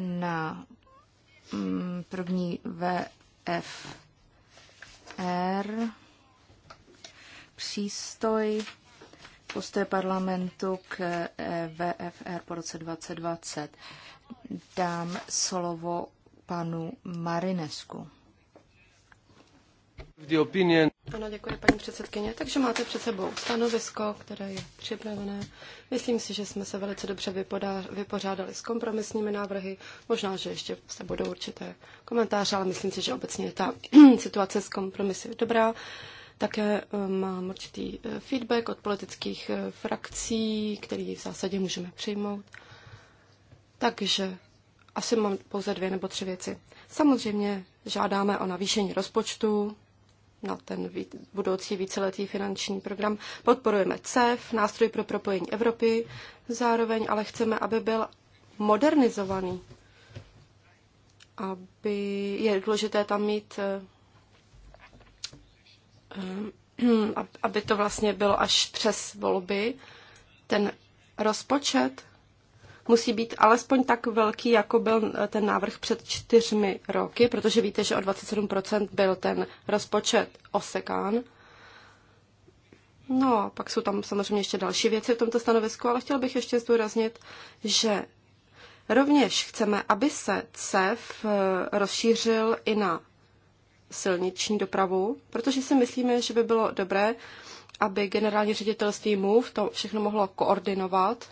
na mm, první VFR, přístoj, postoj parlamentu k eh, VFR po roce 2020. Dám slovo panu Marinesku. The ano, děkuji, paní předsedkyně. Takže máte před sebou stanovisko, které je připravené. Myslím si, že jsme se velice dobře vypořádali s kompromisními návrhy. Možná, že ještě se budou určité komentáře, ale myslím si, že obecně je ta situace s kompromisy dobrá. Také eh, mám určitý eh, feedback od politických eh, frakcí, který v zásadě můžeme přijmout. Takže asi mám pouze dvě nebo tři věci. Samozřejmě žádáme o navýšení rozpočtu, na ten budoucí víceletý finanční program. Podporujeme CEF, nástroj pro propojení Evropy, zároveň ale chceme, aby byl modernizovaný. Aby je důležité tam mít, eh, eh, aby to vlastně bylo až přes volby, ten rozpočet musí být alespoň tak velký, jako byl eh, ten návrh před čtyřmi roky, protože víte, že o 27% byl ten rozpočet osekán. No a pak jsou tam samozřejmě ještě další věci v tomto stanovisku, ale chtěl bych ještě zdůraznit, že rovněž chceme, aby se CEF eh, rozšířil i na silniční dopravu, protože si myslíme, že by bylo dobré, aby generální ředitelství MOVE to všechno mohlo koordinovat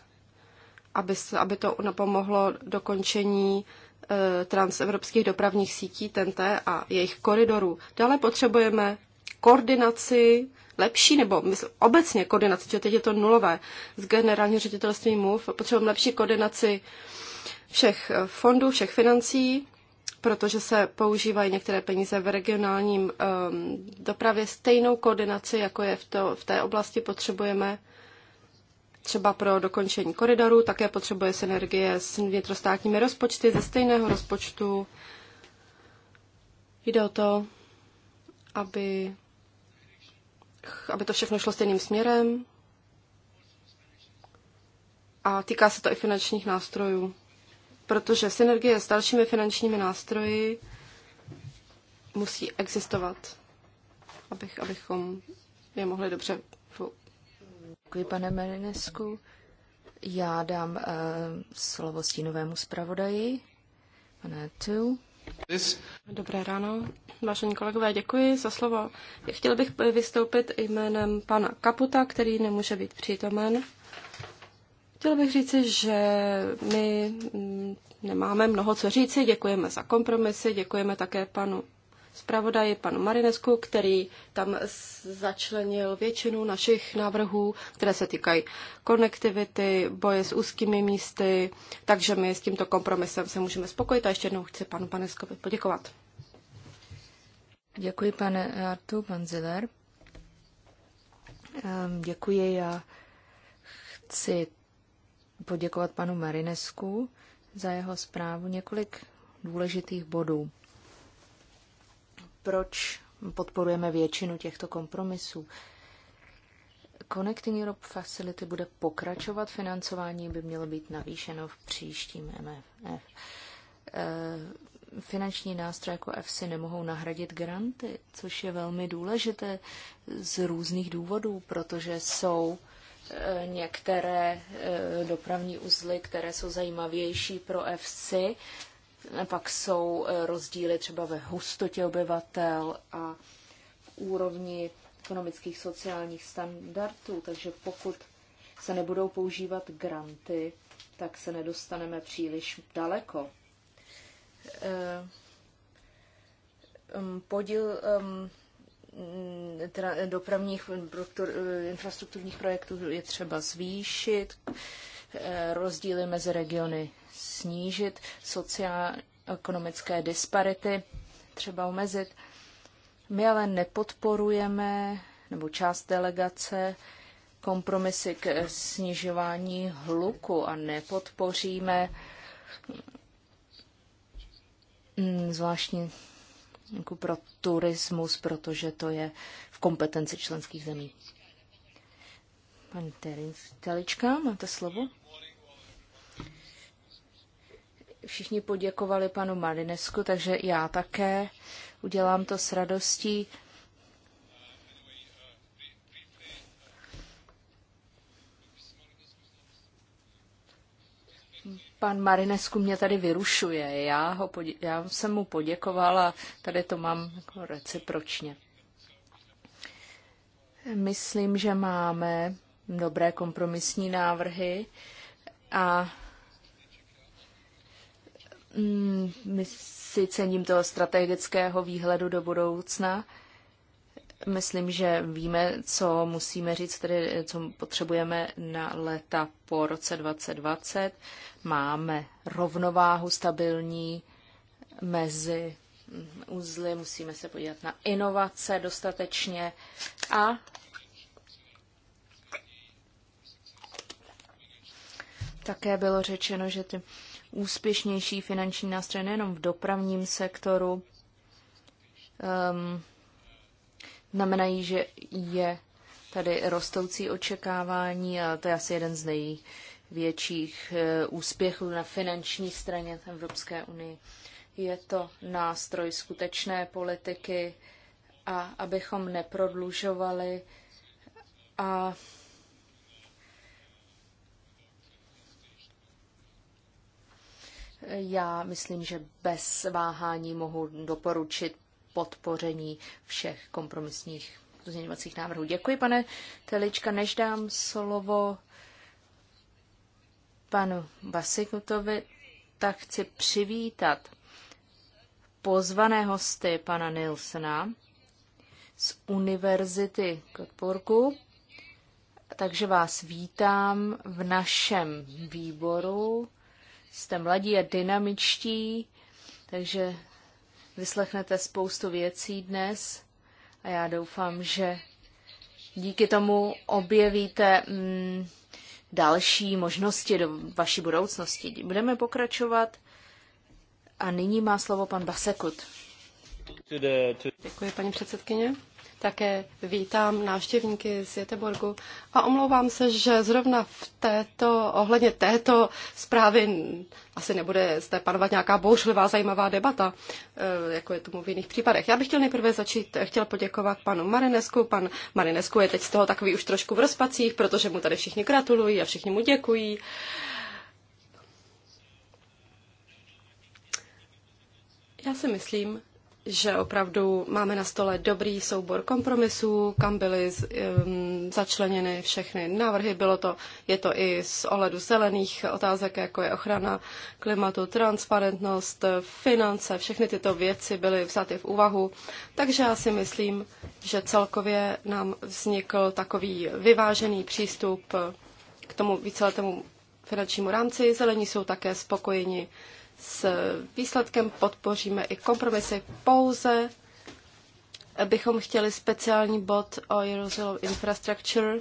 aby, se, aby to napomohlo dokončení eh, transevropských dopravních sítí TNT a jejich koridorů. Dále potřebujeme koordinaci lepší, nebo mysl, obecně koordinaci, protože teď je to nulové, z generálního ředitelství MUV, potřebujeme lepší koordinaci všech eh, fondů, všech financí, protože se používají některé peníze v regionálním um, dopravě. Stejnou koordinaci, jako je v, to, v té oblasti, potřebujeme třeba pro dokončení koridoru, také potřebuje synergie s vnitrostátními rozpočty ze stejného rozpočtu. Jde o to, aby, aby to všechno šlo stejným směrem a týká se to i finančních nástrojů, protože synergie s dalšími finančními nástroji musí existovat, abych, abychom je mohli dobře Děkuji, pane Merinesku. Já dám uh, slovo stínovému zpravodaji, pane Tu. Dobré ráno, vážení kolegové, děkuji za slovo. Chtěl bych vystoupit jménem pana Kaputa, který nemůže být přítomen. Chtěl bych říci, že my mm, nemáme mnoho co říci, děkujeme za kompromisy, děkujeme také panu zpravodaji panu Marinesku, který tam začlenil většinu našich návrhů, které se týkají konektivity, boje s úzkými místy, takže my s tímto kompromisem se můžeme spokojit a ještě jednou chci panu Paneskovi poděkovat. Děkuji, pane Artu, pan Ziller. Ehm, děkuji, já chci poděkovat panu Marinesku za jeho zprávu několik důležitých bodů proč podporujeme většinu těchto kompromisů. Connecting Europe Facility bude pokračovat, financování by mělo být navýšeno v příštím MFF. Eh, finanční nástroje jako EFSI nemohou nahradit granty, což je velmi důležité z různých důvodů, protože jsou eh, některé eh, dopravní uzly, které jsou zajímavější pro EFSI pak jsou e, rozdíly třeba ve hustotě obyvatel a úrovni ekonomických sociálních standardů, takže pokud se nebudou používat granty, tak se nedostaneme příliš daleko. E, podíl dopravních e, infrastrukturních projektů je třeba zvýšit, rozdíly mezi regiony snížit sociálně-ekonomické disparity, třeba omezit. My ale nepodporujeme, nebo část delegace, kompromisy k snižování hluku a nepodpoříme zvláštní pro turismus, protože to je v kompetenci členských zemí. Terin, Telička, máte slovo? Všichni poděkovali panu Malinesku, takže já také udělám to s radostí. Pan Marinesku mě tady vyrušuje. Já, ho podě- já jsem mu poděkovala, tady to mám jako recipročně. Myslím, že máme dobré kompromisní návrhy a Mm, my si cením toho strategického výhledu do budoucna. Myslím, že víme, co musíme říct, tedy co potřebujeme na léta po roce 2020. Máme rovnováhu stabilní mezi uzly, musíme se podívat na inovace dostatečně a také bylo řečeno, že ty úspěšnější finanční nástroje nejenom v dopravním sektoru. Um, znamenají, že je tady rostoucí očekávání a to je asi jeden z největších eh, úspěchů na finanční straně Evropské unie. Je to nástroj skutečné politiky a abychom neprodlužovali a Já myslím, že bez váhání mohu doporučit podpoření všech kompromisních pozměňovacích návrhů. Děkuji, pane Telička. Než dám slovo panu Basikutovi, tak chci přivítat pozvané hosty pana Nilsena z Univerzity Kotporku. Takže vás vítám v našem výboru jste mladí a dynamičtí, takže vyslechnete spoustu věcí dnes a já doufám, že díky tomu objevíte mm, další možnosti do vaší budoucnosti. Budeme pokračovat a nyní má slovo pan Basekut. Děkuji, paní předsedkyně. Také vítám návštěvníky z Jeteborgu a omlouvám se, že zrovna v této, ohledně této zprávy asi nebude zde panovat nějaká bouřlivá zajímavá debata, eh, jako je tomu v jiných případech. Já bych chtěl nejprve začít, chtěl poděkovat panu Marinesku. Pan Marinesku je teď z toho takový už trošku v rozpacích, protože mu tady všichni gratulují a všichni mu děkují. Já si myslím, že opravdu máme na stole dobrý soubor kompromisů, kam byly začleněny všechny návrhy. Bylo to, je to i z ohledu zelených otázek, jako je ochrana klimatu, transparentnost, finance, všechny tyto věci byly vzaty v úvahu. Takže já si myslím, že celkově nám vznikl takový vyvážený přístup k tomu víceletému finančnímu rámci. Zelení jsou také spokojeni s výsledkem podpoříme i kompromisy. Pouze bychom chtěli speciální bod o Jerusalem Infrastructure.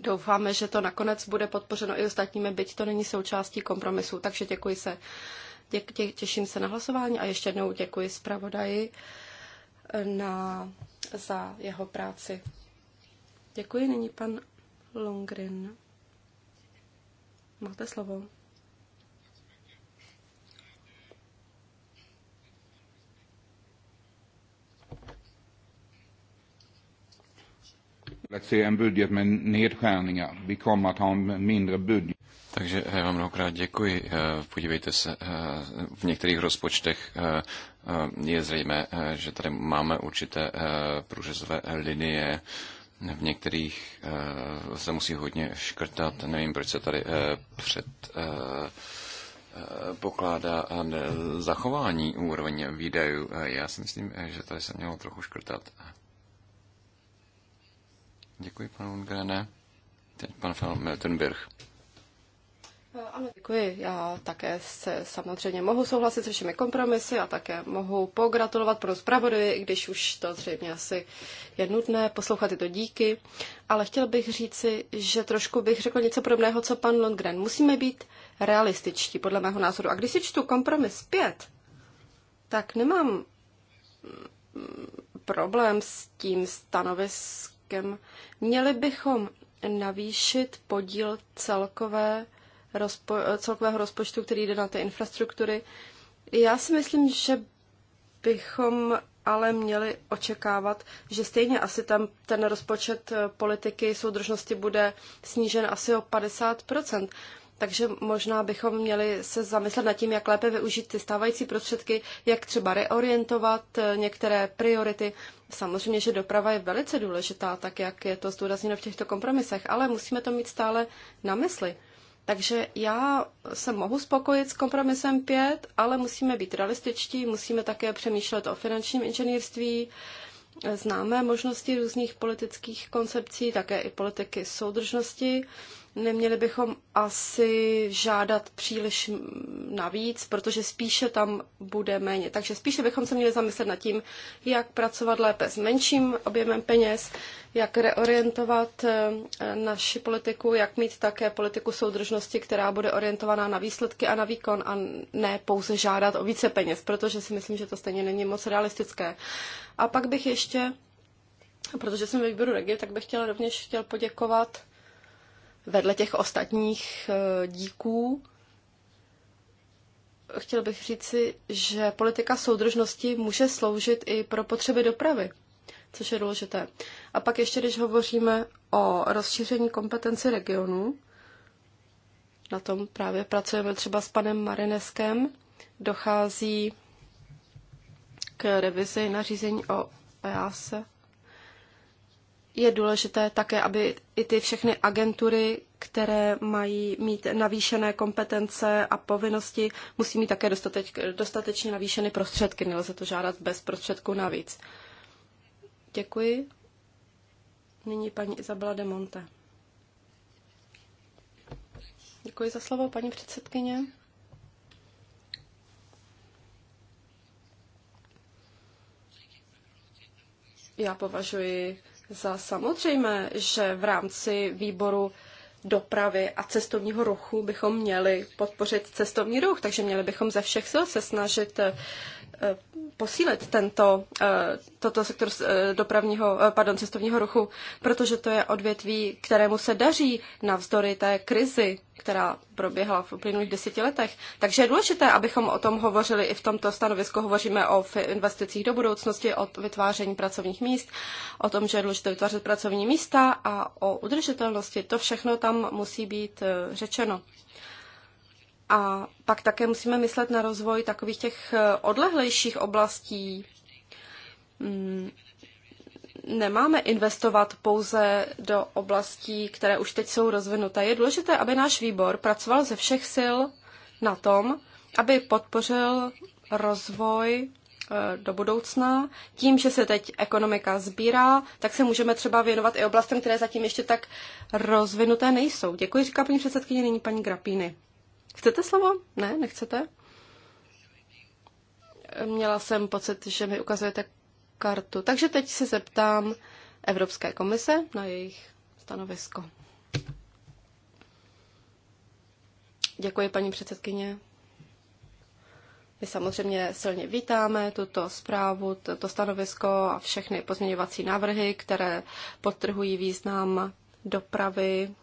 Doufáme, že to nakonec bude podpořeno i ostatními, byť to není součástí kompromisu. Takže děkuji se. Tě, tě, těším se na hlasování a ještě jednou děkuji zpravodaji eh, na, za jeho práci. Děkuji, nyní pan Longrin. Máte slovo. se en budget med nedskärningar. Vi kommer att ha en mindre budget. Takže já eh, vám mnohokrát děkuji. Eh, podívejte se, eh, v některých rozpočtech je zřejmé, že tady máme určité průřezové linie. V některých se musí hodně škrtat. Nevím, proč se tady před pokládá zachování úrovně výdajů. Já si myslím, že tady se mělo trochu škrtat. Děkuji, pan Ungrene. Teď pan Fan Meltenberg. Eh, ano, děkuji. Já také se samozřejmě mohu souhlasit se všemi kompromisy a také mohu pogratulovat panu zpravodaji, i když už to zřejmě asi je nutné poslouchat tyto díky. Ale chtěl bych říci, že trošku bych řekl něco podobného, co pan Lundgren. Musíme být realističtí, podle mého názoru. A když si čtu kompromis pět, tak nemám mm, problém s tím stanoviskem, celkem. Měli bychom navýšit podíl celkové rozpo, celkového rozpočtu, který jde na ty infrastruktury. Já si myslím, že bychom ale měli očekávat, že stejně asi tam ten rozpočet eh, politiky soudržnosti bude snížen asi o 50 takže možná bychom měli se zamyslet nad tím, jak lépe využít ty stávající prostředky, jak třeba reorientovat eh, některé priority. Samozřejmě, že doprava je velice důležitá, tak jak je to zdůrazněno v těchto kompromisech, ale musíme to mít stále na mysli. Takže já se mohu spokojit s kompromisem 5, ale musíme být realističtí, musíme také přemýšlet o finančním inženýrství, známe možnosti různých politických koncepcí, také i politiky soudržnosti. Neměli bychom asi žádat příliš navíc, protože spíše tam bude méně. Takže spíše bychom se měli zamyslet nad tím, jak pracovat lépe s menším objemem peněz, jak reorientovat e, naši politiku, jak mít také politiku soudržnosti, která bude orientovaná na výsledky a na výkon a ne pouze žádat o více peněz, protože si myslím, že to stejně není moc realistické. A pak bych ještě, protože jsem ve výboru regie, tak bych chtěla rovněž chtěl poděkovat vedle těch ostatních eh, díků, chtěl bych říci, že politika soudržnosti může sloužit i pro potřeby dopravy, což je důležité. A pak ještě, když hovoříme o rozšíření kompetenci regionu, na tom právě pracujeme třeba s panem Marineskem, dochází revizi nařízení o EASE, je důležité také, aby i ty všechny agentury, které mají mít navýšené kompetence a povinnosti, musí mít také dostateč, dostatečně navýšeny prostředky. Nelze to žádat bez prostředků navíc. Děkuji. Nyní paní Izabela de Monte. Děkuji za slovo, paní předsedkyně. Já považuji za samozřejmé, že v rámci výboru dopravy a cestovního ruchu bychom měli podpořit cestovní ruch, takže měli bychom ze všech sil se snažit Eh, posílit tento, eh, toto sektor eh, dopravního, pardon, cestovního ruchu, protože to je odvětví, kterému se daří navzdory té krizi, která proběhla v uplynulých deseti letech. Takže je důležité, abychom o tom hovořili i v tomto stanovisku. Hovoříme o investicích do budoucnosti, o vytváření pracovních míst, o tom, že je důležité vytvářet pracovní místa a o udržitelnosti. To všechno tam musí být řečeno. A pak také musíme myslet na rozvoj takových těch eh, odlehlejších oblastí. Hmm, nemáme investovat pouze do oblastí, které už teď jsou rozvinuté. Je důležité, aby náš výbor pracoval ze všech sil na tom, aby podpořil rozvoj eh, do budoucna. Tím, že se teď ekonomika sbírá, tak se můžeme třeba věnovat i oblastem, které zatím ještě tak rozvinuté nejsou. Děkuji, říká paní předsedkyně, nyní paní Grapíny. Chcete slovo? Ne, nechcete? Měla jsem pocit, že mi ukazujete kartu. Takže teď se zeptám Evropské komise na jejich stanovisko. Děkuji, paní předsedkyně. My samozřejmě silně vítáme tuto zprávu, toto stanovisko a všechny pozměňovací návrhy, které potrhují význam dopravy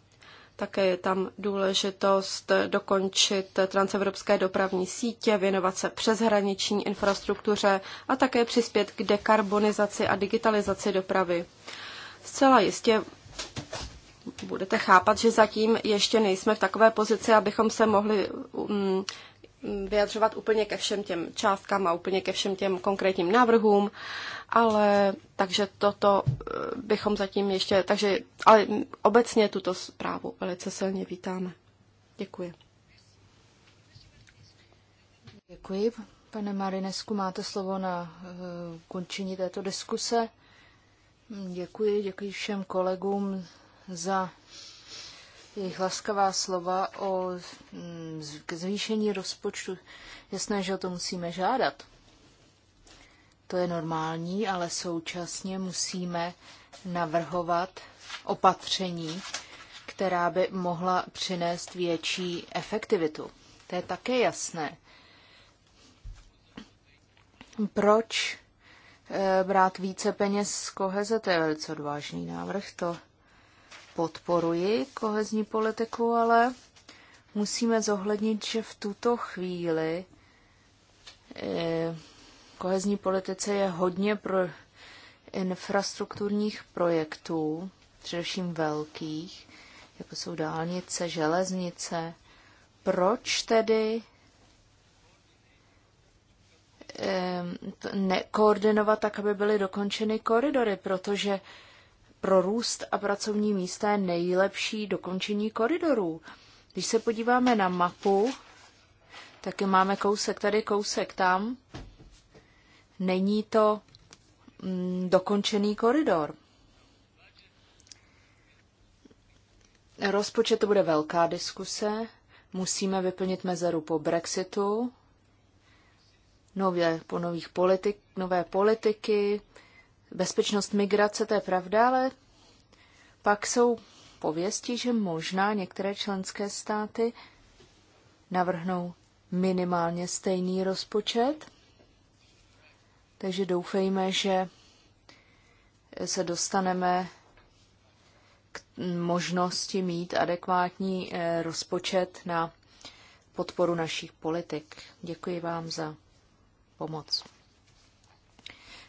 také je tam důležitost dokončit transevropské dopravní sítě, věnovat se přeshraniční infrastruktuře a také přispět k dekarbonizaci a digitalizaci dopravy. Zcela jistě budete chápat, že zatím ještě nejsme v takové pozici, abychom se mohli um, vyjadřovat úplně ke všem těm částkám a úplně ke všem těm konkrétním návrhům, ale takže toto eh, bychom zatím ještě, takže ale obecně tuto zprávu velice silně vítáme. Děkuji. Děkuji. Pane Marinesku, máte slovo na eh, končení této diskuse. Děkuji, děkuji všem kolegům za jejich laskavá slova o mm, zvýšení rozpočtu. Jasné, že o to musíme žádat. To je normální, ale současně musíme navrhovat opatření, která by mohla přinést větší efektivitu. To je také jasné. Proč eh, brát více peněz z koheze? To je velice odvážný návrh. To podporuji kohezní politiku, ale musíme zohlednit, že v tuto chvíli eh, kohezní politice je hodně pro infrastrukturních projektů, především velkých, jako jsou dálnice, železnice. Proč tedy eh, nekoordinovat tak, aby byly dokončeny koridory, protože pro růst a pracovní místa je nejlepší dokončení koridorů. Když se podíváme na mapu, taky máme kousek tady, kousek tam. Není to mm, dokončený koridor. Rozpočet to bude velká diskuse. Musíme vyplnit mezeru po Brexitu, nově, po nových politik, nové politiky, bezpečnost migrace, to je pravda, ale pak jsou pověsti, že možná některé členské státy navrhnou minimálně stejný rozpočet. Takže doufejme, že se dostaneme k možnosti mít adekvátní eh, rozpočet na podporu našich politik. Děkuji vám za pomoc.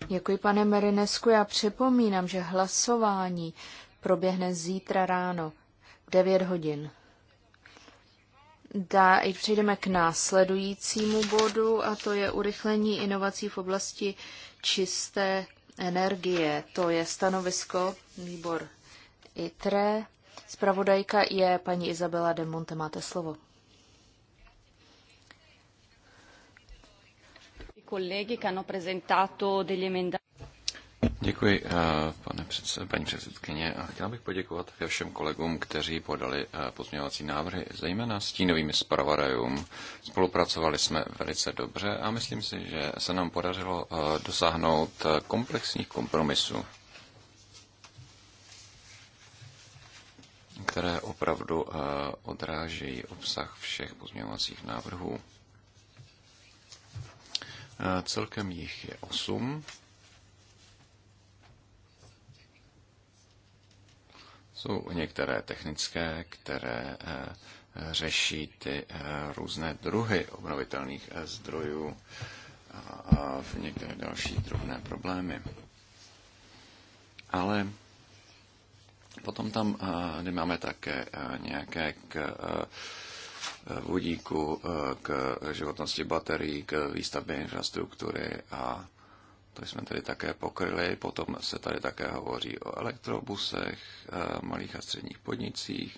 Děkuji, pane Merinesku. Já připomínám, že hlasování proběhne zítra ráno v 9 hodin. Dá, přejdeme k následujícímu bodu a to je urychlení inovací v oblasti čisté energie. To je stanovisko výbor ITRE. Spravodajka je paní Izabela de Monte. Máte slovo. che hanno presentato degli emendamenti. Děkuji, eh, pane předsed, paní předsedkyně. A chtěl bych poděkovat také všem kolegům, kteří podali eh, pozměňovací návrhy, zejména stínovými zpravodajům. Spolupracovali jsme velice dobře a myslím si, že se nám podařilo eh, dosáhnout komplexních kompromisů, které opravdu odrážejí obsah všech pozměňovacích návrhů. Eh, celkem jich je osm. Jsou některé technické, které eh, řeší ty eh, různé druhy obnovitelných zdrojů a v některé další drobné problémy. Ale potom tam máme také nějaké k vodíku, eh, k životnosti baterií, k výstavbě infrastruktury a to jsme tady také pokryli. Potom se tady také hovoří o elektrobusech, eh, malých a středních podnicích.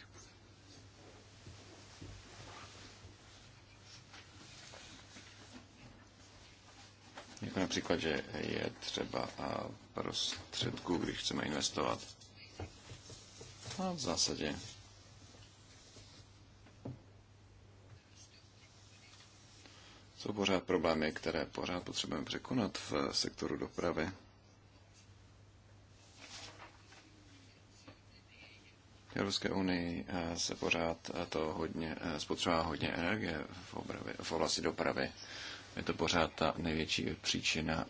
Jako například, že je třeba eh, prostředku, když chceme investovat. A v zásadě jsou pořád problémy, které pořád potřebujeme překonat v sektoru dopravy. V Evropské unii eh, se pořád eh, to hodně, eh, spotřebová hodně energie v, obravy, v oblasti dopravy. Je to pořád ta největší příčina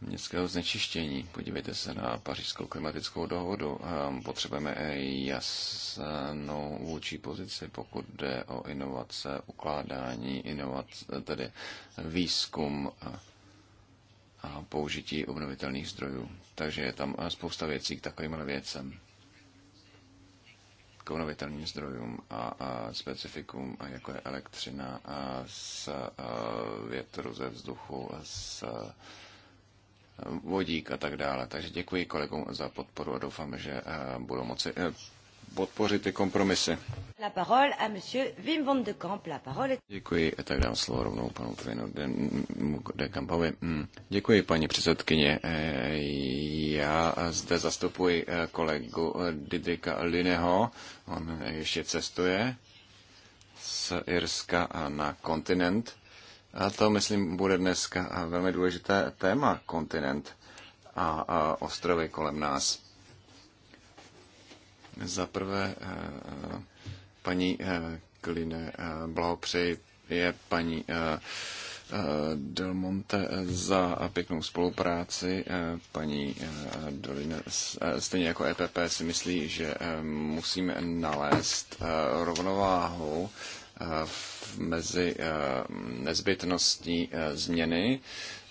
městského znečištění. Podívejte se na pařížskou klimatickou dohodu. Potřebujeme jasnou vůči pozici, pokud jde o inovace, ukládání, inovace, tedy výzkum a použití obnovitelných zdrojů. Takže je tam spousta věcí k takovým věcem k obnovitelným zdrojům a, a specifikům, a jako je elektřina a z a větru ze vzduchu, z a vodík a tak dále. Takže děkuji kolegům za podporu a doufám, že eh, budou moci eh, podpořit ty kompromisy. La parole à monsieur Wim van de Kamp. La parole... Děkuji, eh, tak dám slovo rovnou panu Vinu de, de Kampovi. Hmm. Děkuji, paní předsedkyně. Já zde zastupuji kolegu Didrika Lineho. On ještě cestuje z Irska na kontinent a to, myslím, bude dneska velmi důležité téma, kontinent a, a ostrovy kolem nás. Za prvé, eh, paní eh, Kline, eh, blahopřeji je paní Del Monte za pěknou spolupráci. Paní Dolina, stejně jako EPP, si myslí, že musíme nalézt rovnováhu mezi eh, nezbytností eh, změny.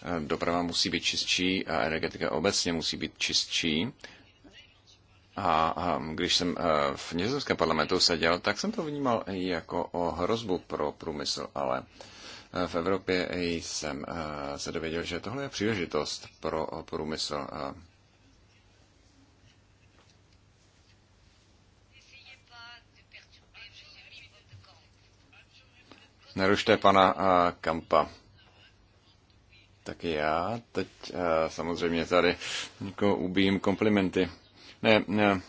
Eh, doprava musí být čistší a energetika obecně musí být čistší. A když jsem v nizozemském parlamentu seděl, tak jsem to vnímal i jako o hrozbu pro průmysl, ale v Evropě jsem se dověděl, že tohle je příležitost pro průmysl. Nerušte pana Kampa. Tak já teď samozřejmě tady někoho jako ubijím komplimenty. Ne, ne.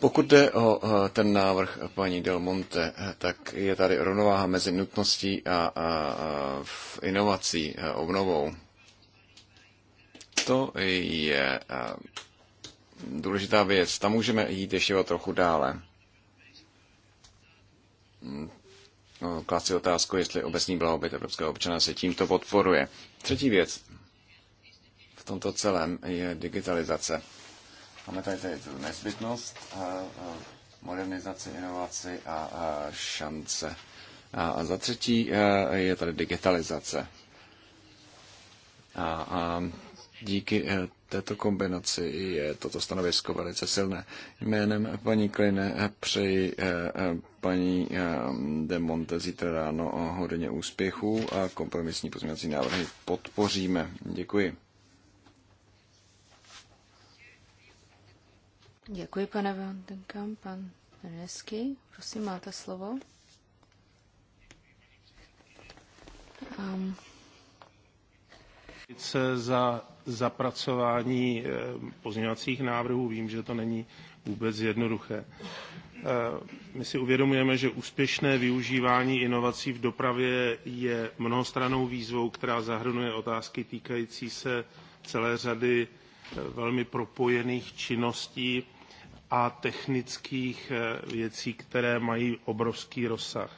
Pokud jde o ten návrh paní Del Monte, tak je tady rovnováha mezi nutností a, a, a inovací, a obnovou. To je důležitá věc. Tam můžeme jít ještě o trochu dále. No, klást si otázku, jestli obecní blahobyt evropského občana se tímto podporuje. Třetí věc v tomto celém je digitalizace. Máme tady, tady tu nezbytnost, eh, eh, modernizaci, inovaci a šance. A za třetí eh, je tady digitalizace. A díky této kombinaci je toto stanovisko velice silné. Jménem paní Kline přeji eh, eh, paní eh, de Monte zítra ráno hodně úspěchů a kompromisní pozměňovací návrhy podpoříme. Děkuji. Děkuji, pane Vandenkam. Pan Renesky, prosím, máte slovo. Um. za zapracování eh, pozměňovacích návrhů. Vím, že to není vůbec jednoduché. Eh, my si uvědomujeme, že úspěšné využívání inovací v dopravě je mnohostranou výzvou, která zahrnuje otázky týkající se celé řady eh, velmi propojených činností a technických věcí, které mají obrovský rozsah.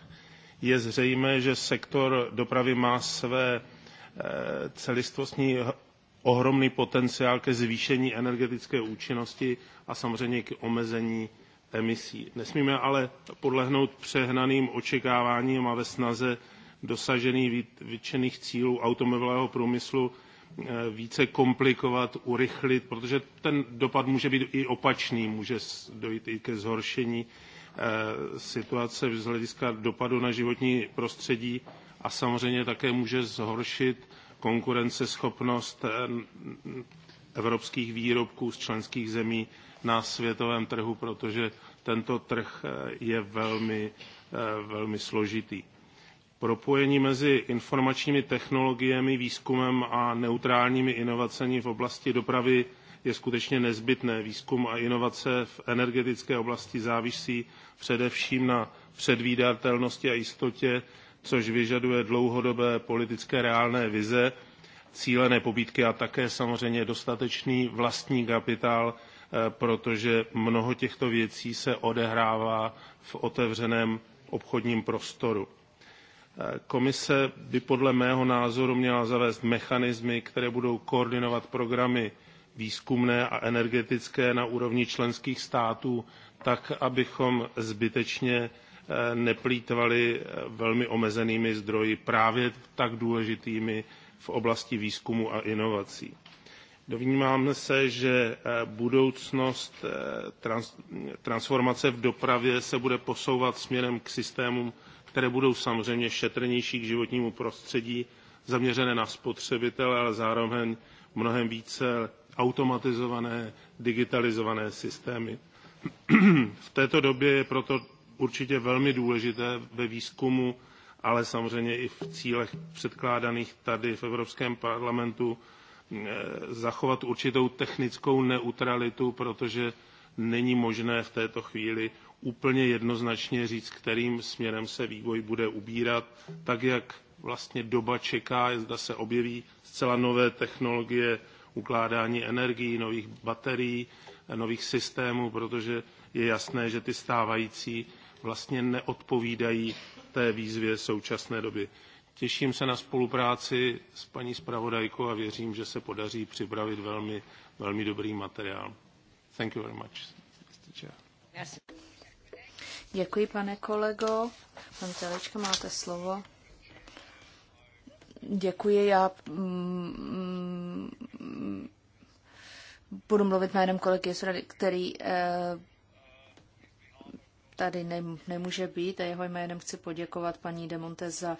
Je zřejmé, že sektor dopravy má své celistvostní ohromný potenciál ke zvýšení energetické účinnosti a samozřejmě k omezení emisí. Nesmíme ale podlehnout přehnaným očekáváním a ve snaze dosažených vytčených cílů automobilového průmyslu eh, více komplikovat, urychlit, protože ten dopad může být i opačný, může dojít i ke zhoršení eh, situace z hlediska dopadu na životní prostředí a samozřejmě také může zhoršit konkurenceschopnost evropských výrobků z členských zemí na světovém trhu, protože tento trh eh, je velmi, eh, velmi složitý. Propojení mezi informačními technologiemi, výzkumem a neutrálními inovacemi v oblasti dopravy je skutečně nezbytné. Výzkum a inovace v energetické oblasti závisí především na předvídatelnosti a jistotě což vyžaduje dlouhodobé politické reálné vize, cílené pobídky a také samozřejmě dostatečný vlastní kapitál, eh, protože mnoho těchto věcí se odehrává v otevřeném obchodním prostoru. Eh, komise by podle mého názoru měla zavést mechanismy, které budou koordinovat programy výzkumné a energetické na úrovni členských států, tak abychom zbytečně neplýtvali eh, velmi omezenými zdroji právě tak důležitými v oblasti výzkumu a inovací. Dovnímáme se, že eh, budoucnost eh, trans, transformace v dopravě se bude posouvat směrem k systémům, které budou samozřejmě šetrnější k životnímu prostředí, zaměřené na spotřebitele, ale zároveň mnohem více automatizované, digitalizované systémy. v této době je proto určitě velmi důležité ve výzkumu, ale samozřejmě i v cílech předkládaných tady v Evropském parlamentu eh, zachovat určitou technickou neutralitu, protože není možné v této chvíli úplně jednoznačně říct, kterým směrem se vývoj bude ubírat, tak jak vlastně doba čeká, zda se objeví zcela nové technologie ukládání energií, nových baterií, nových systémů, protože je jasné, že ty stávající vlastně neodpovídají té výzvě současné doby. Těším se na spolupráci s paní zpravodajkou a věřím, že se podaří připravit velmi, velmi dobrý materiál. Thank you very much. Děkuji, pane kolego. Pan Telečka, máte slovo. Děkuji, já mm, mm budu mluvit jménem kolegy, který eh, tady nemůže být a jeho jménem chci poděkovat paní Demonte za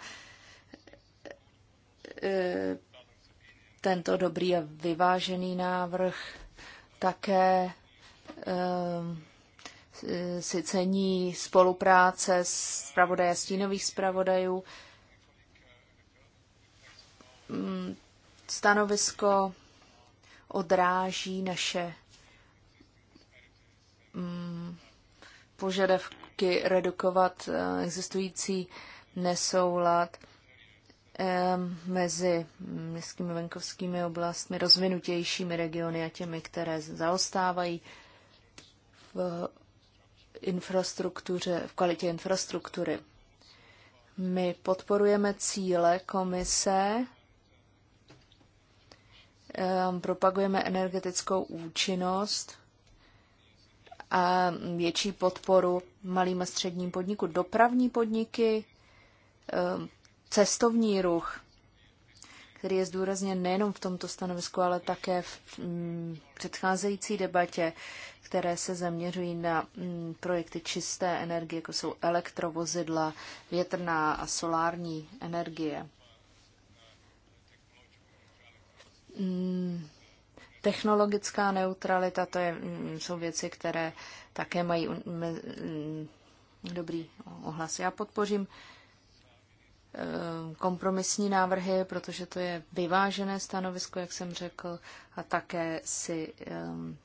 e, tento dobrý a vyvážený návrh. Také e, si cení spolupráce s zpravodaje stínových zpravodajů. Mm, stanovisko odráží naše mm, požadavky redukovat eh, existující nesoulad eh, mezi městskými venkovskými oblastmi, rozvinutějšími regiony a těmi, které zaostávají v infrastruktuře, v kvalitě infrastruktury. My podporujeme cíle komise, eh, propagujeme energetickou účinnost, a větší podporu malým a středním podniku. Dopravní podniky, ehm, cestovní ruch, který je zdůrazněn nejenom v tomto stanovisku, ale také v mm, předcházející debatě, které se zaměřují na mm, projekty čisté energie, jako jsou elektrovozidla, větrná a solární energie. Mm, Technologická neutralita, to je, mm, jsou věci, které také mají mm, dobrý ohlas. Já podpořím eh, kompromisní návrhy, protože to je vyvážené stanovisko, jak jsem řekl, a také si um,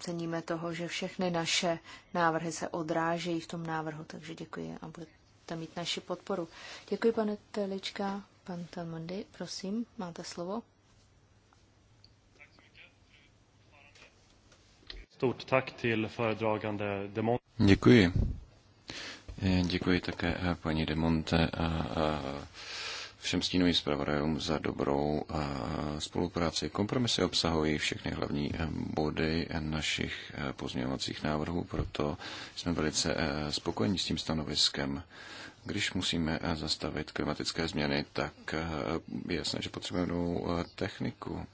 ceníme toho, že všechny naše návrhy se odrážejí v tom návrhu, takže děkuji a budete mít naši podporu. Děkuji, pane Telička. Pan Talmondy, prosím, máte slovo. Stort tack till föredragande Demont. Děkuji. Eh, děkuji také eh, paní Demonte a všem stínovým zpravodajům za dobrou eh, spolupráci. Kompromisy obsahují všechny hlavní body našich pozměňovacích návrhů, proto jsme velice spokojeni s tím stanoviskem. Když musíme zastavit klimatické změny, tak je jasné, že potřebujeme novou techniku.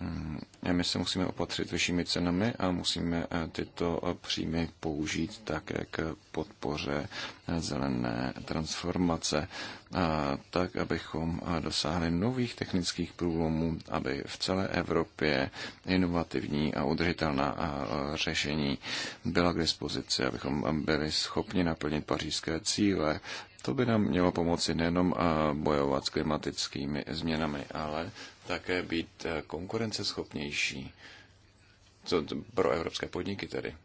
Mm, my se musíme opatřit vyššími cenami a musíme eh, tyto eh, příjmy použít také k podpoře eh, zelené transformace, tak abychom dosáhli nových technických průlomů, aby v celé Evropě inovativní a udržitelná řešení byla k dispozici, abychom byli schopni naplnit pařížské cíle. To by nám mělo pomoci nejenom bojovat s klimatickými změnami, ale také být eh, konkurenceschopnější co, pro evropské podniky tedy.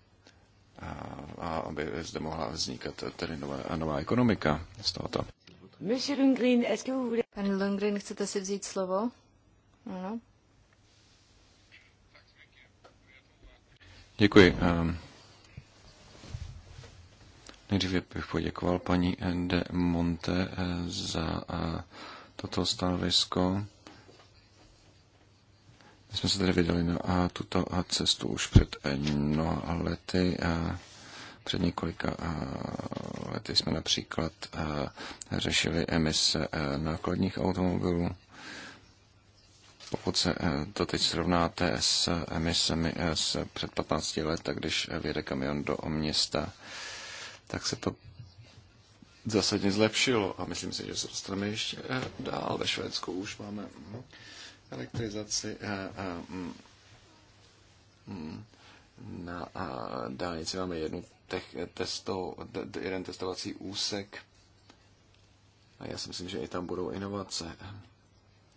A, a aby zde mohla vznikat tedy nová, nová ekonomika z tohoto. Pane Lundgren, chcete si vzít slovo? Ano. Děkuji. Ehm, Nejdříve bych poděkoval paní Ende Monte eh, za eh, toto stanovisko. My jsme se tady vydali na tuto cestu už před eh, mnoha lety. Před několika lety jsme například řešili emise eh, nákladních automobilů. Pokud se eh, to teď srovnáte s emisemi z před 15 let, tak když vyjede kamion do města, tak se to zásadně zlepšilo a myslím si, že se dostaneme ještě dál. Ve Švédsku už máme hm, elektrizaci eh, eh, mm, mm, na eh, dálnici máme jednu tech, testo, jeden testovací úsek a já si myslím, že i tam budou inovace.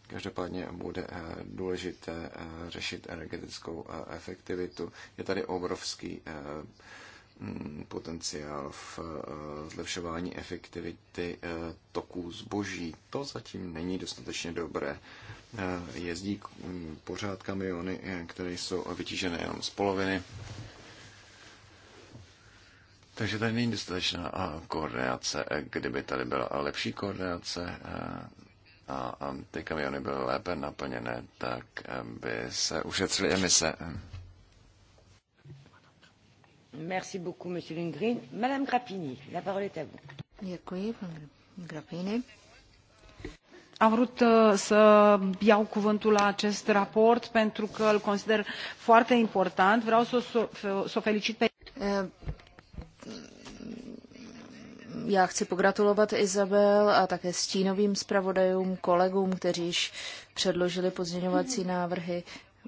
Každopádně bude důležité řešit energetickou efektivitu. Je tady obrovský Mm, potenciál v eh, zlepšování efektivity eh, toků zboží. To zatím není dostatečně dobré. Eh, jezdí mm, pořád kamiony, které jsou vytížené jenom z poloviny. Takže tady není dostatečná koordinace. Kdyby tady byla lepší koordinace a ty kamiony byly lépe naplněné, tak by se ušetřily emise. Am vrut uh, să iau cuvântul la acest raport pentru că îl consider foarte important. Vreau să o felicit pe... Eh, já chci pogratulovat Izabel a také stínovým zpravodajům, kolegům, kteří již předložili pozměňovací návrhy.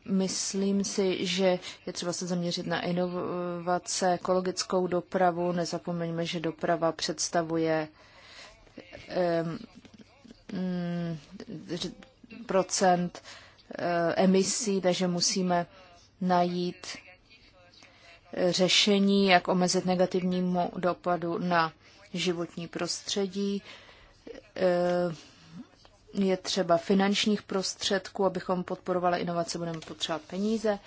Myslím si, že je třeba se zaměřit na inovace, ekologickou dopravu. Nezapomeňme, že doprava představuje um, procent eh, emisí, takže musíme najít řešení, jak omezit negativnímu dopadu na životní prostředí. Eh, je třeba finančních prostředků, abychom podporovali inovace, budeme potřebovat peníze.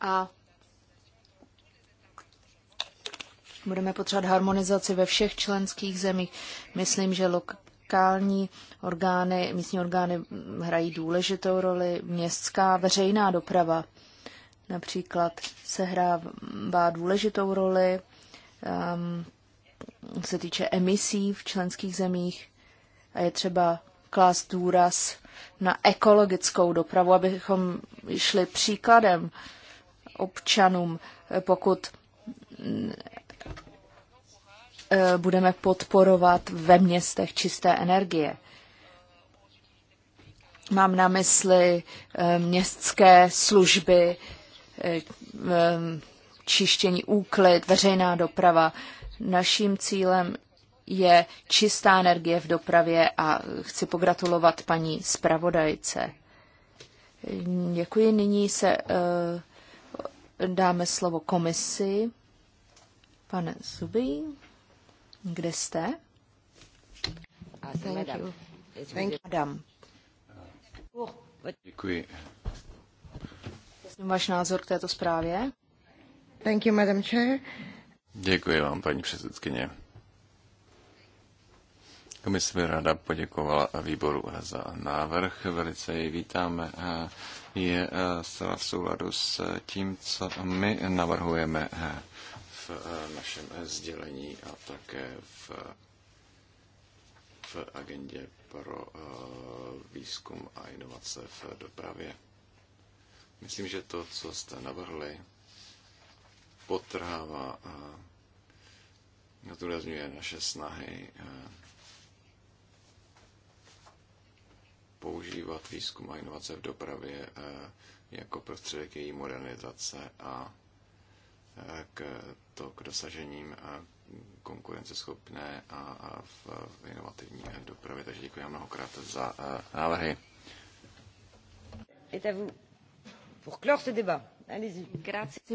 A budeme potřebovat harmonizaci ve všech členských zemích. Myslím, že lokální orgány, místní orgány hrají důležitou roli. Městská veřejná doprava například se hrává důležitou roli, um, se týče emisí v členských zemích a je třeba klást důraz na ekologickou dopravu, abychom šli příkladem občanům, pokud eh, budeme podporovat ve městech čisté energie. Mám na mysli eh, městské služby, eh, čištění úklid, veřejná doprava. Naším cílem je čistá energie v dopravě a chci pogratulovat paní zpravodajce. Děkuji. Nyní se eh, dáme slovo komisi. Pane Zuby, kde jste? Thank you. Thank you. Adam. Děkuji. Váš názor k této zprávě? Thank you, Madam Chair. Děkuji vám, paní předsedkyně. Komise by ráda poděkovala výboru za návrh. Velice jej vítáme. Je zcela v souladu s tím, co my navrhujeme v našem sdělení a také v, v agendě pro eh, výzkum a inovace v dopravě. Myslím, že to, co jste navrhli, potrhává a zdůrazňuje naše snahy eh, používat výzkum a inovace v dopravě eh, jako prostředek její modernizace a eh, k to k dosažením eh, konkurenceschopné a v inovativní dopravě. Takže děkuji vám mnohokrát za návrhy.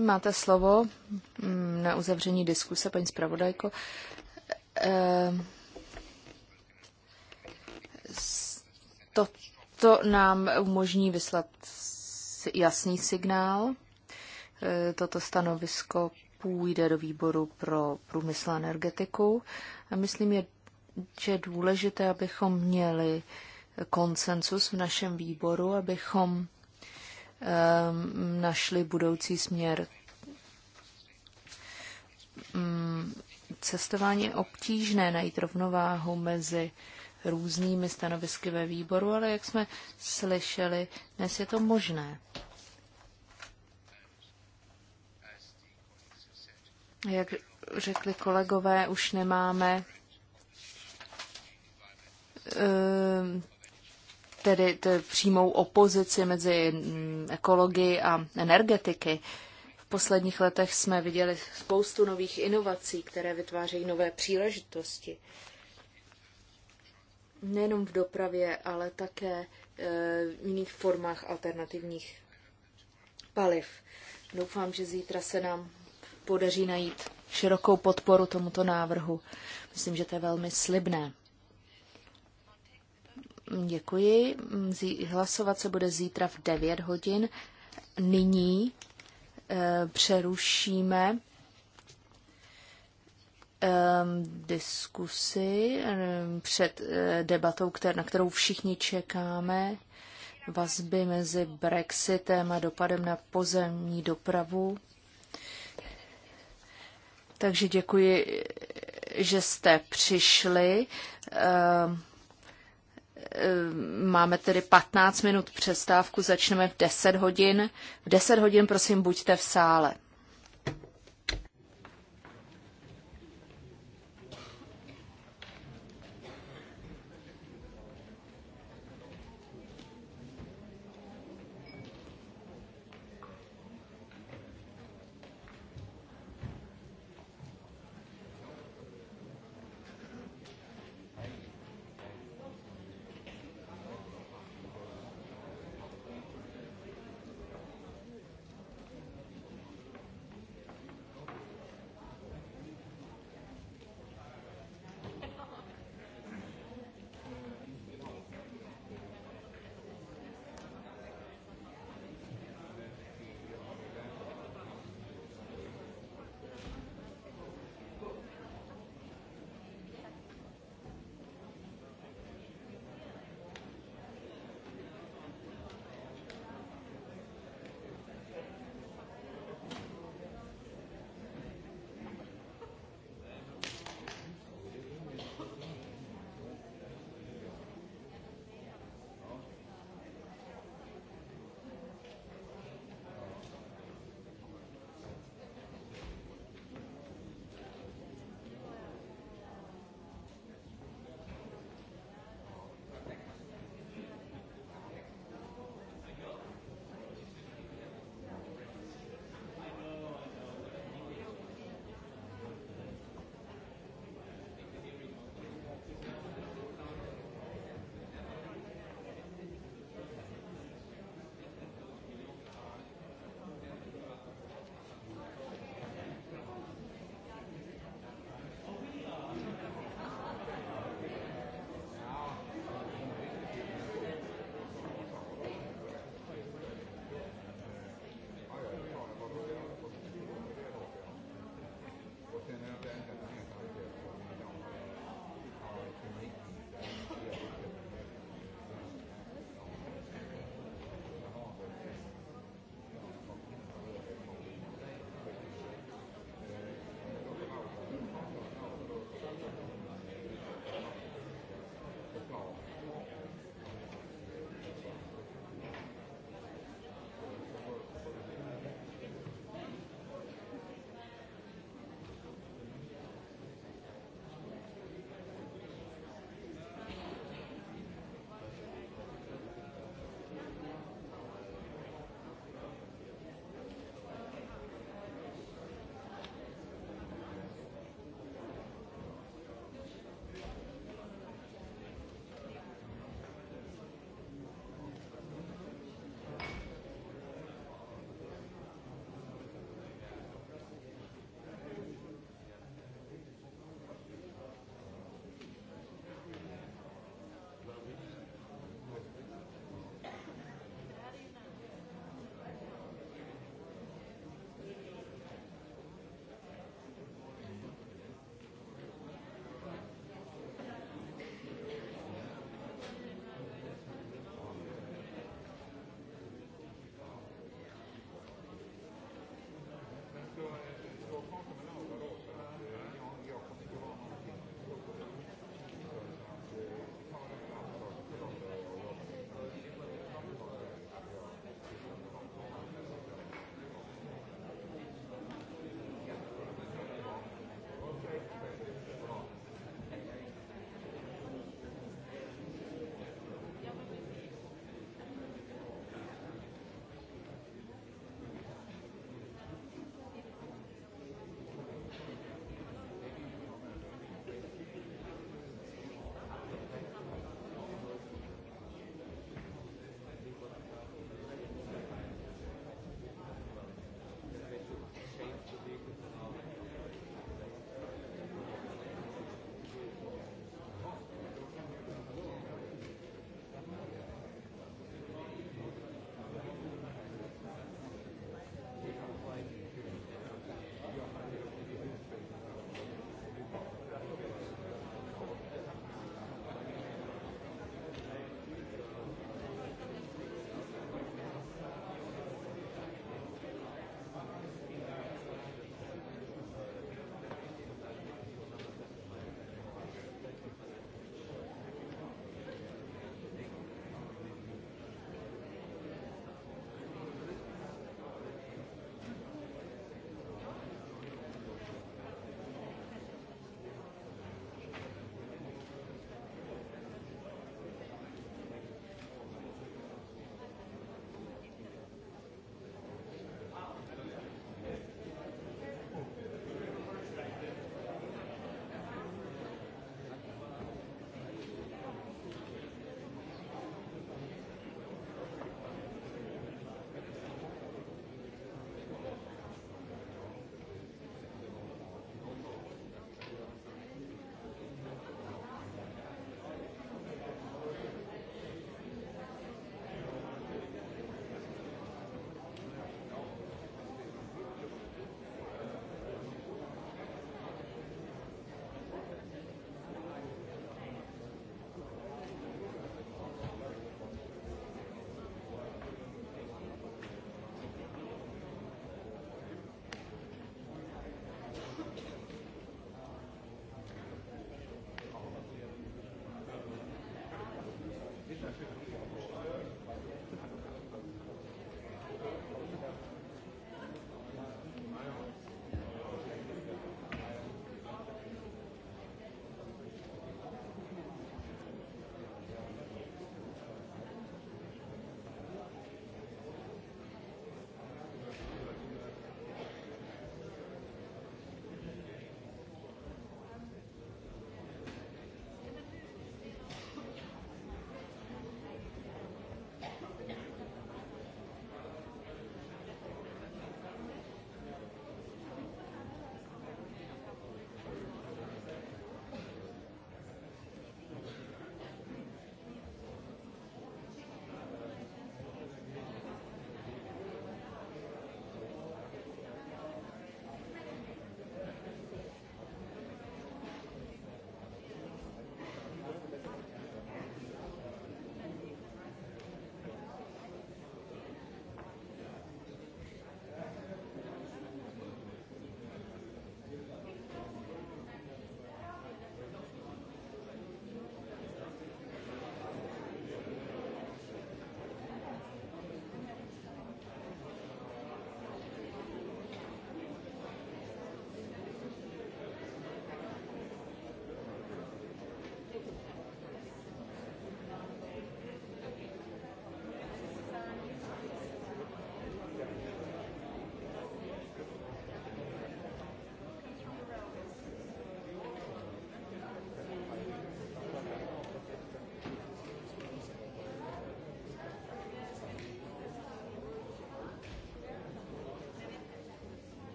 Máte slovo mm, na uzavření diskuse, paní zpravodajko toto nám umožní vyslat jasný signál. E, toto stanovisko půjde do výboru pro průmysl a energetiku. A myslím, je, že je důležité, abychom měli konsensus v našem výboru, abychom um, našli budoucí směr um, cestování je obtížné najít rovnováhu mezi uh, různými stanovisky ve výboru, ale jak jsme slyšeli, dnes je to možné. Jak řekli kolegové, už nemáme ehm, tedy přímou opozici mezi mm, ekologií a energetiky. V posledních letech jsme viděli spoustu nových inovací, které vytvářejí nové příležitosti nejenom v dopravě, ale také e, v jiných formách alternativních paliv. Doufám, že zítra se nám podaří najít širokou podporu tomuto návrhu. Myslím, že to je velmi slibné. Děkuji. Hlasovat se bude zítra v 9 hodin. Nyní e, přerušíme um, diskusi um, před uh, debatou, kter- na kterou všichni čekáme, vazby mezi Brexitem a dopadem na pozemní dopravu. Takže děkuji, že jste přišli. Um, máme tedy 15 minut přestávku, začneme v 10 hodin. V 10 hodin prosím buďte v sále.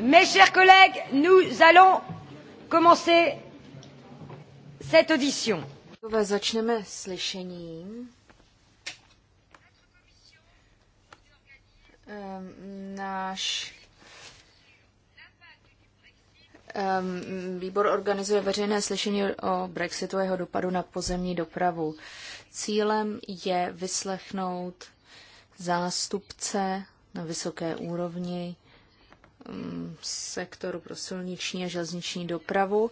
Mes chers collègues, nous allons commencer cette audition. Začneme slyšením. Um, náš um, výbor organizuje veřejné slyšení o Brexitu a jeho dopadu na pozemní dopravu. Cílem je vyslechnout zástupce na vysoké úrovni mm, sektoru pro silniční a železniční dopravu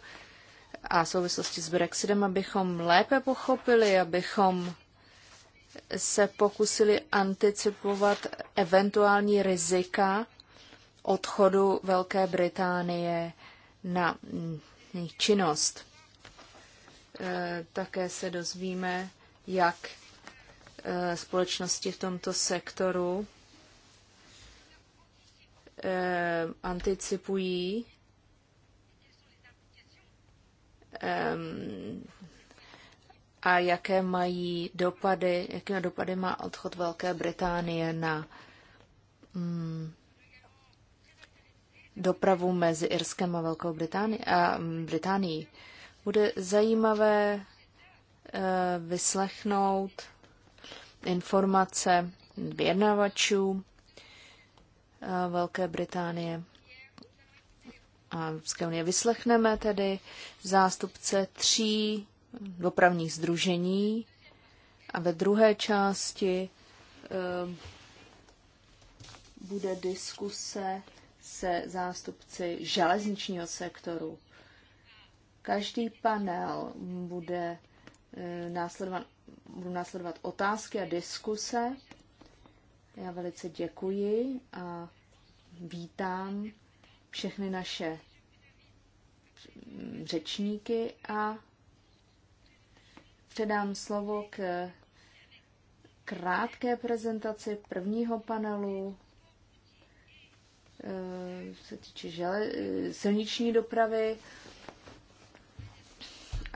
a souvislosti s Brexitem, abychom lépe pochopili, abychom se pokusili anticipovat eventuální rizika odchodu Velké Británie na mm, činnost. E, také se dozvíme, jak Eh, společnosti v tomto sektoru eh, anticipují eh, a jaké mají dopady, jaké dopady má odchod Velké Británie na mm, dopravu mezi Irskem a Velkou Británií a mm, Británií. Bude zajímavé vyslechnout informace vyjednavačů eh, Velké Británie a Evropské unie. Vyslechneme tedy zástupce tří dopravních združení a ve druhé části eh, bude diskuse se zástupci železničního sektoru. Každý panel bude eh, následovan budou následovat otázky a diskuse. Já velice děkuji a vítám všechny naše řečníky a předám slovo k krátké prezentaci prvního panelu eh, se týče žele, eh, silniční dopravy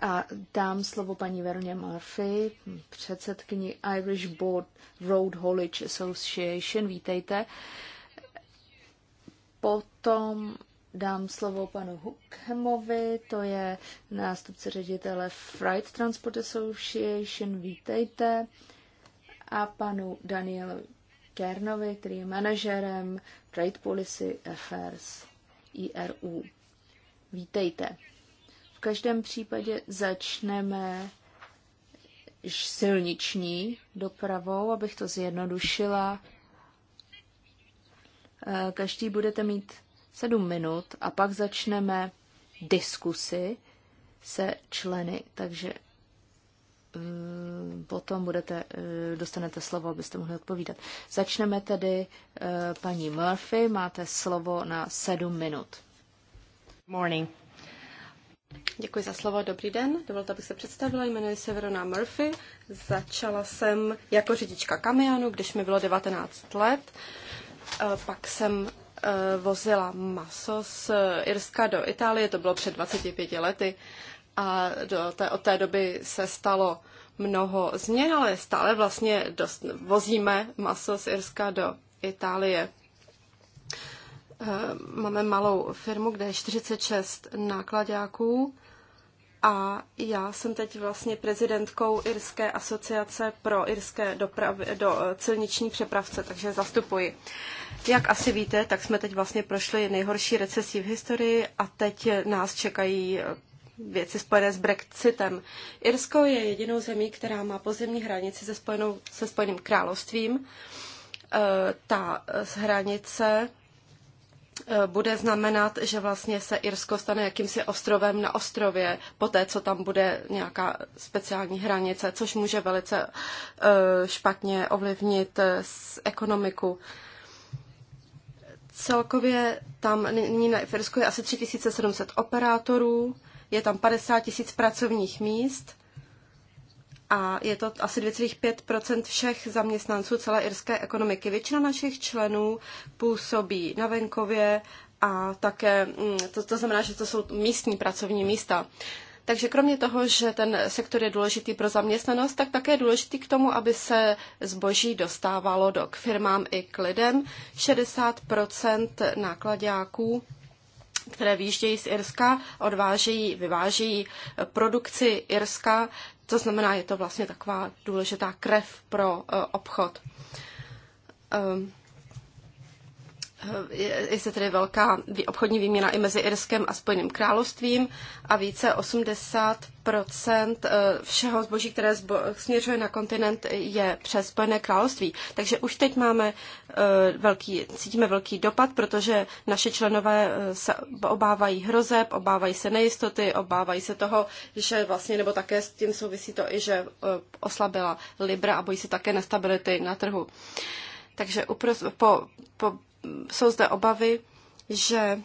a dám slovo paní Veroně Murphy, předsedkyni Irish Board Road Haulage Association. Vítejte. Potom dám slovo panu Hukemovi, to je nástupce ředitele Freight Transport Association. Vítejte. A panu Danielu Kernovi, který je manažerem Trade Policy Affairs IRU. Vítejte každém případě začneme silniční dopravou, abych to zjednodušila. Eh, každý budete mít sedm minut a pak začneme diskusy se členy, takže mm, potom budete, eh, dostanete slovo, abyste mohli odpovídat. Začneme tedy eh, paní Murphy, máte slovo na sedm minut. Morning. Děkuji za slovo, dobrý den. Dovolte, abych se představila, jmenuji se Verona Murphy. Začala jsem jako řidička kamionu, když mi bylo 19 let. Eh, pak jsem eh, vozila maso z Irska do Itálie, to bylo před 25 lety. A do té, od té doby se stalo mnoho změn, ale stále vlastně dost, vozíme maso z Irska do Itálie. Eh, máme malou firmu, kde je 46 nákladáků a já jsem teď vlastně prezidentkou Irské asociace pro irské dopravy, do celniční eh, přepravce, takže zastupuji. Jak asi víte, tak jsme teď vlastně prošli nejhorší recesí v historii a teď nás čekají eh, věci spojené s Brexitem. Irsko je jedinou zemí, která má pozemní hranici se, spojenou, se Spojeným královstvím. Ta hranice Eh, bude znamenat, že vlastně se Irsko stane jakýmsi ostrovem na ostrově, po té, co tam bude nějaká speciální hranice, což může velice eh, špatně ovlivnit eh, ekonomiku. Celkově tam nyní na Irsku je asi 3700 operátorů, je tam 50 tisíc pracovních míst a je to asi 2,5 všech zaměstnanců celé irské ekonomiky. Většina našich členů působí na venkově a také, mm, to, to znamená, že to jsou místní pracovní místa. Takže kromě toho, že ten sektor je důležitý pro zaměstnanost, tak také je důležitý k tomu, aby se zboží dostávalo do k firmám i k lidem. 60 nákladňáků, které výjíždějí z Irska, odvážejí, vyvážejí produkci Irska to znamená, je to vlastně taková důležitá krev pro eh, obchod. Um, Eh, je zde tedy velká obchodní výměna i mezi Irskem a Spojeným královstvím a více 80 eh, všeho zboží, které zbo- směřuje na kontinent, je přes Spojené království. Takže už teď máme eh, velký, cítíme velký dopad, protože naše členové se obávají hrozeb, obávají se nejistoty, obávají se toho, že vlastně, nebo také s tím souvisí to i, že oslabila Libra a bojí se také nestability na trhu. Takže upros- po, po jsou zde obavy, že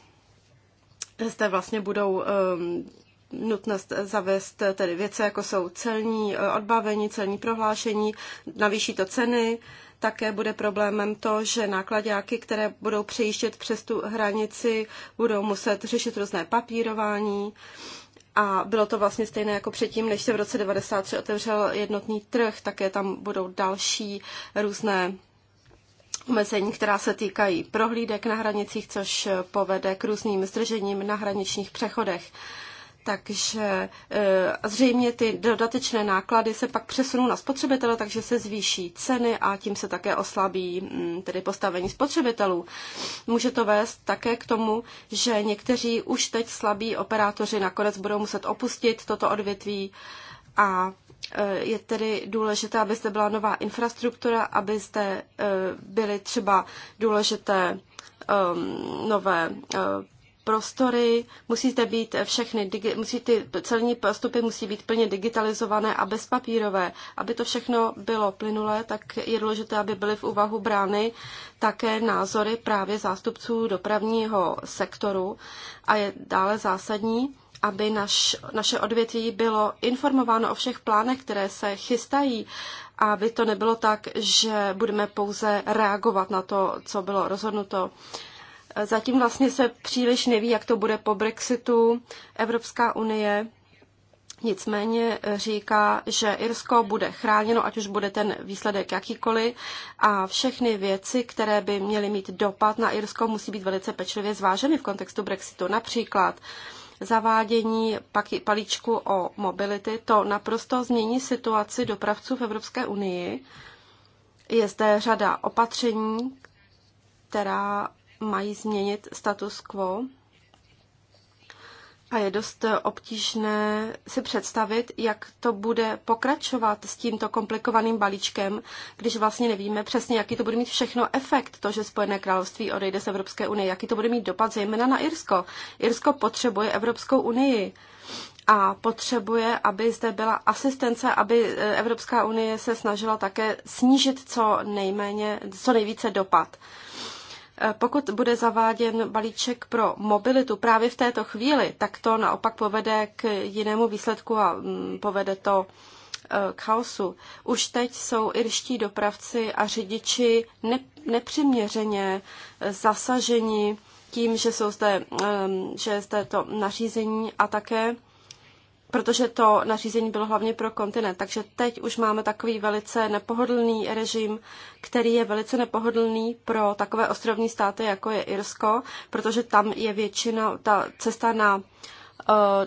zde vlastně budou um, nutnost zavést tedy věci, jako jsou celní eh, odbavení, celní prohlášení, navýší to ceny, také bude problémem to, že nákladňáky, které budou přejíždět přes tu hranici, budou muset řešit různé papírování. A bylo to vlastně stejné jako předtím, než se v roce 93 otevřel jednotný trh, také tam budou další různé omezení, která se týkají prohlídek na hranicích, což povede k různým zdržením na hraničních přechodech. Takže eh, zřejmě ty dodatečné náklady se pak přesunou na spotřebitele, takže se zvýší ceny a tím se také oslabí mm, tedy postavení spotřebitelů. Může to vést také k tomu, že někteří už teď slabí operátoři nakonec budou muset opustit toto odvětví a je tedy důležité, aby zde byla nová infrastruktura, aby zde eh, byly třeba důležité ehm, nové eh, prostory, musíte být všechny, musí ty celní postupy musí být plně digitalizované a bezpapírové. Aby to všechno bylo plynulé, tak je důležité, aby byly v úvahu brány také názory právě zástupců dopravního sektoru a je dále zásadní, aby naš, naše odvětví bylo informováno o všech plánech, které se chystají, aby to nebylo tak, že budeme pouze reagovat na to, co bylo rozhodnuto. Zatím vlastně se příliš neví, jak to bude po Brexitu. Evropská unie Nicméně říká, že Irsko bude chráněno, ať už bude ten výsledek jakýkoliv a všechny věci, které by měly mít dopad na Irsko, musí být velice pečlivě zváženy v kontextu Brexitu. Například uh, zavádění palíčku o mobility, to naprosto změní situaci dopravců v Evropské unii. Je zde řada opatření, která mají změnit status quo a je dost eh, obtížné si představit, jak to bude pokračovat s tímto komplikovaným balíčkem, když vlastně nevíme přesně, jaký to bude mít všechno efekt, to, že Spojené království odejde z Evropské unie, jaký to bude mít dopad zejména na Irsko. Irsko potřebuje Evropskou unii a potřebuje, aby zde byla asistence, aby eh, Evropská unie se snažila také snížit co nejméně, co nejvíce dopad. Pokud bude zaváděn balíček pro mobilitu právě v této chvíli, tak to naopak povede k jinému výsledku a mm, povede to e, k chaosu. Už teď jsou irští dopravci a řidiči nepřiměřeně e, zasaženi tím, že jsou zde, e, že je zde to nařízení a také protože to nařízení bylo hlavně pro kontinent. Takže teď už máme takový velice nepohodlný režim, který je velice nepohodlný pro takové ostrovní státy, jako je Irsko, protože tam je většina, ta cesta na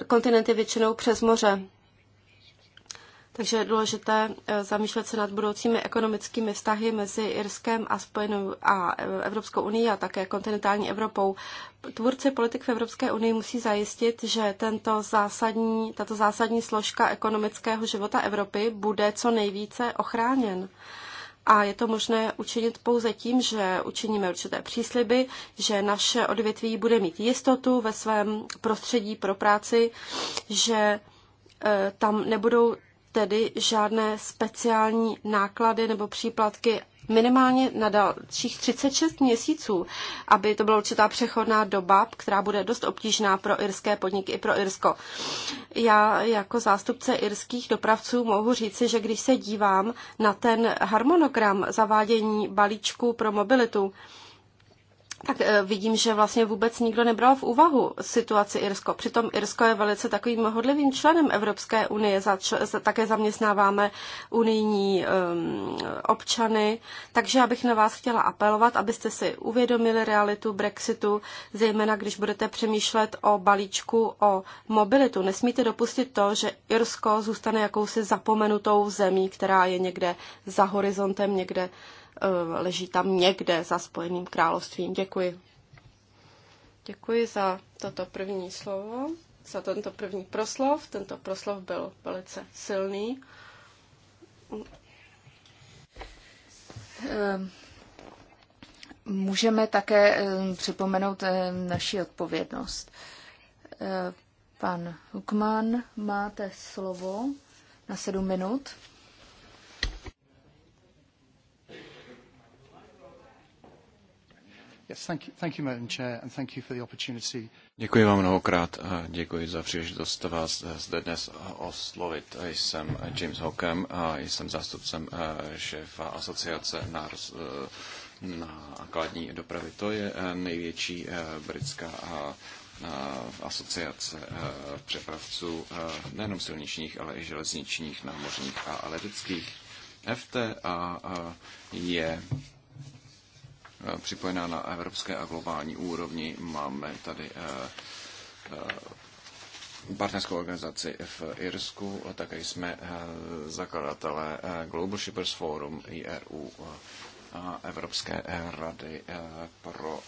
eh, kontinent je většinou přes moře. Takže je důležité eh, zamýšlet se nad budoucími ekonomickými vztahy mezi Irskem a, Spojenou a eh, Evropskou unii a také kontinentální Evropou. Tvůrci politik v Evropské unii musí zajistit, že tento zásadní, tato zásadní složka ekonomického života Evropy bude co nejvíce ochráněn. A je to možné učinit pouze tím, že učiníme určité přísliby, že naše odvětví bude mít jistotu ve svém prostředí pro práci, že eh, tam nebudou tedy žádné speciální náklady nebo příplatky minimálně na dalších 36 měsíců, aby to byla určitá přechodná doba, která bude dost obtížná pro irské podniky i pro Irsko. Já jako zástupce irských dopravců mohu říci, že když se dívám na ten harmonogram zavádění balíčků pro mobilitu, tak e, vidím, že vlastně vůbec nikdo nebral v úvahu situaci Irsko. Přitom Irsko je velice takovým hodlivým členem Evropské unie, také zaměstnáváme unijní um, občany, takže já bych na vás chtěla apelovat, abyste si uvědomili realitu Brexitu, zejména když budete přemýšlet o balíčku o mobilitu. Nesmíte dopustit to, že Irsko zůstane jakousi zapomenutou zemí, která je někde za horizontem, někde Eh, leží tam někde za Spojeným královstvím. Děkuji. Děkuji za toto první slovo, za tento první proslov. Tento proslov byl velice silný. Ehm, můžeme také ehm, připomenout ehm, naši odpovědnost. Eh, pan Hukman, máte slovo na sedm minut. Děkuji vám mnohokrát a děkuji za příležitost vás zde dnes oslovit. Jsem James Hockem a jsem zástupcem eh, šéfa asociace na eh, nákladní dopravy. To je eh, největší britská asociace přepravců nejenom silničních, ale i železničních, námořních a leteckých. FTA je Eh, připojená na evropské a globální úrovni. Máme tady eh, eh, partnerskou organizaci v Irsku, a také jsme zakladatelé Global Shippers Forum IRU a Evropské rady pro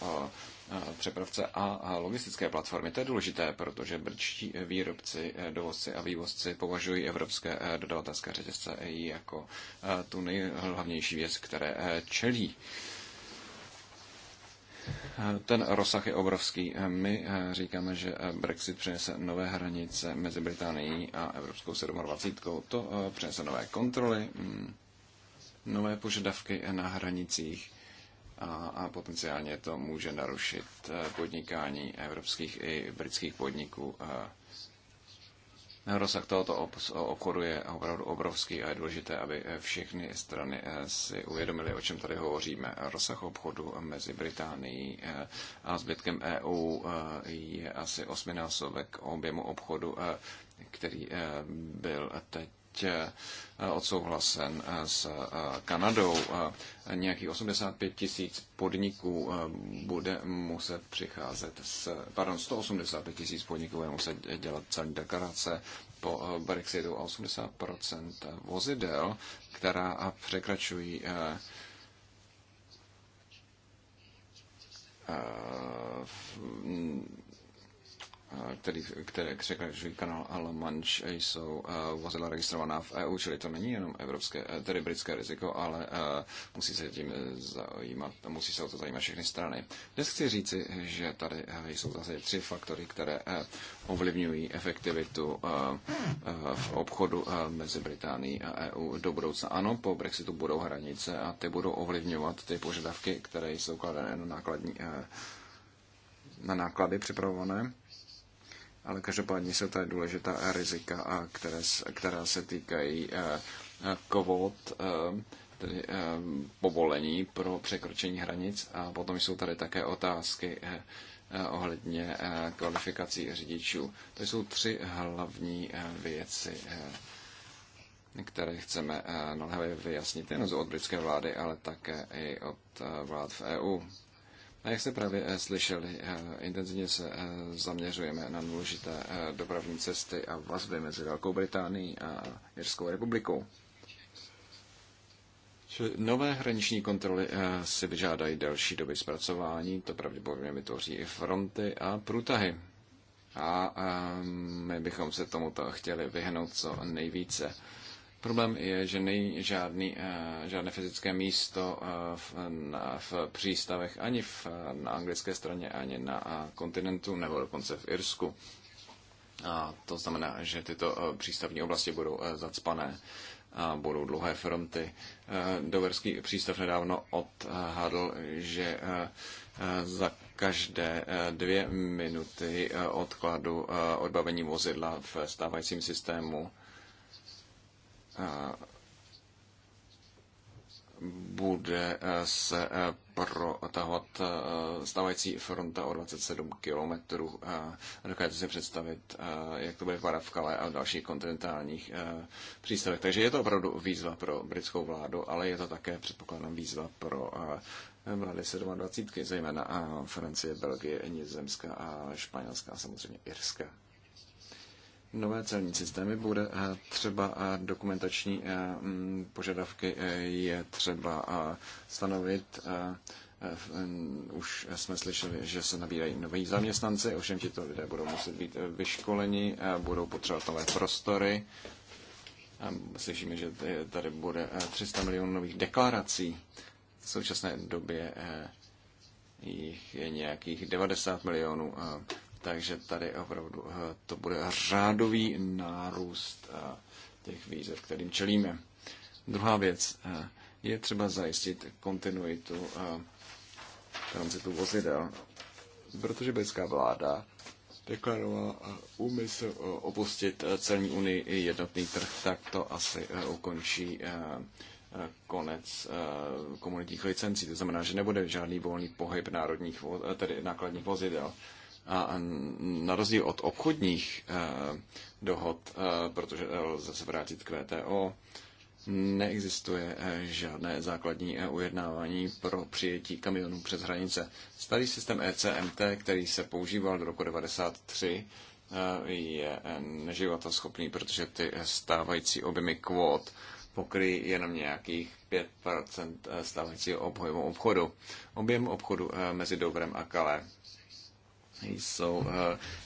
přepravce a logistické platformy. To je důležité, protože brčtí výrobci, dovozci a vývozci považují evropské dodavatelské řetězce jako tu nejhlavnější věc, které čelí ten rozsah je obrovský. My eh, říkáme, že eh, Brexit přinese nové hranice mezi Británií a Evropskou 27. To eh, přinese nové kontroly, mm, nové požadavky na hranicích a, a potenciálně to může narušit podnikání evropských i britských podniků Rozsah tohoto obchodu je opravdu obrovský a je důležité, aby eh, všechny strany eh, si uvědomily, o čem tady hovoříme. Rozsah obchodu mezi Británií eh, a zbytkem EU je asi osminásobek objemu obchodu, který byl teď teď eh, odsouhlasen eh, s eh, Kanadou. Nějakých 85 tisíc podniků bude muset přicházet s, pardon, 185 tisíc podniků bude muset dělat celní deklarace po Brexitu a 80 vozidel, která překračují který, eh, které že kanál La Manche, jsou eh, vozidla registrovaná v EU, čili to není jenom evropské, eh, tedy britské riziko, ale musí se tím zajímat, musí se o to zajímat všechny strany. Dnes chci říci, že tady jsou zase tři faktory, které ovlivňují efektivitu v obchodu mezi Británií a EU do budoucna. Ano, po Brexitu budou hranice a ty budou ovlivňovat ty požadavky, které jsou kladené na nákladní na náklady připravované ale každopádně jsou tady důležitá rizika, a které, která se týkají eh, kvót, eh, tedy eh, povolení pro překročení hranic a potom jsou tady také otázky ohledně kvalifikací řidičů. To jsou tři hlavní věci, které chceme naléhavě vyjasnit nejen od britské vlády, ale také i od vlád v EU. A jak jste právě eh, slyšeli, eh, intenzivně se eh, zaměřujeme na důležité dopravní cesty a vazby mezi Velkou Británií a Jirskou republikou. Čili nové hraniční kontroly si vyžádají delší doby zpracování, to pravděpodobně vytvoří i fronty a průtahy. A my bychom se tomuto chtěli vyhnout co nejvíce. Problém je, že není žádný, eh, žádné fyzické místo eh, v, na, v přístavech ani v, na anglické straně, ani na eh, kontinentu, nebo dokonce v Irsku. A to znamená, že tyto přístavní oblasti budou zacpané a budou dlouhé fronty. Doverský přístav nedávno odhadl, že za každé dvě minuty odkladu odbavení vozidla v stávajícím systému bude eh, se eh, protahovat eh, stávající fronta o 27 kilometrů. Dokážete si představit, jak to bude vypadat v Kale a v dalších kontinentálních přístavech. Takže je to opravdu výzva pro britskou vládu, ale je to také, předpokládám, výzva pro vlády 27, zejména Francie, Belgie, Nizozemska a Španělská a samozřejmě Irska nové celní systémy bude eh, třeba eh, dokumentační eh, mm, požadavky je třeba stanovit. Už jsme slyšeli, že se nabírají noví zaměstnanci, ovšem tito lidé budou muset být vyškoleni, budou potřebovat nové prostory. slyšíme, že tady bude 300 milionů nových deklarací. V současné době jich je nějakých 90 milionů takže tady opravdu eh, to bude řádový nárůst eh, těch výzev, kterým čelíme. Druhá věc eh, je třeba zajistit kontinuitu transitu vozidel, protože britská vláda deklarovala úmysl opustit celní unii i jednotný trh, tak to asi ukončí konec komunitních licencí. To znamená, že nebude žádný volný pohyb národních, tedy nákladních vozidel. A na rozdíl od obchodních eh, dohod, eh, protože lze se vrátit k VTO, neexistuje eh, žádné základní ujednávání pro přijetí kamionů přes hranice. Starý systém ECMT, který se používal do roku 1993, je neživotoschopný, protože ty stávající objemy kvót pokryjí jenom nějakých 5% stávajícího obhojmu obchodu. Objem obchodu mezi Dobrem a Kale jsou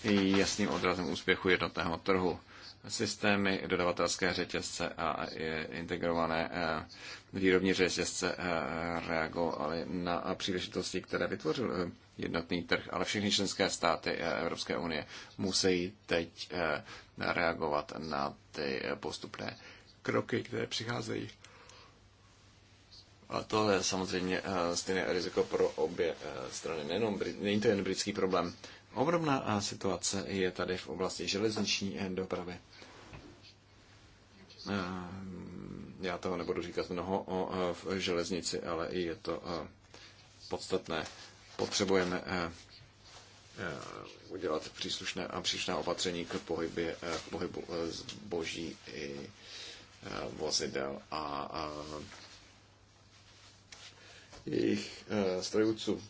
eh, jasným odrazem úspěchu jednotného trhu. Systémy dodavatelské řetězce a integrované eh, výrobní řetězce eh, reagovaly na příležitosti, které vytvořil jednotný trh, ale všechny členské státy Evropské unie musí teď reagovat na ty postupné kroky, které přicházejí. A tohle je samozřejmě eh, stejné riziko pro obě eh, strany. Nenom, není to jen britský problém. Obrovná eh, situace je tady v oblasti železniční dopravy. Já toho nebudu říkat mnoho o železnici, ale i je to podstatné. Potřebujeme udělat příslušné a příslušná opatření k, pohybě, k pohybu zboží i vozidel a jejich eh, strojůců.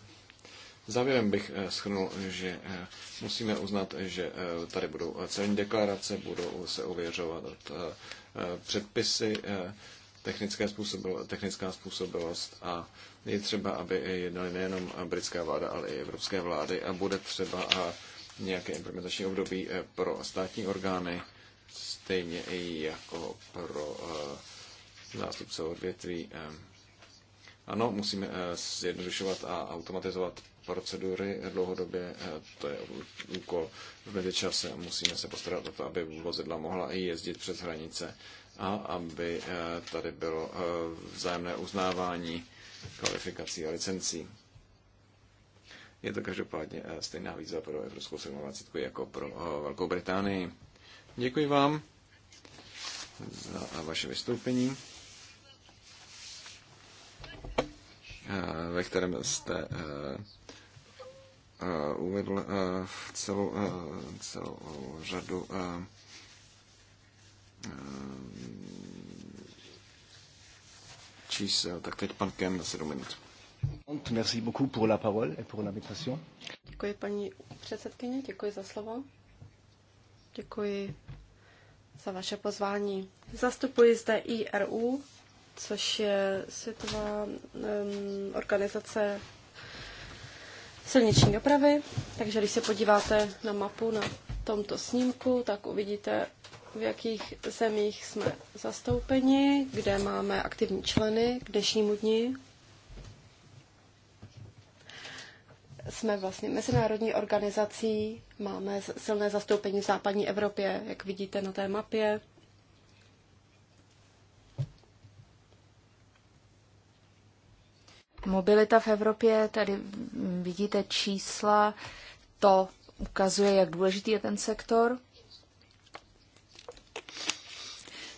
Závěrem bych eh, schrnul, že eh, musíme uznat, že tady budou celní deklarace, budou se ověřovat předpisy, technické způsobil, technická způsobilost a je třeba, aby jednali nejenom britská vláda, ale i evropské vlády a bude třeba nějaké implementační období pro státní orgány, stejně i jako pro zástupce odvětví ano, musíme eh, zjednodušovat a automatizovat procedury dlouhodobě, eh, to je úkol. V mezičase musíme se postarat o to, aby vozidla mohla i jezdit přes hranice a aby eh, tady bylo vzájemné uznávání kvalifikací a licencí. Je to každopádně stejná výzva pro Evropskou 27 jako pro Velkou Británii. Děkuji vám za vaše vystoupení. Eh, ve kterém jste eh, eh, uvedl celou, celou řadu čísel. Tak teď pan Kem na 7 minut. Merci beaucoup pour la parole et pour l'invitation. Děkuji paní předsedkyně, děkuji za slovo. Děkuji za vaše pozvání. Zastupuji zde IRU, což je světová um, organizace silniční dopravy. Takže když se podíváte na mapu na tomto snímku, tak uvidíte, v jakých zemích jsme zastoupeni, kde máme aktivní členy k dnešnímu dni. Jsme vlastně mezinárodní organizací, máme silné zastoupení v západní Evropě, jak vidíte na té mapě. Mobilita v Evropě, tady vidíte čísla, to ukazuje, jak důležitý je ten sektor.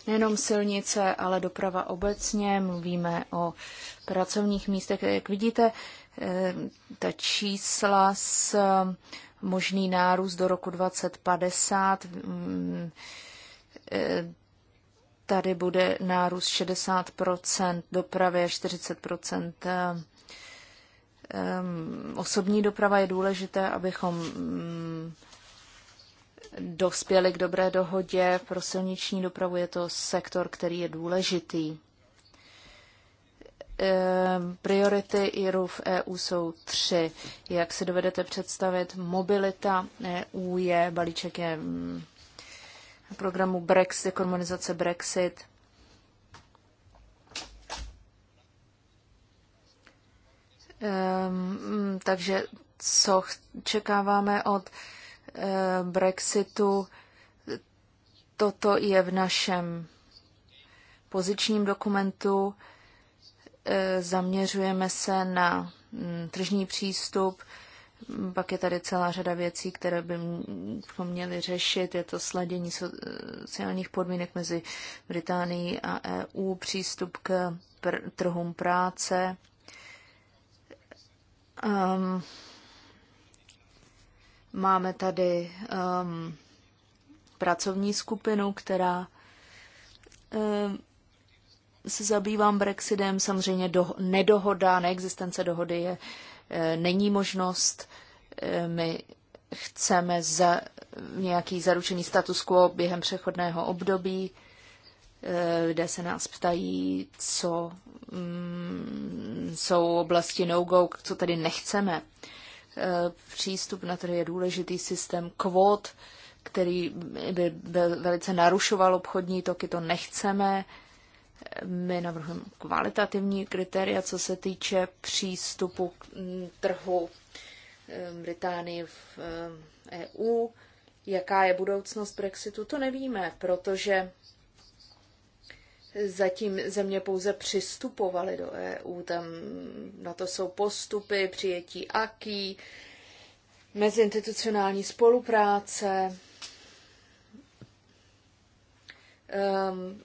Nejenom silnice, ale doprava obecně, mluvíme o pracovních místech. Jak vidíte, eh, ta čísla s eh, možný nárůst do roku 2050 mm, eh, tady bude nárůst 60 dopravy a 40 eh, eh, Osobní doprava je důležité, abychom mm, dospěli k dobré dohodě. Pro silniční dopravu je to sektor, který je důležitý. Eh, priority IRU v EU jsou tři. Jak si dovedete představit, mobilita EU je, balíček je mm, programu Brexit, komunizace Brexit. Um, takže co čekáváme od uh, Brexitu, toto je v našem pozičním dokumentu. Uh, zaměřujeme se na um, tržní přístup, pak je tady celá řada věcí, které bychom měli řešit. Je to sladění sociálních podmínek mezi Británií a EU, přístup k pr- trhům práce. Um, máme tady um, pracovní skupinu, která um, se zabývá Brexitem. Samozřejmě do, nedohoda, neexistence dohody je uh, Eh, není možnost. Eh, my chceme za nějaký zaručený status quo během přechodného období, kde eh, se nás ptají, co mm, jsou oblasti no-go, co tady nechceme. Přístup na který je důležitý systém kvót, který by velice narušoval obchodní toky, to nechceme. My navrhujeme kvalitativní kritéria, co se týče přístupu k mm, trhu mm, Británii v mm, EU. Jaká je budoucnost Brexitu, to nevíme, protože zatím země pouze přistupovaly do EU. Tam na to jsou postupy, přijetí AKI, mezinstitucionální spolupráce, um,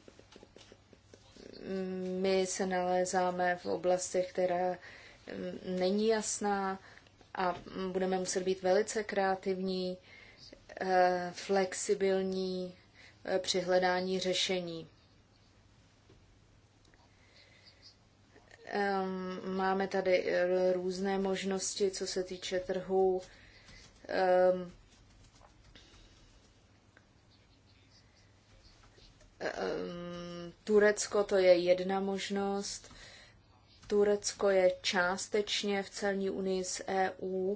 my se nalézáme v oblastech, která mm, není jasná a budeme muset být velice kreativní, eh, flexibilní eh, při hledání řešení. Máme tady eh, různé možnosti, co se týče trhu, Ehm, Turecko to je jedna možnost. Turecko je částečně v celní unii s EU.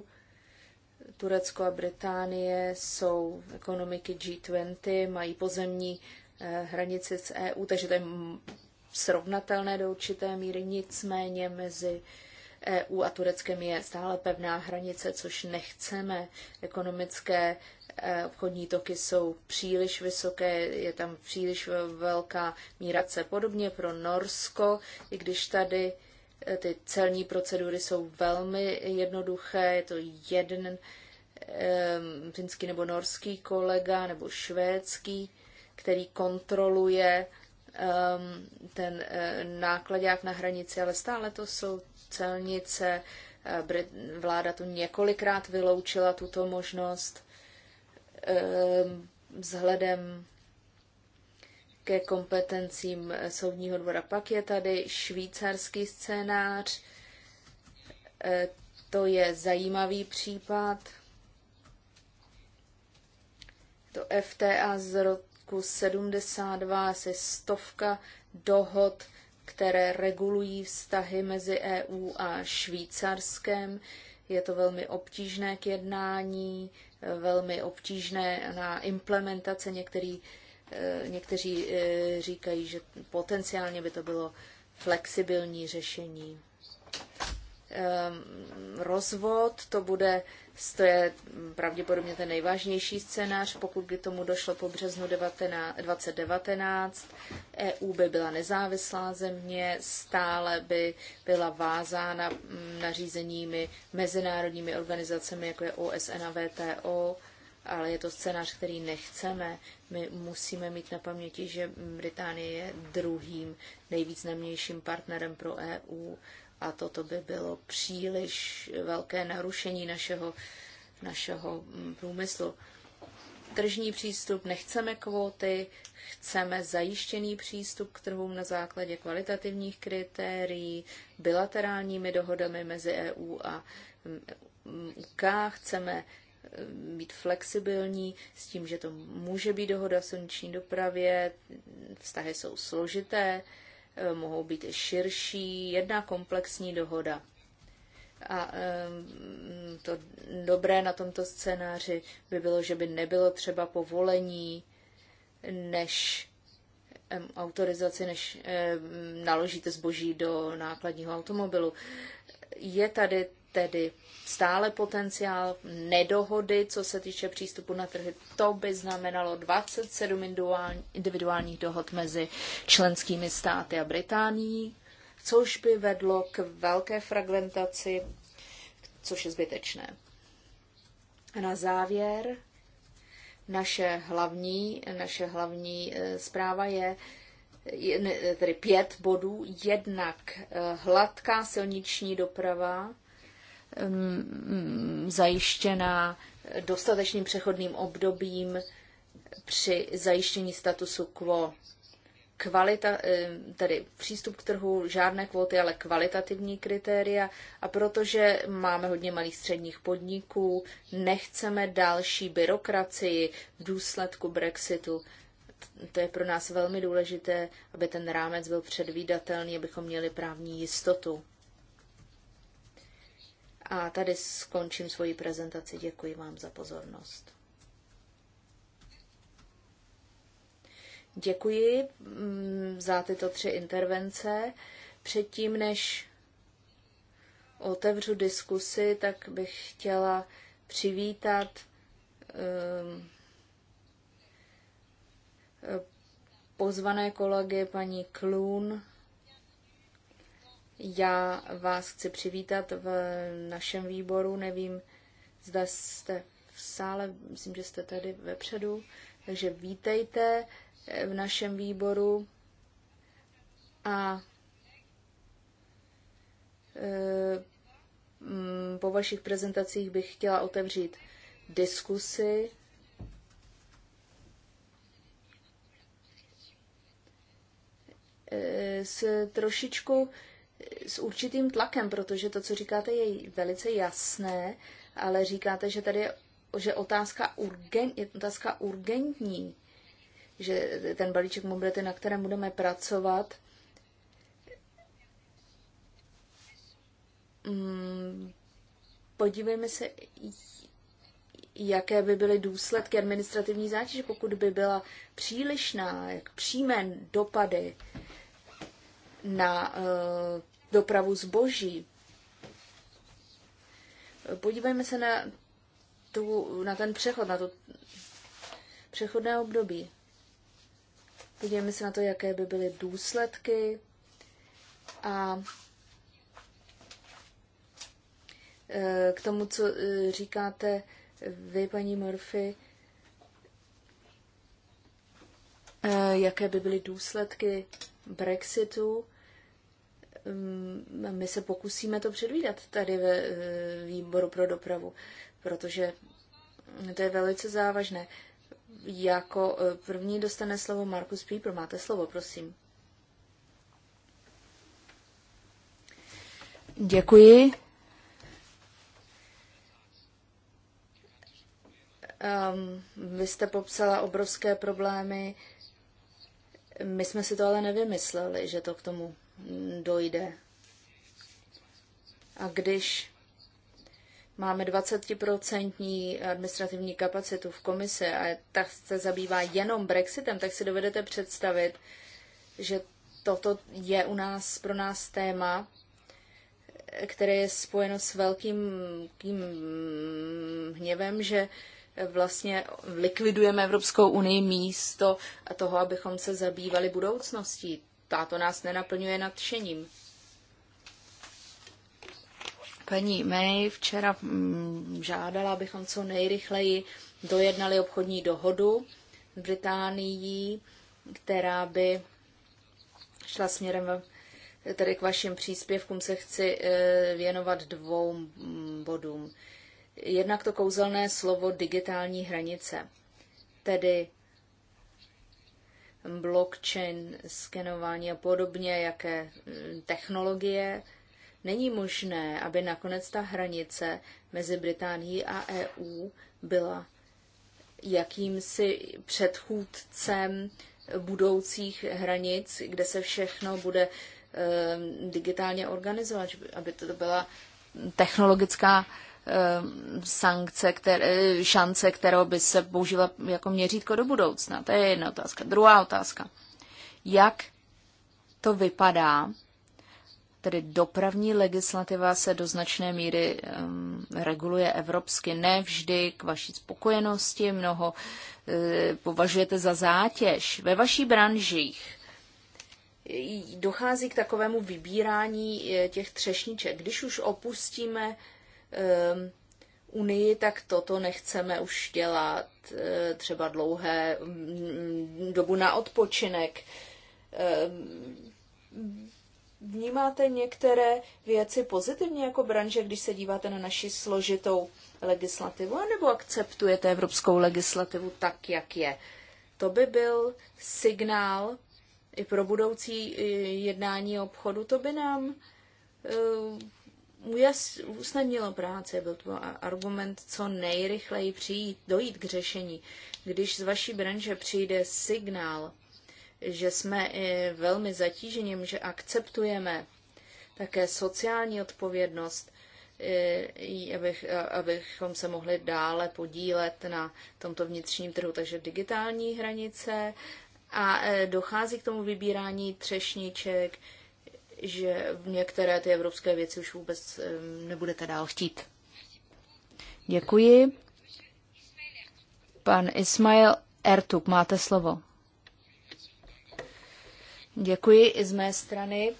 Turecko a Británie jsou ekonomiky G20, mají pozemní eh, hranice s EU, takže to je srovnatelné do určité míry. Nicméně mezi EU a Tureckem je stále pevná hranice, což nechceme. Ekonomické Eh, obchodní toky jsou příliš vysoké, je tam příliš velká mírace. Podobně pro Norsko, i když tady eh, ty celní procedury jsou velmi jednoduché, je to jeden ehm, finský nebo norský kolega nebo švédský, který kontroluje ehm, ten eh, nákladák na hranici, ale stále to jsou celnice. Vláda tu několikrát vyloučila tuto možnost Eh, vzhledem ke kompetencím soudního dvora. Pak je tady švýcarský scénář. Eh, to je zajímavý případ. To FTA z roku 72 se stovka dohod, které regulují vztahy mezi EU a Švýcarskem. Je to velmi obtížné k jednání, velmi obtížné na implementace. Některý, eh, někteří eh, říkají, že potenciálně by to bylo flexibilní řešení. Ehm, rozvod to bude to je pravděpodobně ten nejvážnější scénář, pokud by tomu došlo po březnu 2019. EU by byla nezávislá země, stále by byla vázána mm, nařízeními mezinárodními organizacemi, jako je OSN a VTO, ale je to scénář, který nechceme. My musíme mít na paměti, že Británie je druhým nejvýznamnějším partnerem pro EU a toto by bylo příliš velké narušení našeho, našeho mm, průmyslu. Tržní přístup, nechceme kvóty, chceme zajištěný přístup k trhům na základě kvalitativních kritérií, bilaterálními dohodami mezi EU a mm, UK, chceme mm, být flexibilní s tím, že to může být dohoda o sluneční dopravě, vztahy jsou složité, Eh, mohou být i širší, jedna komplexní dohoda. A to dobré na tomto scénáři by bylo, že by nebylo třeba povolení než autorizaci, než naložíte zboží do nákladního automobilu. Je tady tedy stále potenciál nedohody, co se týče přístupu na trhy. To by znamenalo 27 individuálních dohod mezi členskými státy a Británií, což by vedlo k velké fragmentaci, což je zbytečné. A na závěr naše hlavní, naše hlavní eh, zpráva je, tedy pět bodů. Jednak eh, hladká silniční doprava, Mm, zajištěna dostatečným přechodným obdobím při zajištění statusu quo. Kvalita, eh, tedy přístup k trhu, žádné kvóty, ale kvalitativní kritéria. A protože máme hodně malých středních podniků, nechceme další byrokracii v důsledku Brexitu. To je pro nás velmi důležité, aby ten rámec byl předvídatelný, abychom měli právní jistotu. A tady skončím svoji prezentaci. Děkuji vám za pozornost. Děkuji mm, za tyto tři intervence. Předtím, než otevřu diskusi, tak bych chtěla přivítat mm, pozvané kolegy paní Klun já vás chci přivítat v našem výboru. Nevím, zda jste v sále, myslím, že jste tady vepředu. Takže vítejte v našem výboru a e, mm, po vašich prezentacích bych chtěla otevřít diskusy. E, s trošičku s určitým tlakem, protože to, co říkáte, je velice jasné, ale říkáte, že tady je že otázka, urgen, je otázka urgentní, že ten balíček mobility, na kterém budeme pracovat, mm, podívejme se, jaké by byly důsledky administrativní zátěže, pokud by byla přílišná, jak přímé dopady na uh, dopravu zboží. Podívejme se na, tu, na ten přechod, na to přechodné období. Podívejme se na to, jaké by byly důsledky a eh, k tomu, co eh, říkáte vy, paní Murphy, eh, jaké by byly důsledky Brexitu Mm, my se pokusíme to předvídat tady ve eh, výboru pro dopravu, protože to je velice závažné. Jako eh, první dostane slovo Markus Pípr. Máte slovo, prosím. Děkuji. Um, vy jste popsala obrovské problémy. My jsme si to ale nevymysleli, že to k tomu dojde. A když máme 20% administrativní kapacitu v komise a ta se zabývá jenom Brexitem, tak si dovedete představit, že toto je u nás pro nás téma, které je spojeno s velkým tím hněvem, že vlastně likvidujeme Evropskou unii místo toho, abychom se zabývali budoucností táto nás nenaplňuje nadšením. Paní May včera mm, žádala, abychom co nejrychleji dojednali obchodní dohodu s Británií, která by šla směrem tedy k vašim příspěvkům se chci e, věnovat dvou mm, bodům. Jednak to kouzelné slovo digitální hranice, tedy blockchain, skenování a podobně, jaké mm, technologie. Není možné, aby nakonec ta hranice mezi Británií a EU byla jakýmsi předchůdcem budoucích hranic, kde se všechno bude ehm, digitálně organizovat, aby to byla technologická Eh, sankce, které, eh, šance, kterou by se použila jako měřítko do budoucna. To je jedna otázka. Druhá otázka. Jak to vypadá, tedy dopravní legislativa se do značné míry um, reguluje evropsky, ne vždy k vaší spokojenosti, mnoho uh, považujete za zátěž. Ve vaší branžích dochází k takovému vybírání těch třešniček. Když už opustíme Um, Unii, tak toto nechceme už dělat eh, třeba dlouhé mm, dobu na odpočinek. Eh, vnímáte některé věci pozitivně jako branže, když se díváte na naši složitou legislativu, anebo akceptujete evropskou legislativu tak, jak je? To by byl signál i pro budoucí eh, jednání obchodu, to by nám ujas, usnadnilo práci, byl to argument, co nejrychleji přijít, dojít k řešení. Když z vaší branže přijde signál, že jsme eh, velmi zatížením, že akceptujeme také sociální odpovědnost, eh, abych, abychom se mohli dále podílet na tomto vnitřním trhu, takže digitální hranice a eh, dochází k tomu vybírání třešníček, že některé ty evropské věci už vůbec nebudete dál chtít. Děkuji. Pan Ismail Ertuk, máte slovo. Děkuji i z mé strany.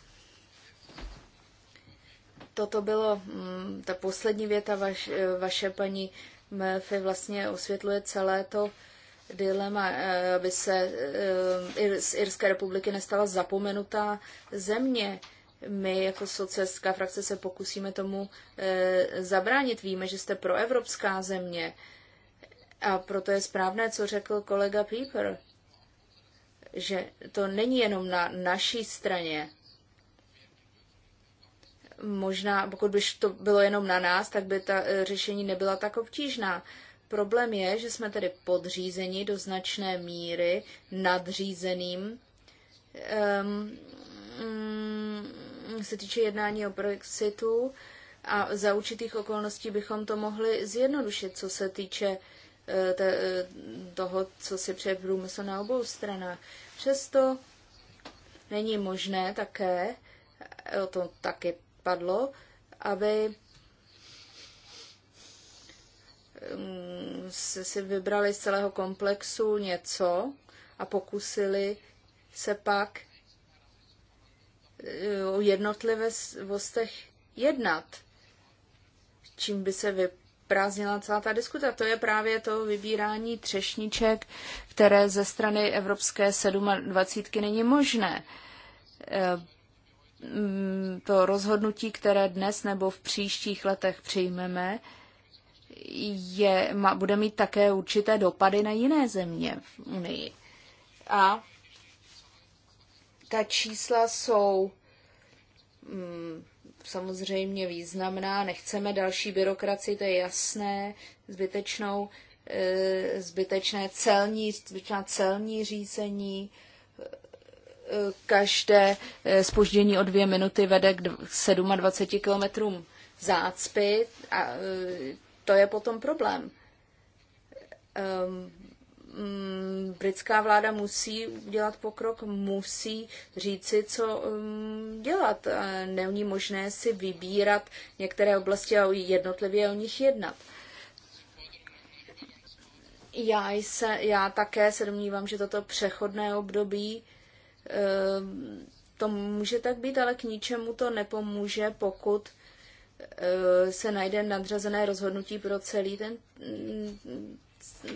Toto bylo mm, ta poslední věta vaš, vaše paní Melfi vlastně osvětluje celé to dilema, eh, aby se eh, z Irské republiky nestala zapomenutá země. My jako socestská frakce se pokusíme tomu eh, zabránit. Víme, že jste proevropská země. A proto je správné, co řekl kolega Pieper, že to není jenom na naší straně. Možná, pokud by to bylo jenom na nás, tak by ta řešení nebyla tak obtížná Problém je, že jsme tedy podřízeni do značné míry nadřízeným. Um, se týče jednání o Brexitu a za určitých okolností bychom to mohli zjednodušit, co se týče eh, eh, toho, co si přeje průmysl na obou stranách. Přesto není možné také, o tom taky padlo, aby Mm, si vybrali z celého komplexu něco a pokusili se pak eh, o jednotlivostech jednat, čím by se vyprázdnila celá ta diskuta. To je právě to vybírání třešniček, které ze strany Evropské 27 není možné. Eh, mm, to rozhodnutí, které dnes nebo v příštích letech přijmeme, je, má, bude mít také určité dopady na jiné země v Unii. A ta čísla jsou mm, samozřejmě významná. Nechceme další byrokracii, to je jasné, zbytečnou, e, zbytečné celní, zbytečná celní řízení. E, každé spoždění e, o dvě minuty vede k 27 kilometrům zácpy a e, to je potom problém. Um, britská vláda musí dělat pokrok, musí říci, co ehm, dělat. Není možné si vybírat některé oblasti a jednotlivě o nich jednat. Já, se, já také se domnívám, že toto přechodné období ehm, to může tak být, ale k ničemu to nepomůže, pokud Eh, se najde nadřazené rozhodnutí pro celý ten,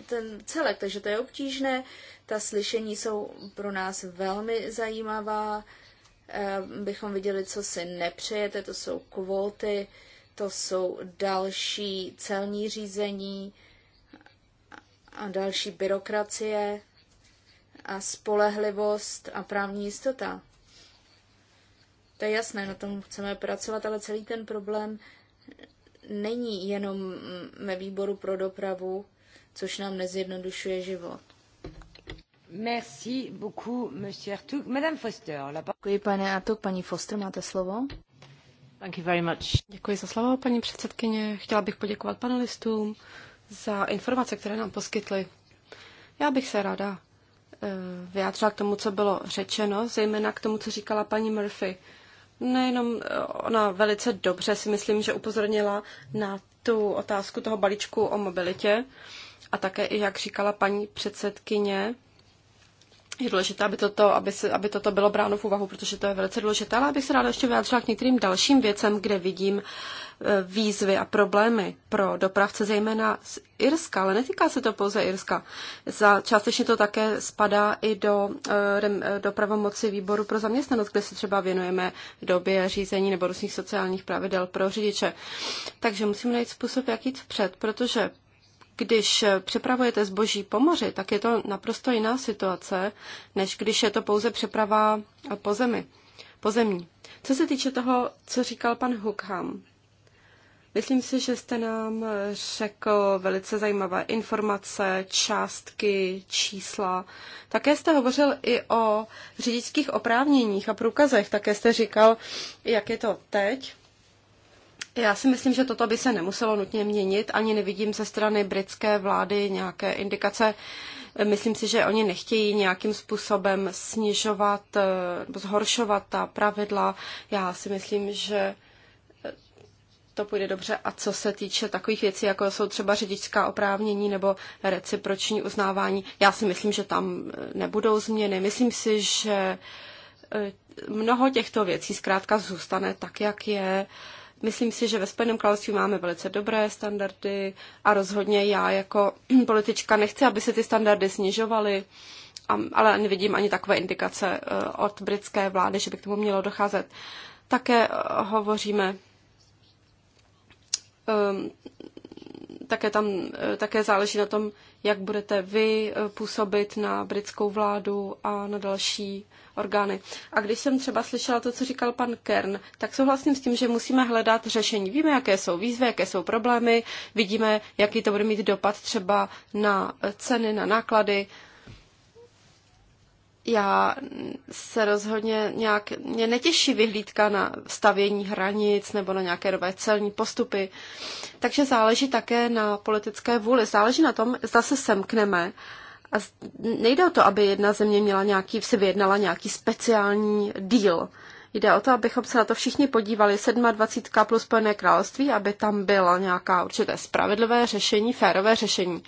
ten celek, takže to je obtížné. Ta slyšení jsou pro nás velmi zajímavá, eh, bychom viděli, co si nepřejete, to jsou kvóty, to jsou další celní řízení a další byrokracie a spolehlivost a právní jistota. To je jasné, na tom chceme pracovat, ale celý ten problém není jenom ve výboru pro dopravu, což nám nezjednodušuje život. Merci beaucoup, monsieur Artuk. Madame Foster, la... Děkuji, pane Artuk. Paní Foster, máte slovo. Thank you very much. Děkuji za slovo, paní předsedkyně. Chtěla bych poděkovat panelistům za informace, které nám poskytly. Já bych se ráda eh, vyjádřila k tomu, co bylo řečeno, zejména k tomu, co říkala paní Murphy. Nejenom eh, ona velice dobře si myslím, že upozornila na tu otázku toho balíčku o mobilitě a také i, jak říkala paní předsedkyně, je důležité, aby toto, aby, se, aby toto bylo bráno v úvahu, protože to je velice důležité, ale abych se ráda ještě vyjádřila k některým dalším věcem, kde vidím e, výzvy a problémy pro dopravce, zejména z Irska, ale netýká se to pouze Irska. Za, částečně to také spadá i do, e, e, do pravomoci výboru pro zaměstnanost, kde se třeba věnujeme době řízení nebo různých sociálních pravidel pro řidiče. Takže musíme najít způsob, jak jít vpřed, protože když přepravujete zboží po moři, tak je to naprosto jiná situace, než když je to pouze přeprava po zemi, po zemí. Co se týče toho, co říkal pan Hookham, myslím si, že jste nám řekl velice zajímavé informace, částky, čísla. Také jste hovořil i o řidičských oprávněních a průkazech. Také jste říkal, jak je to teď já si myslím, že toto by se nemuselo nutně měnit. Ani nevidím ze strany britské vlády nějaké indikace. Myslím si, že oni nechtějí nějakým způsobem snižovat eh, nebo zhoršovat ta pravidla. Já si myslím, že eh, to půjde dobře. A co se týče takových věcí, jako jsou třeba řidičská oprávnění nebo reciproční uznávání, já si myslím, že tam eh, nebudou změny. Myslím si, že mnoho těchto věcí zkrátka zůstane tak, jak je Myslím si, že ve Spojeném království máme velice dobré standardy a rozhodně já jako politička nechci, aby se ty standardy snižovaly, ale nevidím ani takové indikace eh, od britské vlády, že by k tomu mělo docházet. Také eh, hovoříme ehm, také tam eh, také záleží na tom, jak budete vy působit na britskou vládu a na další orgány. A když jsem třeba slyšela to, co říkal pan Kern, tak souhlasím s tím, že musíme hledat řešení. Víme, jaké jsou výzvy, jaké jsou problémy, vidíme, jaký to bude mít dopad třeba na ceny, na náklady. Já se rozhodně nějak, mě netěší vyhlídka na stavění hranic nebo na nějaké nové celní postupy. Takže záleží také na politické vůli. Záleží na tom, zda se semkneme uh, a nejde o to, aby jedna země měla nějaký, si vyjednala nějaký speciální díl. Jde o to, abychom se na to všichni podívali 27 plus Spojené království, aby tam byla nějaká určité spravedlivé řešení, férové řešení.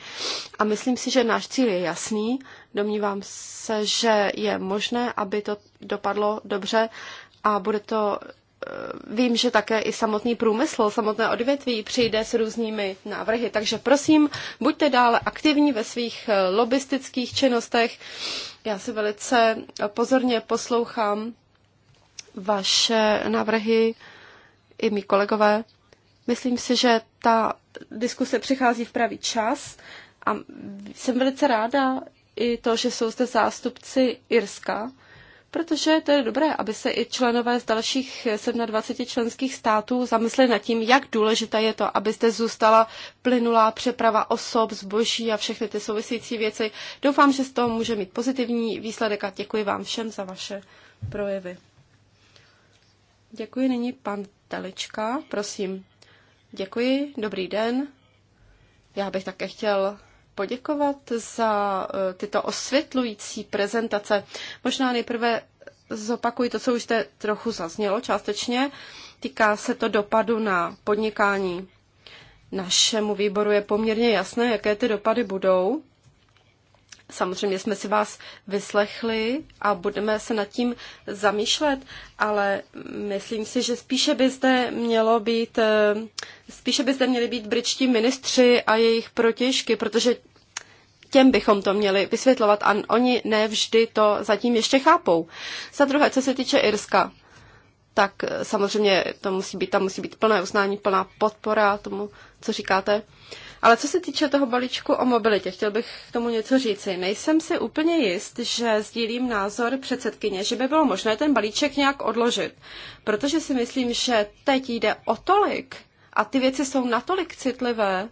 A myslím si, že náš cíl je jasný. Domnívám se, že je možné, aby to dopadlo dobře a bude to Eh, vím, že také i samotný průmysl, samotné odvětví přijde s různými návrhy. Takže prosím, buďte dále aktivní ve svých eh, lobistických činnostech. Já si velice eh, pozorně poslouchám vaše návrhy i mý kolegové. Myslím si, že ta diskuse přichází v pravý čas a jsem velice ráda i to, že jsou zde zástupci Irska, protože to je dobré, aby se i členové z dalších 27 členských států zamysleli nad tím, jak důležité je to, aby zde zůstala plynulá přeprava osob, zboží a všechny ty související věci. Doufám, že z toho může mít pozitivní výsledek a děkuji vám všem za vaše projevy. Děkuji, nyní pan Telička, prosím. Děkuji, dobrý den. Já bych také chtěl poděkovat za e, tyto osvětlující prezentace. Možná nejprve zopakuji to, co už jste trochu zaznělo částečně. Týká se to dopadu na podnikání. Našemu výboru je poměrně jasné, jaké ty dopady budou. Samozřejmě jsme si vás vyslechli a budeme se nad tím zamýšlet, ale myslím si, že spíše by zde, mělo být, e, spíše by zde měli být britští ministři a jejich protěžky, protože těm bychom to měli vysvětlovat a oni ne vždy to zatím ještě chápou. Za druhé, co se týče Irska, tak eh, samozřejmě to musí být, tam musí být plné uznání, plná podpora tomu, co říkáte. Ale co se týče toho balíčku o mobilitě, chtěl bych k tomu něco říci. Nejsem si úplně jist, že sdílím názor předsedkyně, že by bylo možné ten balíček nějak odložit, protože si myslím, že teď jde o tolik a ty věci jsou natolik citlivé,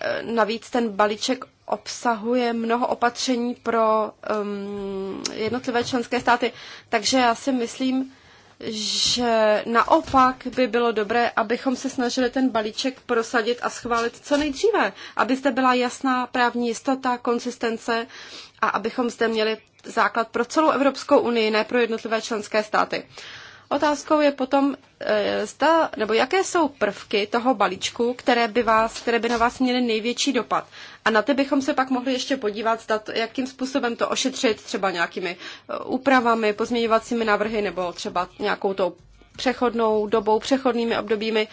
Eh, navíc ten balíček obsahuje mnoho opatření pro um, jednotlivé členské státy, takže já si myslím, že naopak by bylo dobré, abychom se snažili ten balíček prosadit a schválit co nejdříve, aby zde byla jasná právní jistota, konsistence a abychom zde měli základ pro celou Evropskou unii, ne pro jednotlivé členské státy. Otázkou je potom, eh, zda, nebo jaké jsou prvky toho balíčku, které by, vás, které by na vás měly největší dopad. A na ty bychom se pak mohli ještě podívat, zda jakým způsobem to ošetřit, třeba nějakými eh, úpravami, pozměňovacími návrhy, nebo třeba nějakou tou přechodnou dobou, přechodnými obdobími,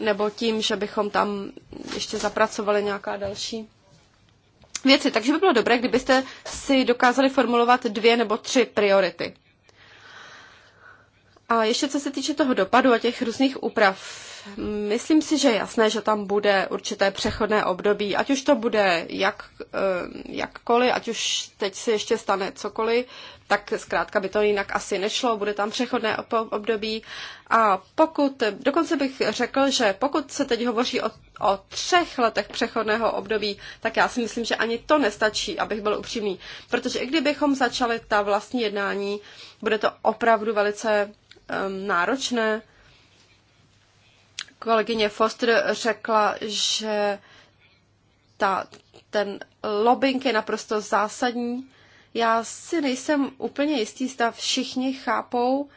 nebo tím, že bychom tam ještě zapracovali nějaká další věci. Takže by bylo dobré, kdybyste si dokázali formulovat dvě nebo tři priority. A ještě co se týče toho dopadu a těch různých úprav, myslím si, že je jasné, že tam bude určité přechodné období, ať už to bude jak, eh, jakkoliv, ať už teď se ještě stane cokoliv, tak zkrátka by to jinak asi nešlo, bude tam přechodné období. A pokud, dokonce bych řekl, že pokud se teď hovoří o, o třech letech přechodného období, tak já si myslím, že ani to nestačí, abych byl upřímný. Protože i kdybychom začali ta vlastní jednání, bude to opravdu velice Um, náročné. Kolegyně Foster řekla, že ta, ten lobbying je naprosto zásadní. Já si nejsem úplně jistý, zda všichni chápou,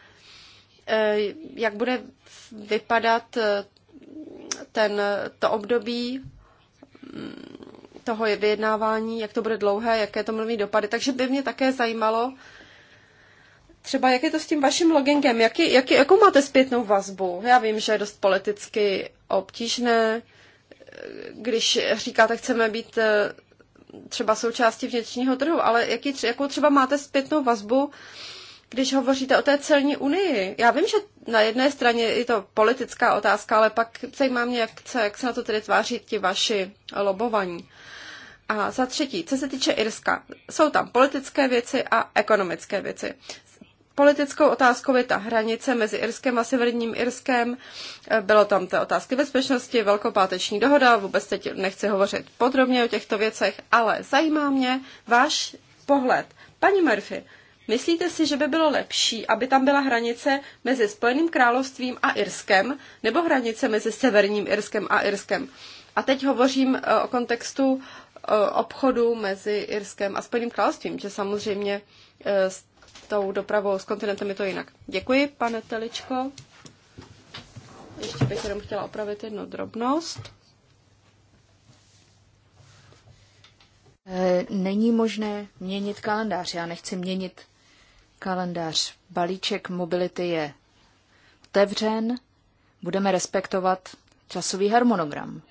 eh, jak bude vypadat eh, ten, to období mm, toho vyjednávání, jak to bude dlouhé, jaké to mluví dopady. Takže by mě také zajímalo, Třeba jak je to s tím vaším loggingem? Jak je, jak je, jakou máte zpětnou vazbu? Já vím, že je dost politicky obtížné, když říkáte, chceme být eh, třeba součástí vnitřního trhu, ale jaký, jakou třeba máte zpětnou vazbu, když hovoříte o té celní unii? Já vím, že na jedné straně je to politická otázka, ale pak zajímá mě, jak se, jak se na to tedy tváří ti vaši lobovaní. A za třetí, co se týče Irska, jsou tam politické věci a ekonomické věci politickou otázkou je ta hranice mezi Irskem a Severním Irskem. Eh, bylo tam té otázky bezpečnosti, velkopáteční dohoda, vůbec teď nechci hovořit podrobně o těchto věcech, ale zajímá mě váš pohled. Paní Murphy, myslíte si, že by bylo lepší, aby tam byla hranice mezi Spojeným královstvím a Irskem, nebo hranice mezi Severním Irskem a Irskem? A teď hovořím eh, o kontextu eh, obchodu mezi Irskem a Spojeným královstvím, že samozřejmě tou dopravou s kontinentem je to jinak. Děkuji, pane Teličko. Ještě bych jenom chtěla opravit jednu drobnost. Eh, není možné měnit kalendář. Já nechci měnit kalendář. Balíček mobility je otevřen. Budeme respektovat časový harmonogram.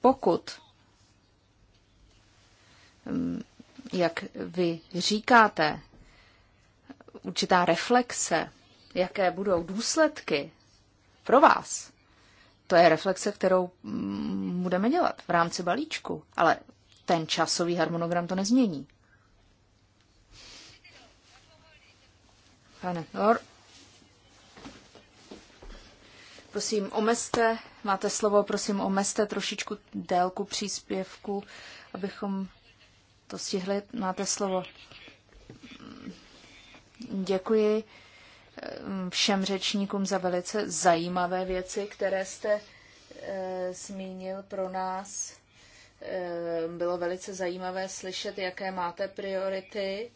Pokud, hm, jak vy říkáte, určitá reflexe, jaké budou důsledky pro vás. To je reflexe, kterou mm, budeme dělat v rámci balíčku, ale ten časový harmonogram to nezmění. Pane Lor, prosím, omezte, máte slovo, prosím, omezte trošičku délku příspěvku, abychom to stihli. Máte slovo. Děkuji eh, všem řečníkům za velice zajímavé věci, které jste e, zmínil pro nás. E, bylo velice zajímavé slyšet, jaké máte priority.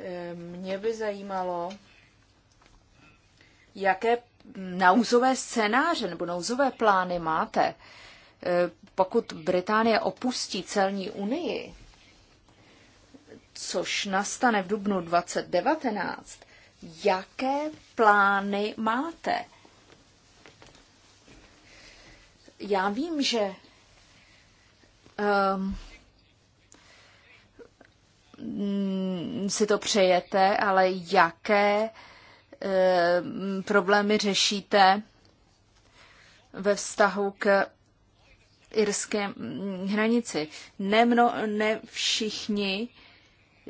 E, mě by zajímalo, jaké nouzové scénáře nebo nouzové plány máte, pokud Británie opustí celní unii což nastane v dubnu 2019, jaké plány máte? Já vím, že um, si to přejete, ale jaké um, problémy řešíte ve vztahu k irské mm, hranici. Nemno, ne všichni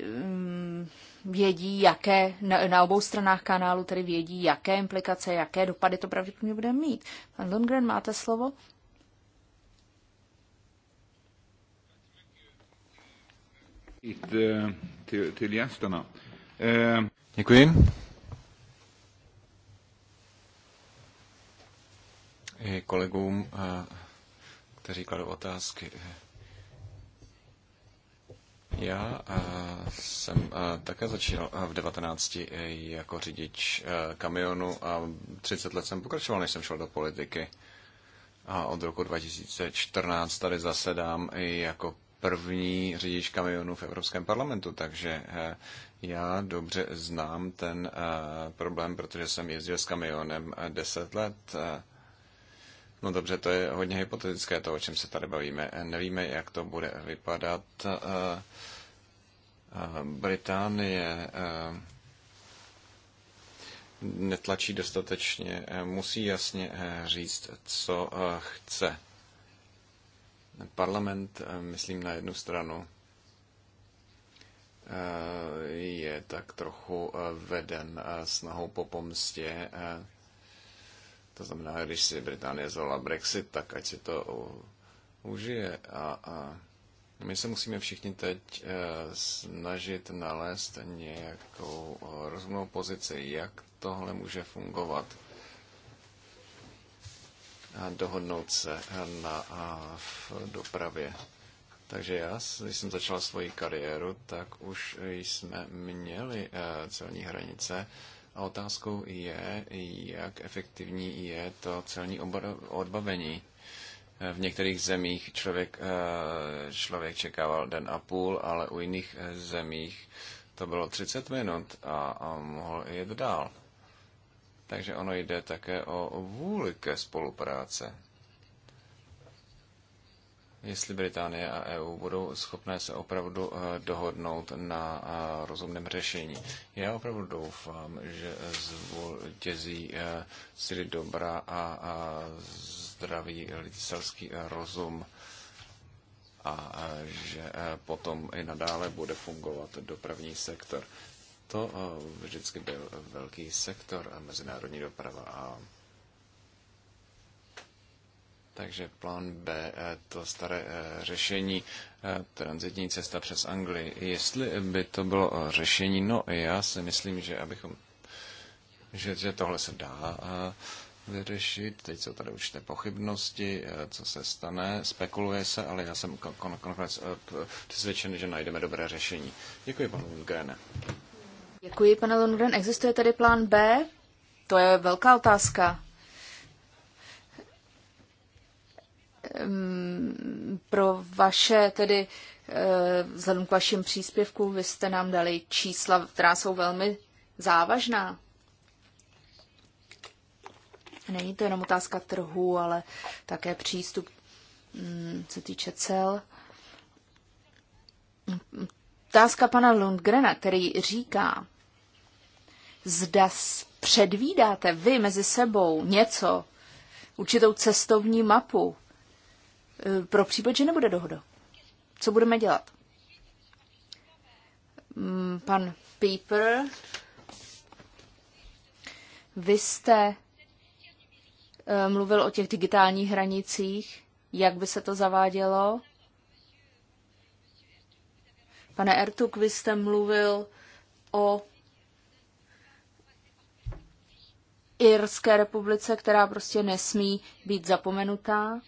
Um, vědí, jaké, na, na obou stranách kanálu tedy vědí, jaké implikace, jaké dopady to pravděpodobně bude mít. Pan Lundgren, máte slovo? Děkuji. I kolegům, eh, kteří kladou otázky. Eh, já eh, jsem eh, také začínal eh, v 19 jako řidič kamionu a 30 let jsem pokračoval, než jsem šel do politiky. A od roku 2014 tady zasedám jako první řidič kamionů v Evropském parlamentu, takže já dobře znám ten problém, protože jsem jezdil s kamionem 10 let No dobře, to je hodně hypotetické, to, o čem se tady bavíme. Nevíme, jak to bude vypadat. Eh, eh, Británie eh, netlačí dostatečně, musí jasně říct, co chce. Parlament, myslím na jednu stranu, je tak trochu veden snahou po pomstě to znamená, když si Británie zvolila Brexit, tak ať si to užije. A, a my se musíme všichni teď eh, snažit nalézt nějakou eh, rozumnou pozici, jak tohle může fungovat. A dohodnout se eh, na, a v dopravě. Takže já, když jsem začal svoji kariéru, tak už jsme měli celní hranice a otázkou je, jak efektivní je to celní odbavení. V některých zemích člověk, eh, člověk čekával den a půl, ale u jiných eh, zemích to bylo 30 minut a, a mohl jít dál. Takže ono jde také o vůli ke spolupráce jestli Británie a EU budou schopné se opravdu eh, dohodnout na eh, rozumném řešení. Já opravdu doufám, že zvítězí eh, síly dobra a zdravý lidský rozum a že potom i nadále bude fungovat dopravní sektor. To vždycky byl velký sektor mezinárodní doprava a takže plán B, eh, to staré eh, řešení, eh, transitní cesta přes Anglii. Jestli by to bylo řešení, no já si myslím, že abychom, že, že tohle se dá vyřešit. Teď jsou tady určité pochybnosti, co se stane, spekuluje se, ale já jsem nakonec přesvědčen, že najdeme dobré řešení. Děkuji, panu Lundgrene. Děkuji, pane Lundgren. Existuje tady plán B? To je velká otázka. Ehm, pro vaše tedy eh, vzhledem k vašim příspěvku, vy jste nám dali čísla, která jsou velmi závažná. Není to jenom otázka trhu, ale také přístup, mm, co týče cel. Otázka pana Lundgrena, který říká, zda předvídáte vy mezi sebou něco, určitou cestovní mapu, Eh, pro případ, že nebude dohoda. Co budeme dělat? Mm, pan Pieper, vy jste eh, mluvil o těch digitálních hranicích, jak by se to zavádělo. Pane Ertuk, vy jste mluvil o Irské republice, která prostě nesmí být zapomenutá.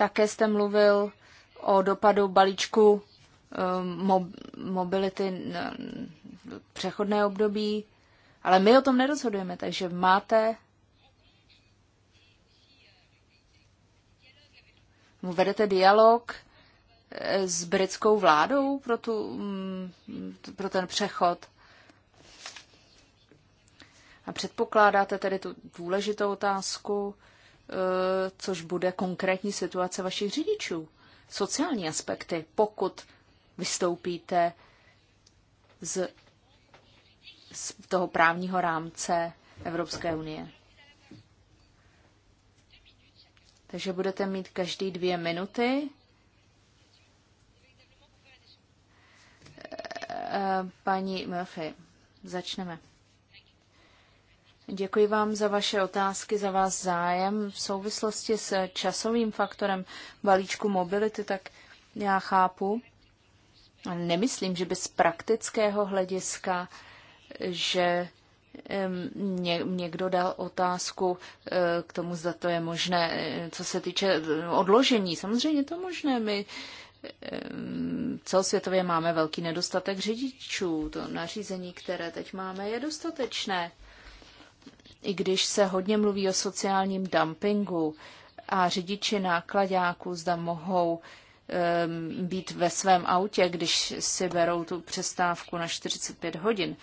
Také jste mluvil o dopadu balíčku eh, mobility přechodné období, ale my o tom nerozhodujeme, takže máte vedete dialog eh, s britskou vládou pro, tu, mm, pro ten přechod? A předpokládáte tedy tu důležitou otázku, Eh, což bude konkrétní situace vašich řidičů. Sociální aspekty, pokud vystoupíte z, z toho právního rámce Evropské unie. Takže budete mít každý dvě minuty. Eh, eh, paní Murphy, začneme. Děkuji vám za vaše otázky, za vás zájem. V souvislosti s časovým faktorem balíčku mobility, tak já chápu, nemyslím, že by z praktického hlediska, že někdo dal otázku e, k tomu, zda to je možné, e, co se týče e, odložení. Samozřejmě to možné. My celosvětově máme velký nedostatek řidičů. To nařízení, které teď máme, je dostatečné i když se hodně mluví o sociálním dumpingu a řidiči nákladáků zda mohou um, být ve svém autě, když si berou tu přestávku na 45 hodin.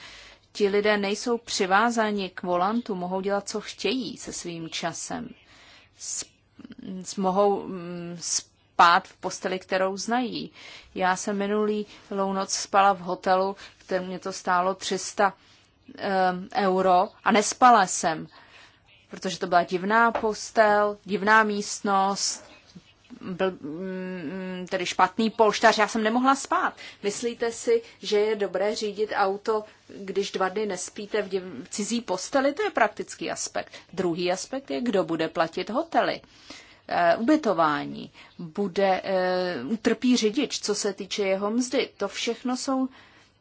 Ti lidé nejsou přivázáni k volantu, mohou dělat, co chtějí se svým časem. S, s, mohou um, spát v posteli, kterou znají. Já jsem minulý lounoc spala v hotelu, které mě to stálo 300 Um, euro a nespala jsem, protože to byla divná postel, divná místnost, byl mm, tedy špatný polštář, já jsem nemohla spát. Myslíte si, že je dobré řídit auto, když dva dny nespíte v, div- v cizí posteli? To je praktický aspekt. Druhý aspekt je, kdo bude platit hotely. E, ubytování, bude, e, utrpí řidič, co se týče jeho mzdy. To všechno jsou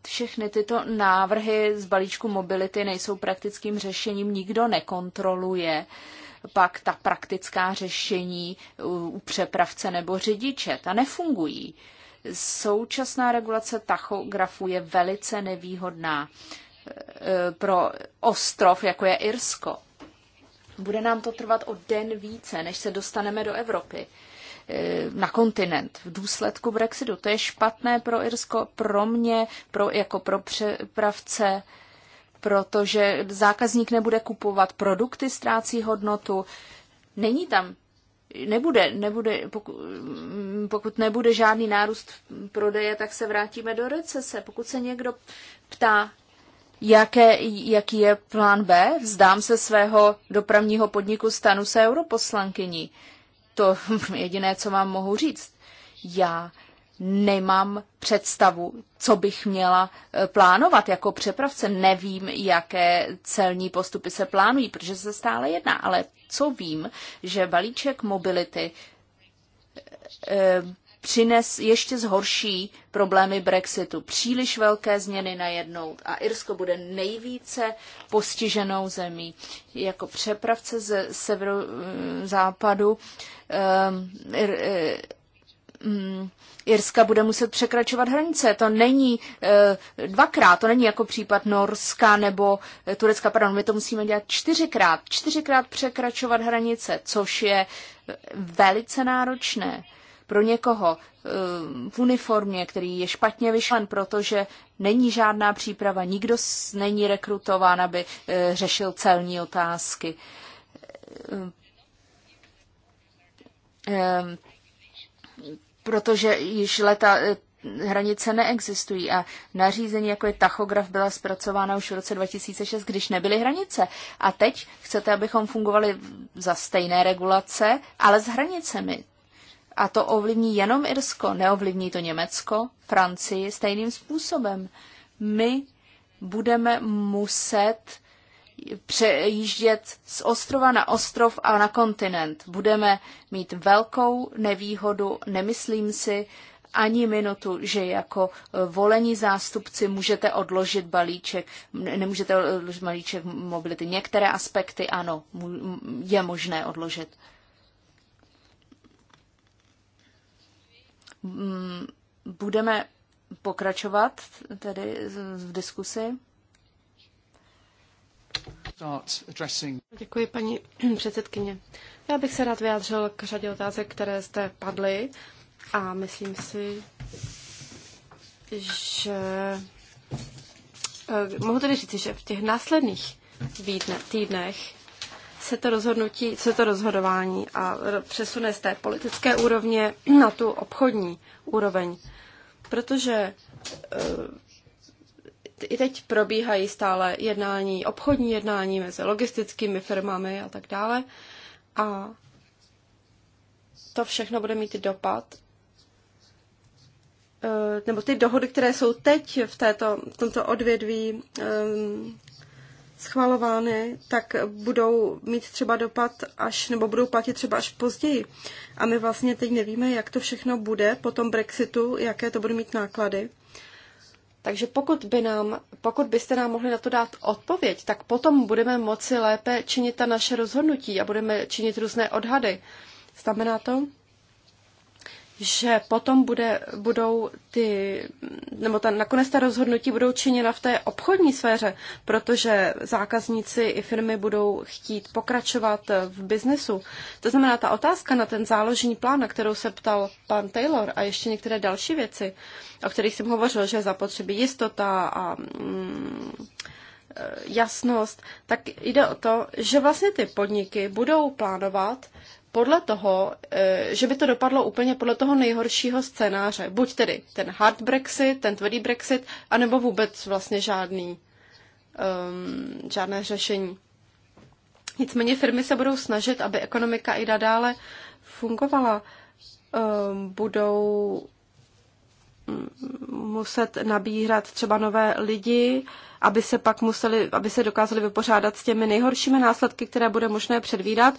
všechny tyto návrhy z balíčku mobility nejsou praktickým řešením, nikdo nekontroluje pak ta praktická řešení u přepravce nebo řidiče. Ta nefungují. Současná regulace tachografu je velice nevýhodná e, pro ostrov, jako je Irsko. Bude nám to trvat o den více, než se dostaneme do Evropy. Eh, na kontinent v důsledku Brexitu. To je špatné pro Irsko, pro mě, pro, jako pro přepravce, protože zákazník nebude kupovat produkty, ztrácí hodnotu. Není tam nebude, nebude pokud, mm, pokud nebude žádný nárůst prodeje, tak se vrátíme do recese. Pokud se někdo ptá, jaké, jaký je plán B, vzdám se svého dopravního podniku, stanu se europoslankyní to jediné, co vám mohu říct. Já nemám představu, co bych měla eh, plánovat jako přepravce. Nevím, jaké celní postupy se plánují, protože se stále jedná. Ale co vím, že balíček mobility eh, přines ještě zhorší problémy Brexitu. Příliš velké změny najednou a Irsko bude nejvíce postiženou zemí. Jako přepravce ze severu eh, západu um, ir, um, Irska bude muset překračovat hranice. To není uh, dvakrát, to není jako případ Norska nebo Turecka, pardon, my to musíme dělat čtyřikrát. Čtyřikrát překračovat hranice, což je velice náročné pro někoho eh, v uniformě, který je špatně vyšlen, protože není žádná příprava, nikdo není rekrutován, aby eh, řešil celní otázky. Eh, protože již leta hranice neexistují a nařízení, jako je tachograf, byla zpracována už v roce 2006, když nebyly hranice. A teď chcete, abychom fungovali za stejné regulace, ale s hranicemi. A to ovlivní jenom Irsko, neovlivní to Německo, Francii stejným způsobem. My budeme muset přejíždět z ostrova na ostrov a na kontinent. Budeme mít velkou nevýhodu, nemyslím si ani minutu, že jako volení zástupci můžete odložit balíček, nemůžete odložit balíček mobility. Některé aspekty ano, je možné odložit. Mm, budeme pokračovat tedy v diskusi. Děkuji, paní předsedkyně. Já bych se rád vyjádřil k řadě otázek, které zde padly a myslím si, že eh, mohu tedy říct, že v těch následných týdnech se to rozhodnutí, se to rozhodování a přesune z té politické úrovně na tu obchodní úroveň. Protože e, i teď probíhají stále jednání, obchodní jednání mezi logistickými firmami a tak dále. A to všechno bude mít dopad e, nebo ty dohody, které jsou teď v, této, v tomto odvědví, e, schvalovány, tak budou mít třeba dopad až, nebo budou platit třeba až později. A my vlastně teď nevíme, jak to všechno bude po tom Brexitu, jaké to bude mít náklady. Takže pokud, by nám, pokud byste nám mohli na to dát odpověď, tak potom budeme moci lépe činit ta naše rozhodnutí a budeme činit různé odhady. Znamená to, že potom bude, budou ty, nebo ta, nakonec ta rozhodnutí budou činěna v té obchodní sféře, protože zákazníci i firmy budou chtít pokračovat v biznesu. To znamená, ta otázka na ten záložní plán, na kterou se ptal pan Taylor a ještě některé další věci, o kterých jsem hovořil, že zapotřebí jistota a mm, e, jasnost, tak jde o to, že vlastně ty podniky budou plánovat, podle toho, eh, že by to dopadlo úplně podle toho nejhoršího scénáře. Buď tedy ten hard Brexit, ten tvrdý Brexit, anebo vůbec vlastně žádný, um, žádné řešení. Nicméně firmy se budou snažit, aby ekonomika i nadále fungovala. Um, budou muset nabírat třeba nové lidi, aby se pak museli, aby se dokázali vypořádat s těmi nejhoršími následky, které bude možné předvídat.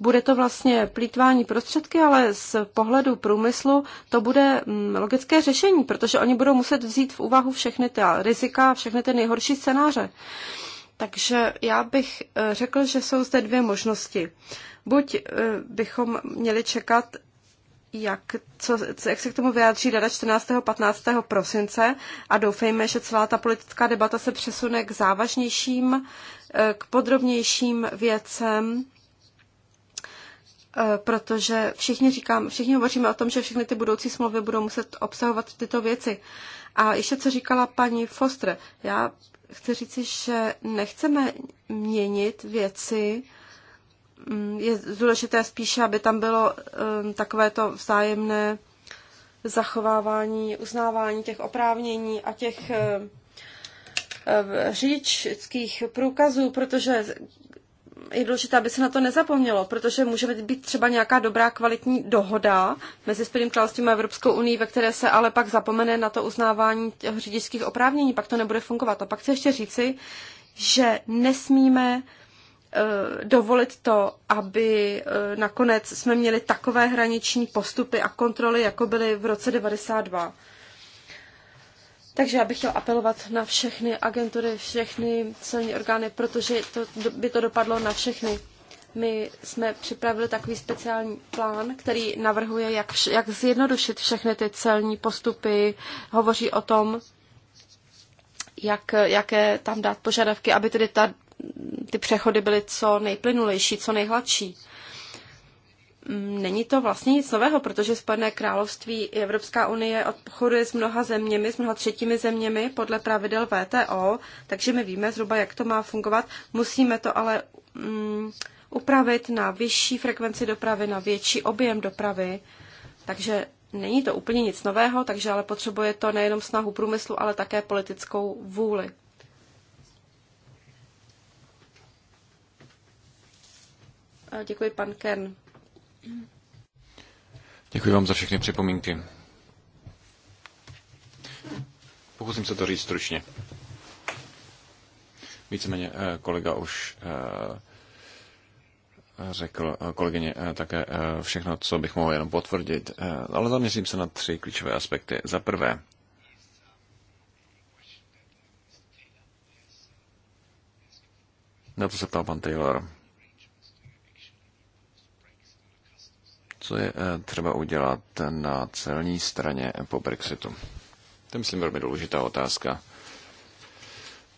Bude to vlastně plítvání prostředky, ale z pohledu průmyslu to bude mm, logické řešení, protože oni budou muset vzít v úvahu všechny ty rizika, všechny ty nejhorší scénáře. Takže já bych eh, řekl, že jsou zde dvě možnosti. Buď eh, bychom měli čekat jak, co, jak se k tomu vyjádří rada 14. 15. prosince a doufejme, že celá ta politická debata se přesune k závažnějším, eh, k podrobnějším věcem, eh, protože všichni říkám, všichni hovoříme o tom, že všechny ty budoucí smlouvy budou muset obsahovat tyto věci. A ještě co říkala paní Foster, já chci říci, že nechceme měnit věci, Mm, je důležité spíše, aby tam bylo mm, takové to vzájemné zachovávání, uznávání těch oprávnění a těch mm, eh, řidičských průkazů, protože je důležité, aby se na to nezapomnělo, protože může být třeba nějaká dobrá kvalitní dohoda mezi Spojeným královstvím a Evropskou unii, ve které se ale pak zapomene na to uznávání řidičských oprávnění, pak to nebude fungovat. A pak chci ještě říci, že nesmíme Eh, dovolit to, aby eh, nakonec jsme měli takové hraniční postupy a kontroly, jako byly v roce 92. Takže já bych chtěl apelovat na všechny agentury, všechny celní orgány, protože to, by to dopadlo na všechny. My jsme připravili takový speciální plán, který navrhuje, jak, jak zjednodušit všechny ty celní postupy. Hovoří o tom, jak, jaké tam dát požadavky, aby tedy ta ty přechody byly co nejplynulejší, co nejhladší. Mm, není to vlastně nic nového, protože Spojené království i Evropská unie obchoduje s mnoha zeměmi, s mnoha třetími zeměmi podle pravidel VTO, takže my víme zhruba, jak to má fungovat. Musíme to ale um, upravit na vyšší frekvenci dopravy, na větší objem dopravy. Takže není to úplně nic nového, takže ale potřebuje to nejenom snahu průmyslu, ale také politickou vůli. Děkuji, pan Kern. Děkuji vám za všechny připomínky. Pokusím se to říct stručně. Víceméně eh, kolega už eh, řekl eh, kolegyně také všechno, co bych mohl jenom potvrdit, ale zaměřím se na tři klíčové aspekty. Za prvé, na to se ptal pan Taylor. co je eh, třeba udělat na celní straně po Brexitu? To je, myslím, velmi důležitá otázka.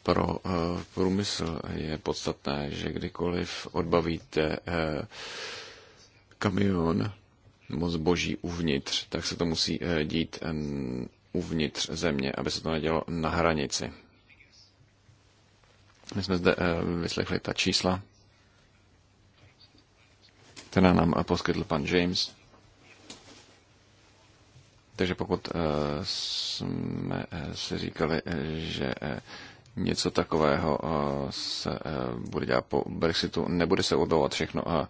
Pro eh, průmysl je podstatné, že kdykoliv odbavíte eh, kamion nebo zboží uvnitř, tak se to musí dít uvnitř země, aby se to nedělo na hranici. My jsme zde vyslechli ta čísla která nám eh, poskytl pan James. Takže pokud eh, jsme eh, si říkali, že něco takového se bude dělat po Brexitu, nebude se odvolat všechno a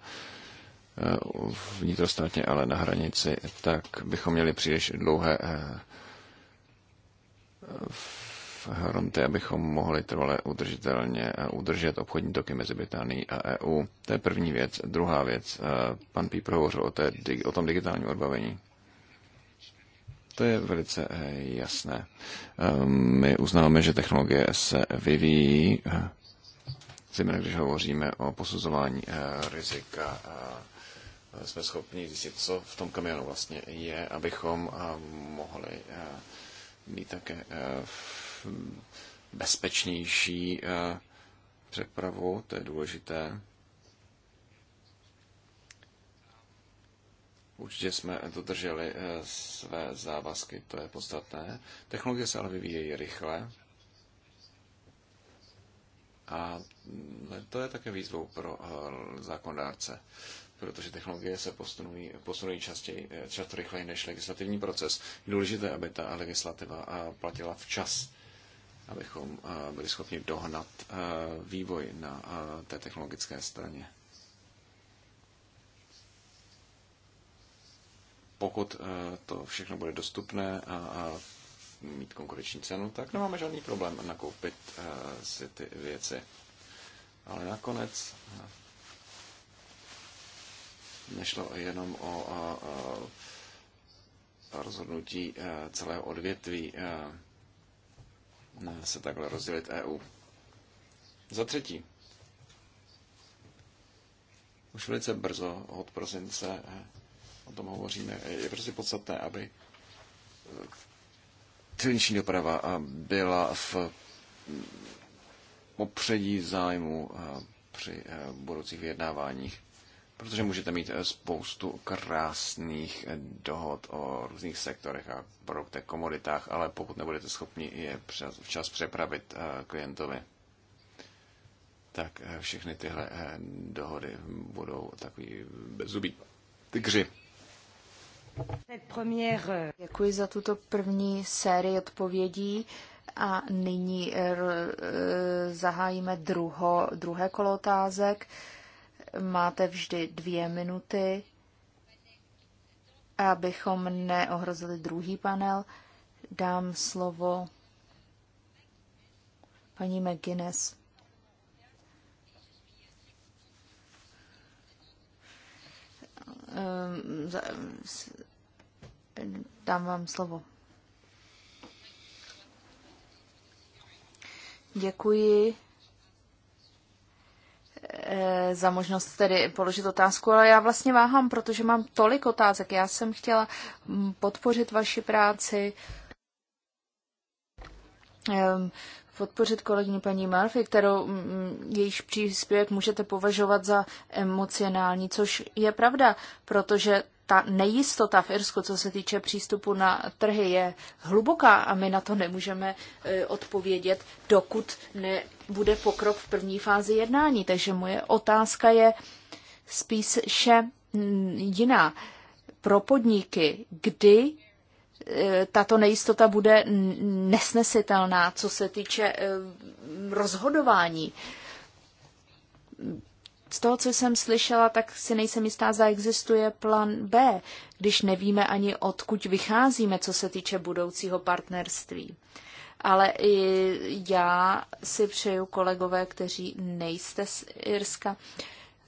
vnitrostátně, ale na hranici, tak bychom měli příliš dlouhé v Hronte, abychom mohli trvale udržitelně eh, udržet obchodní toky mezi Británií a EU. To je první věc. Druhá věc, eh, pan Pípr hovořil o, té, o tom digitálním odbavení. To je velice eh, jasné. Ehm, my uznáváme, že technologie se vyvíjí, zejména když hovoříme o posuzování rizika jsme schopni zjistit, co v tom kamionu vlastně je, abychom mohli mít také bezpečnější eh, přepravu, to je důležité. Určitě jsme dodrželi eh, své závazky, to je podstatné. Technologie se ale vyvíjejí rychle. A mm, to je také výzvou pro eh, zákonodárce, protože technologie se posunují, posunují častěji, často rychleji než legislativní proces. Důležité, aby ta legislativa platila včas abychom eh, byli schopni dohnat eh, vývoj na eh, té technologické straně. Pokud to všechno bude dostupné a mít konkurenční cenu, tak nemáme žádný problém nakoupit si ty věci. Ale nakonec nešlo jenom o rozhodnutí celého odvětví se takhle rozdělit EU. Za třetí, už velice brzo od prosince o tom hovoříme, je prostě podstatné, aby silniční doprava byla v popředí zájmu při budoucích vyjednáváních protože můžete mít eh, spoustu krásných eh, dohod o různých sektorech a produktech, komoditách, ale pokud nebudete schopni je včas přepravit eh, klientovi, tak všechny tyhle dohody budou takový bezzubí tygři. Děkuji za tuto první sérii odpovědí a nyní zahájíme druho, druhé kolo otázek máte vždy dvě minuty, abychom neohrozili druhý panel. Dám slovo paní McGuinness. Ehm, dám vám slovo. Děkuji. Eh, za možnost tedy položit otázku, ale já vlastně váhám, protože mám tolik otázek. Já jsem chtěla mm, podpořit vaši práci, podpořit kolegyni paní Murphy, kterou mm, mm, jejíž příspěvek můžete považovat za emocionální, což je pravda, protože ta nejistota v Irsku, co se týče přístupu na trhy, je hluboká a my na to nemůžeme eh, odpovědět, dokud ne bude pokrok v první fázi jednání. Takže moje otázka je spíše jiná. Pro podniky, kdy e, tato nejistota bude nesnesitelná, co se týče e, rozhodování. Z toho, co jsem slyšela, tak si nejsem jistá, zda existuje plán B, když nevíme ani odkud vycházíme, co se týče budoucího partnerství ale i já si přeju kolegové, kteří nejste z Irska.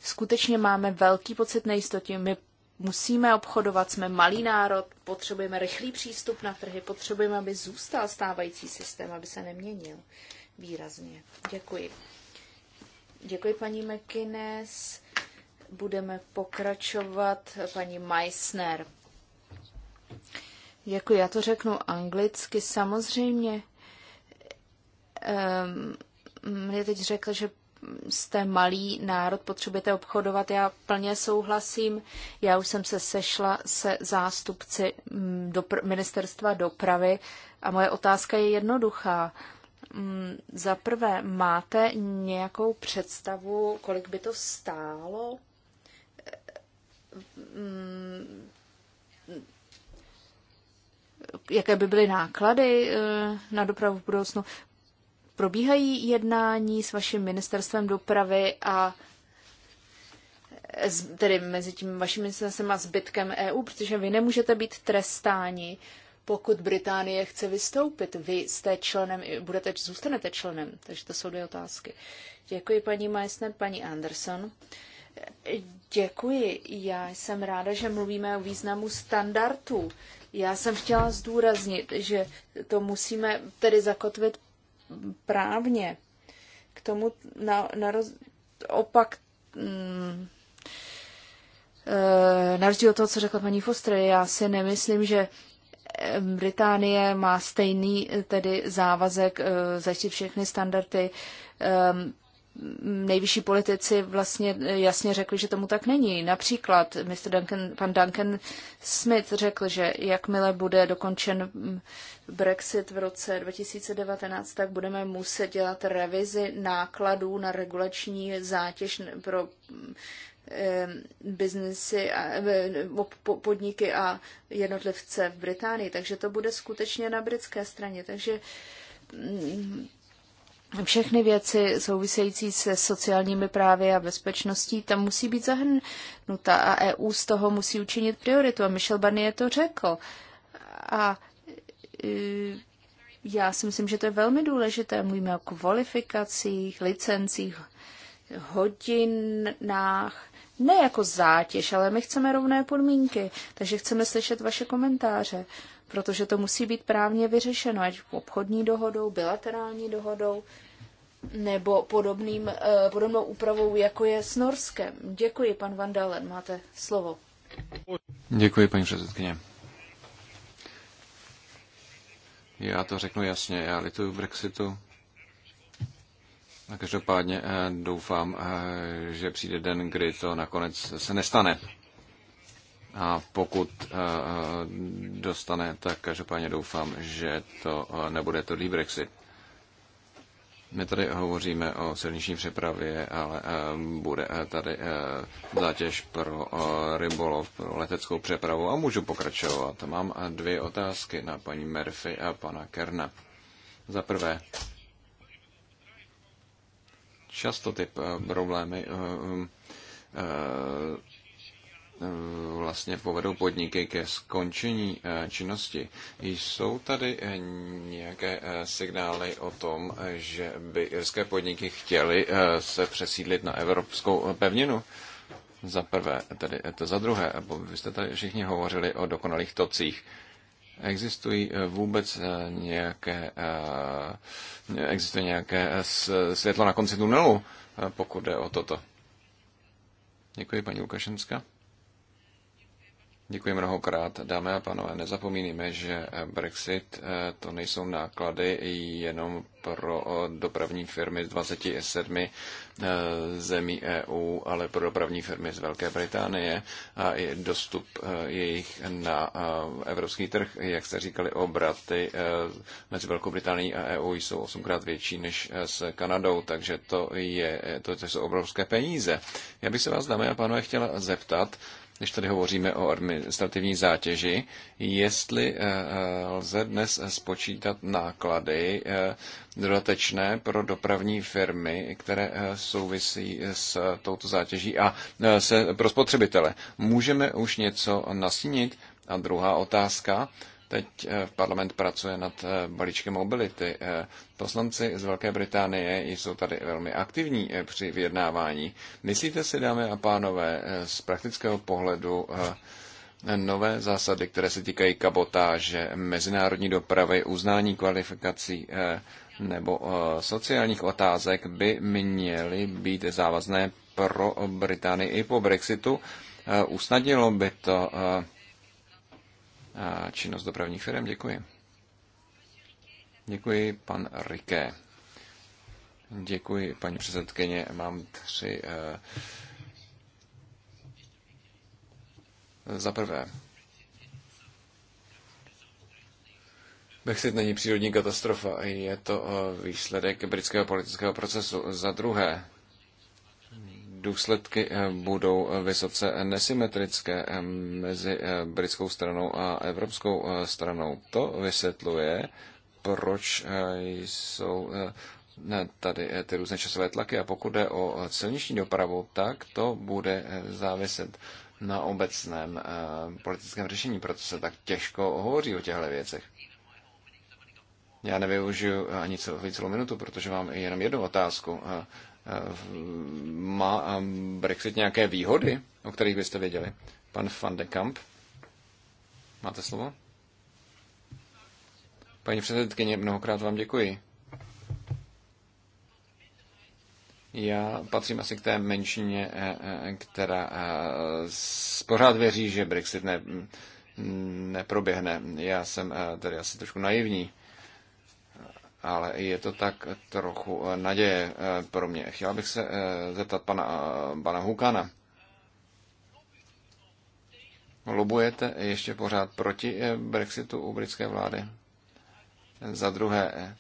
Skutečně máme velký pocit nejistoty. My musíme obchodovat, jsme malý národ, potřebujeme rychlý přístup na trhy, potřebujeme, aby zůstal stávající systém, aby se neměnil výrazně. Děkuji. Děkuji paní McInnes. Budeme pokračovat paní Meissner. Děkuji, já to řeknu anglicky samozřejmě. Ehm, mě teď řekl, že jste malý národ, potřebujete obchodovat. Já plně souhlasím. Já už jsem se sešla se zástupci mm, dopr- ministerstva dopravy a moje otázka je jednoduchá. Mm, za prvé, máte nějakou představu, kolik by to stálo? Ehm, jaké by byly náklady eh, na dopravu v budoucnu? probíhají jednání s vaším ministerstvem dopravy a tedy mezi tím vaším ministerstvem a zbytkem EU, protože vy nemůžete být trestáni, pokud Británie chce vystoupit. Vy jste členem, budete, zůstanete členem, takže to jsou dvě otázky. Děkuji paní Meissner, paní Anderson. Děkuji. Já jsem ráda, že mluvíme o významu standardů. Já jsem chtěla zdůraznit, že to musíme tedy zakotvit právně. K tomu na, na roz, opak mm, eh, na rozdíl od toho, co řekla paní Foster, já si nemyslím, že eh, Británie má stejný eh, tedy závazek zajistit všechny standardy nejvyšší politici vlastně jasně řekli, že tomu tak není. Například Mr. Duncan, pan Duncan Smith řekl, že jakmile bude dokončen Brexit v roce 2019, tak budeme muset dělat revizi nákladů na regulační zátěž pro eh, biznesy, eh, podniky a jednotlivce v Británii. Takže to bude skutečně na britské straně. Takže mm, všechny věci související se sociálními právy a bezpečností tam musí být zahrnuta a EU z toho musí učinit prioritu. A Michel Barnier to řekl. A e, já si myslím, že to je velmi důležité. Mluvíme o kvalifikacích, licencích, hodinách, ne jako zátěž, ale my chceme rovné podmínky, takže chceme slyšet vaše komentáře, protože to musí být právně vyřešeno, ať obchodní dohodou, bilaterální dohodou nebo podobným, eh, podobnou úpravou, jako je s Norskem. Děkuji, pan Vandalen, máte slovo. Děkuji, paní předsedkyně. Já to řeknu jasně, já lituju Brexitu. A každopádně eh, doufám, eh, že přijde den, kdy to nakonec se nestane. A pokud dostane, tak každopádně doufám, že to nebude to Brexit. My tady hovoříme o silniční přepravě, ale eh, bude eh, tady eh, zátěž pro rybolov, pro leteckou přepravu a můžu pokračovat. Mám dvě otázky na paní Murphy a pana Kerna. Za prvé, často ty problémy Eh, vlastně povedou podniky ke skončení eh, činnosti. Jsou tady eh, nějaké signály o tom, že by irské podniky chtěly se přesídlit na evropskou pevninu? Za prvé, tedy to za druhé, bo vy jste tady všichni hovořili o dokonalých tocích. Existují vůbec nějaké, existuje nějaké světlo na konci tunelu, pokud jde o toto? Děkuji, paní Lukašenská. Děkuji mnohokrát. Dámy a pánové, nezapomínejme, že eh, Brexit eh, to nejsou náklady jenom pro eh, dopravní firmy z 27 zemí EU, ale pro dopravní firmy z Velké Británie a i dostup jejich na evropský trh. Jak jste říkali, obraty mezi Velkou Británií a EU jsou osmkrát větší než s Kanadou, takže to, je, to, to jsou obrovské peníze. Já bych se vás, dámy a pánové, chtěla zeptat, když tady hovoříme o administrativní zátěži, jestli eh, eh, lze dnes spočítat náklady eh, dodatečné pro dopravní firmy, které souvisí s touto zátěží a se, pro spotřebitele. Můžeme už něco nasínit? A druhá otázka, Teď eh, parlament pracuje nad eh, balíčkem mobility. Eh, poslanci z Velké Británie jsou tady velmi aktivní při vyjednávání. Myslíte si, dámy a pánové, z praktického pohledu nové zásady, které se týkají kabotáže, mezinárodní dopravy, uznání kvalifikací nebo sociálních otázek by měly být závazné pro Británii i po Brexitu. Usnadnilo by to činnost dopravních firm. Děkuji. Děkuji, pan Riké. Děkuji, paní předsedkyně. Mám tři. Eh, za prvé, Brexit není přírodní katastrofa, je to eh, výsledek britského politického procesu. Za druhé, důsledky eh, budou eh, vysoce eh, nesymetrické mezi britskou stranou a evropskou stranou. To vysvětluje, proč jsou tady ty různé časové tlaky. A pokud jde o silniční dopravu, tak to bude záviset na obecném politickém řešení, proto se tak těžko hovoří o těchto věcech. Já nevyužiju ani celou, celou minutu, protože mám jenom jednu otázku. Eh, má eh, Brexit nějaké výhody, o kterých byste věděli? Pan van de Kamp, máte slovo? Paní předsedkyně, mnohokrát vám děkuji. Já patřím asi k té menšině, eh, která pořád věří, že Brexit ne, mm, neproběhne. Já jsem tedy asi trošku naivní ale je to tak trochu eh, naděje eh, pro mě. Chtěl bych se eh, zeptat pana, pana Hukana. Lobujete ještě pořád proti Brexitu u britské vlády? Za druhé,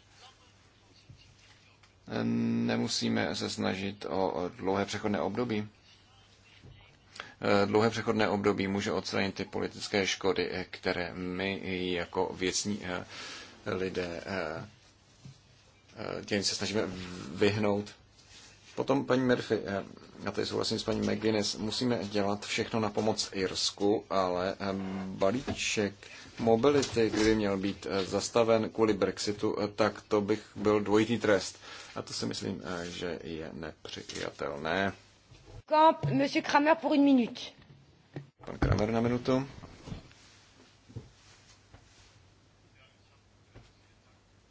nemusíme se snažit o dlouhé přechodné období. Dlouhé přechodné období může odstranit ty politické škody, které my jako věcní lidé Eh, těm se snažíme vyhnout. Potom paní Murphy, eh, já tady souhlasím s paní McGuinness, musíme dělat všechno na pomoc Irsku, ale eh, balíček mobility, kdyby měl být zastaven kvůli Brexitu, tak to bych byl dvojitý trest. A to si myslím, že je nepřijatelné. monsieur Kramer pour une minute. Pan Kramer na minutu.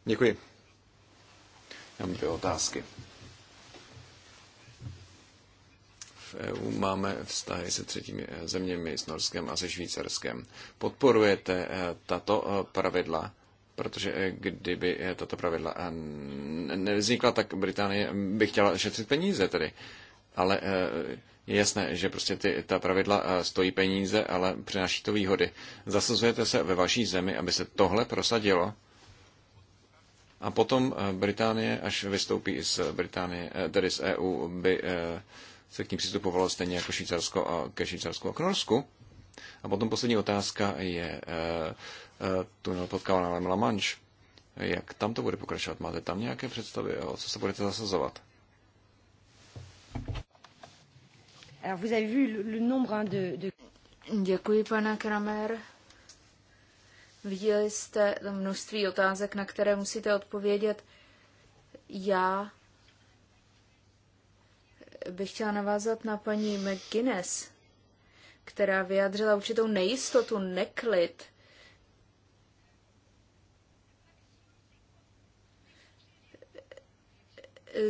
Děkuji. Mám dvě otázky. V EU máme vztahy se třetími eh, zeměmi, s Norskem a se Švýcarskem. Podporujete eh, eh, tato pravidla? Protože kdyby tato pravidla nevznikla, tak Británie mm, by chtěla šetřit peníze tedy. Ale je jasné, že prostě ty, ta pravidla stojí peníze, ale přináší to výhody. Zasazujete se ve vaší zemi, aby se tohle prosadilo? A potom eh, Británie, až vystoupí z Británie, eh, tedy z EU, by eh, se k ním přistupovalo stejně jako Švýcarsko a ke Švýcarsku a k Norsku. A potom poslední otázka je tunel pod kanálem La Manche. Jak tam to bude pokračovat? Máte tam nějaké představy? O co se budete zasazovat? Děkuji, pane Kramer. Viděli jste množství otázek, na které musíte odpovědět. Já bych chtěla navázat na paní McGuinness, která vyjádřila určitou nejistotu, neklid.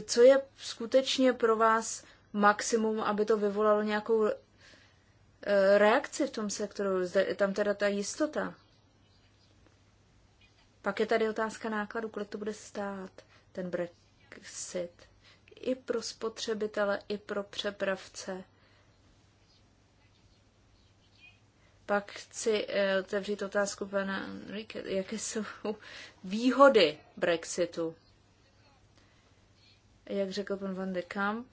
Co je skutečně pro vás maximum, aby to vyvolalo nějakou eh, reakci v tom sektoru? Tam teda ta jistota. Pak je tady otázka nákladu, kolik to bude stát, ten Brexit. I pro spotřebitele, i pro přepravce. Pak chci eh, otevřít otázku pana jaké jsou výhody Brexitu. Jak řekl pan Van de Kamp,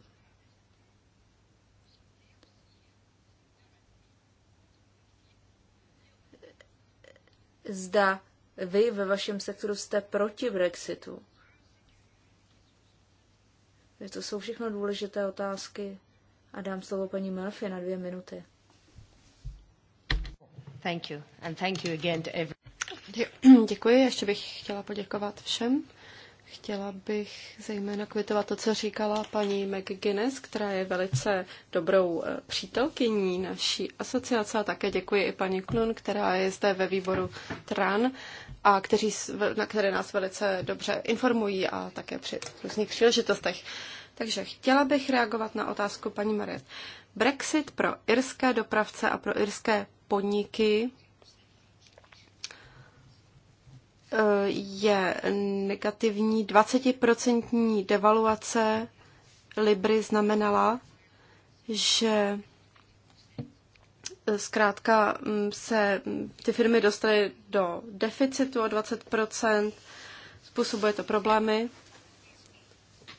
zda vy ve vašem sektoru jste proti Brexitu. To jsou všechno důležité otázky a dám slovo paní Murphy na dvě minuty. Thank you. And thank you again to every... Děkuji, ještě bych chtěla poděkovat všem Chtěla bych zejména kvitovat to, co říkala paní McGuinness, která je velice dobrou eh, přítelkyní naší asociace. A také děkuji i paní Klun, která je zde ve výboru TRAN a kteří, na které nás velice dobře informují a také při různých příležitostech. Takže chtěla bych reagovat na otázku paní Marie. Brexit pro irské dopravce a pro irské podniky je negativní. 20% devaluace Libry znamenala, že eh, zkrátka mm, se ty firmy dostaly do deficitu o 20%, způsobuje to problémy.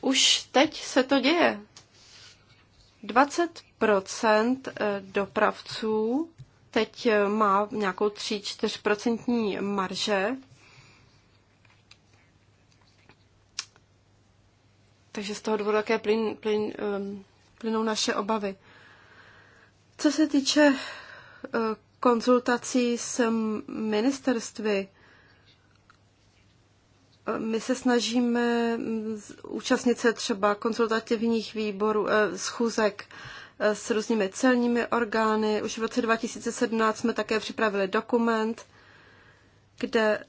Už teď se to děje. 20% eh, dopravců teď eh, má nějakou 3-4% marže Takže z toho důvodu také plyn, plyn, um, plynou naše obavy. Co se týče uh, konzultací s ministerstvy, uh, my se snažíme mm, účastnit se třeba konzultativních výborů, uh, schůzek uh, s různými celními orgány. Už v roce 2017 jsme také připravili dokument, kde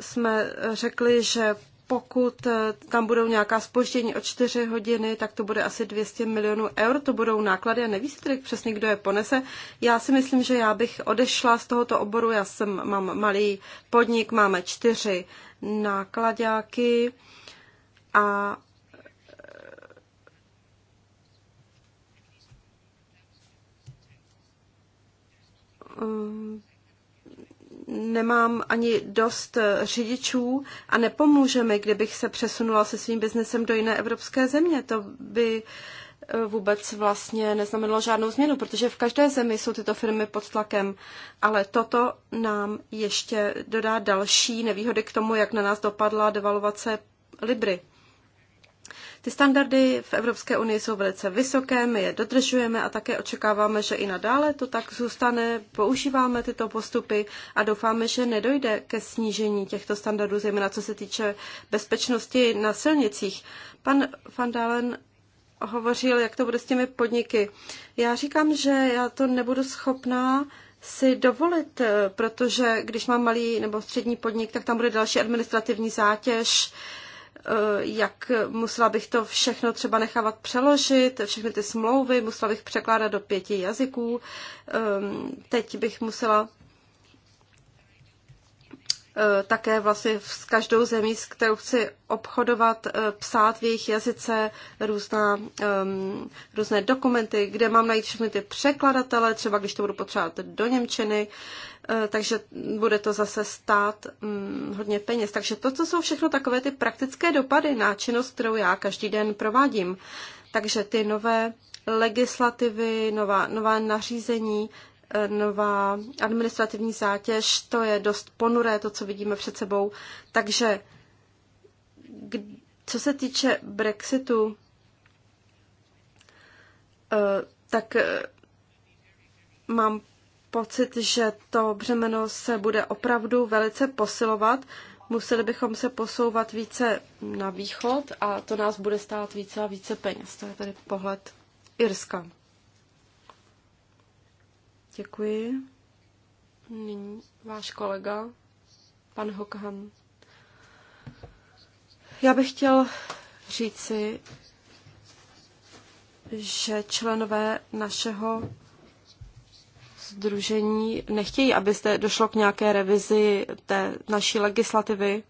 jsme řekli, že pokud eh, tam budou nějaká spoždění o čtyři hodiny, tak to bude asi 200 milionů eur, to budou náklady a neví se tedy přesně, kdo je ponese. Já si myslím, že já bych odešla z tohoto oboru, já jsem, mám malý podnik, máme čtyři nákladáky a um, nemám ani dost řidičů a nepomůže mi, kdybych se přesunula se svým biznesem do jiné evropské země. To by eh, vůbec vlastně neznamenalo žádnou změnu, protože v každé zemi jsou tyto firmy pod tlakem, ale toto nám ještě dodá další nevýhody k tomu, jak na nás dopadla devalovace Libry. Ty standardy v Evropské unii jsou velice vysoké, my je dodržujeme a také očekáváme, že i nadále to tak zůstane. Používáme tyto postupy a doufáme, že nedojde ke snížení těchto standardů, zejména co se týče bezpečnosti na silnicích. Pan Van Dalen hovořil, jak to bude s těmi podniky. Já říkám, že já to nebudu schopná si dovolit, protože když mám malý nebo střední podnik, tak tam bude další administrativní zátěž, Eh, jak musela bych to všechno třeba nechávat přeložit, všechny ty smlouvy, musela bych překládat do pěti jazyků. Teď bych musela E, také vlastně s každou zemí, s kterou chci obchodovat, e, psát v jejich jazyce různá, um, různé dokumenty, kde mám najít všechny ty překladatele, třeba když to budu potřebovat do Němčiny, e, takže bude to zase stát um, hodně peněz. Takže to, co jsou všechno takové ty praktické dopady na činnost, kterou já každý den provádím. Takže ty nové legislativy, nová, nová nařízení, nová administrativní zátěž, to je dost ponuré, to, co vidíme před sebou. Takže co se týče Brexitu, eh, tak eh, mám pocit, že to břemeno se bude opravdu velice posilovat. Museli bychom se posouvat více na východ a to nás bude stát více a více peněz. To je tady pohled Irska. Děkuji. Nyní váš kolega, pan Hokhan. Já bych chtěl říci, že členové našeho združení nechtějí, aby zde došlo k nějaké revizi té naší legislativy,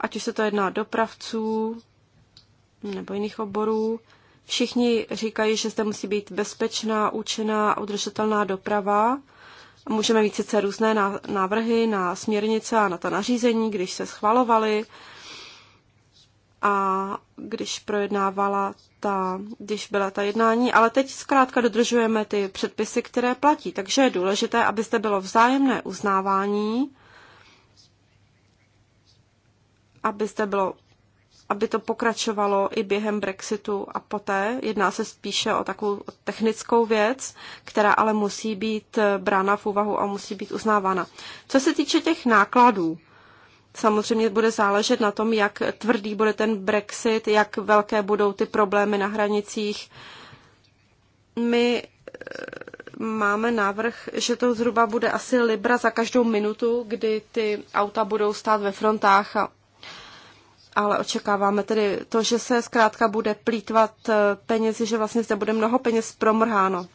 ať už se to jedná dopravců nebo jiných oborů. Všichni říkají, že zde musí být bezpečná, účinná a udržitelná doprava. Můžeme mít sice různé návrhy na směrnice a na ta nařízení, když se schvalovaly a když projednávala ta, když byla ta jednání, ale teď zkrátka dodržujeme ty předpisy, které platí. Takže je důležité, aby zde bylo vzájemné uznávání, aby zde bylo aby to pokračovalo i během Brexitu a poté. Jedná se spíše o takovou technickou věc, která ale musí být brána v úvahu a musí být uznávána. Co se týče těch nákladů, samozřejmě bude záležet na tom, jak tvrdý bude ten Brexit, jak velké budou ty problémy na hranicích. My eh, máme návrh, že to zhruba bude asi libra za každou minutu, kdy ty auta budou stát ve frontách a ale očekáváme tedy to, že se zkrátka bude plítvat eh, penězi, že vlastně zde bude mnoho peněz promrháno.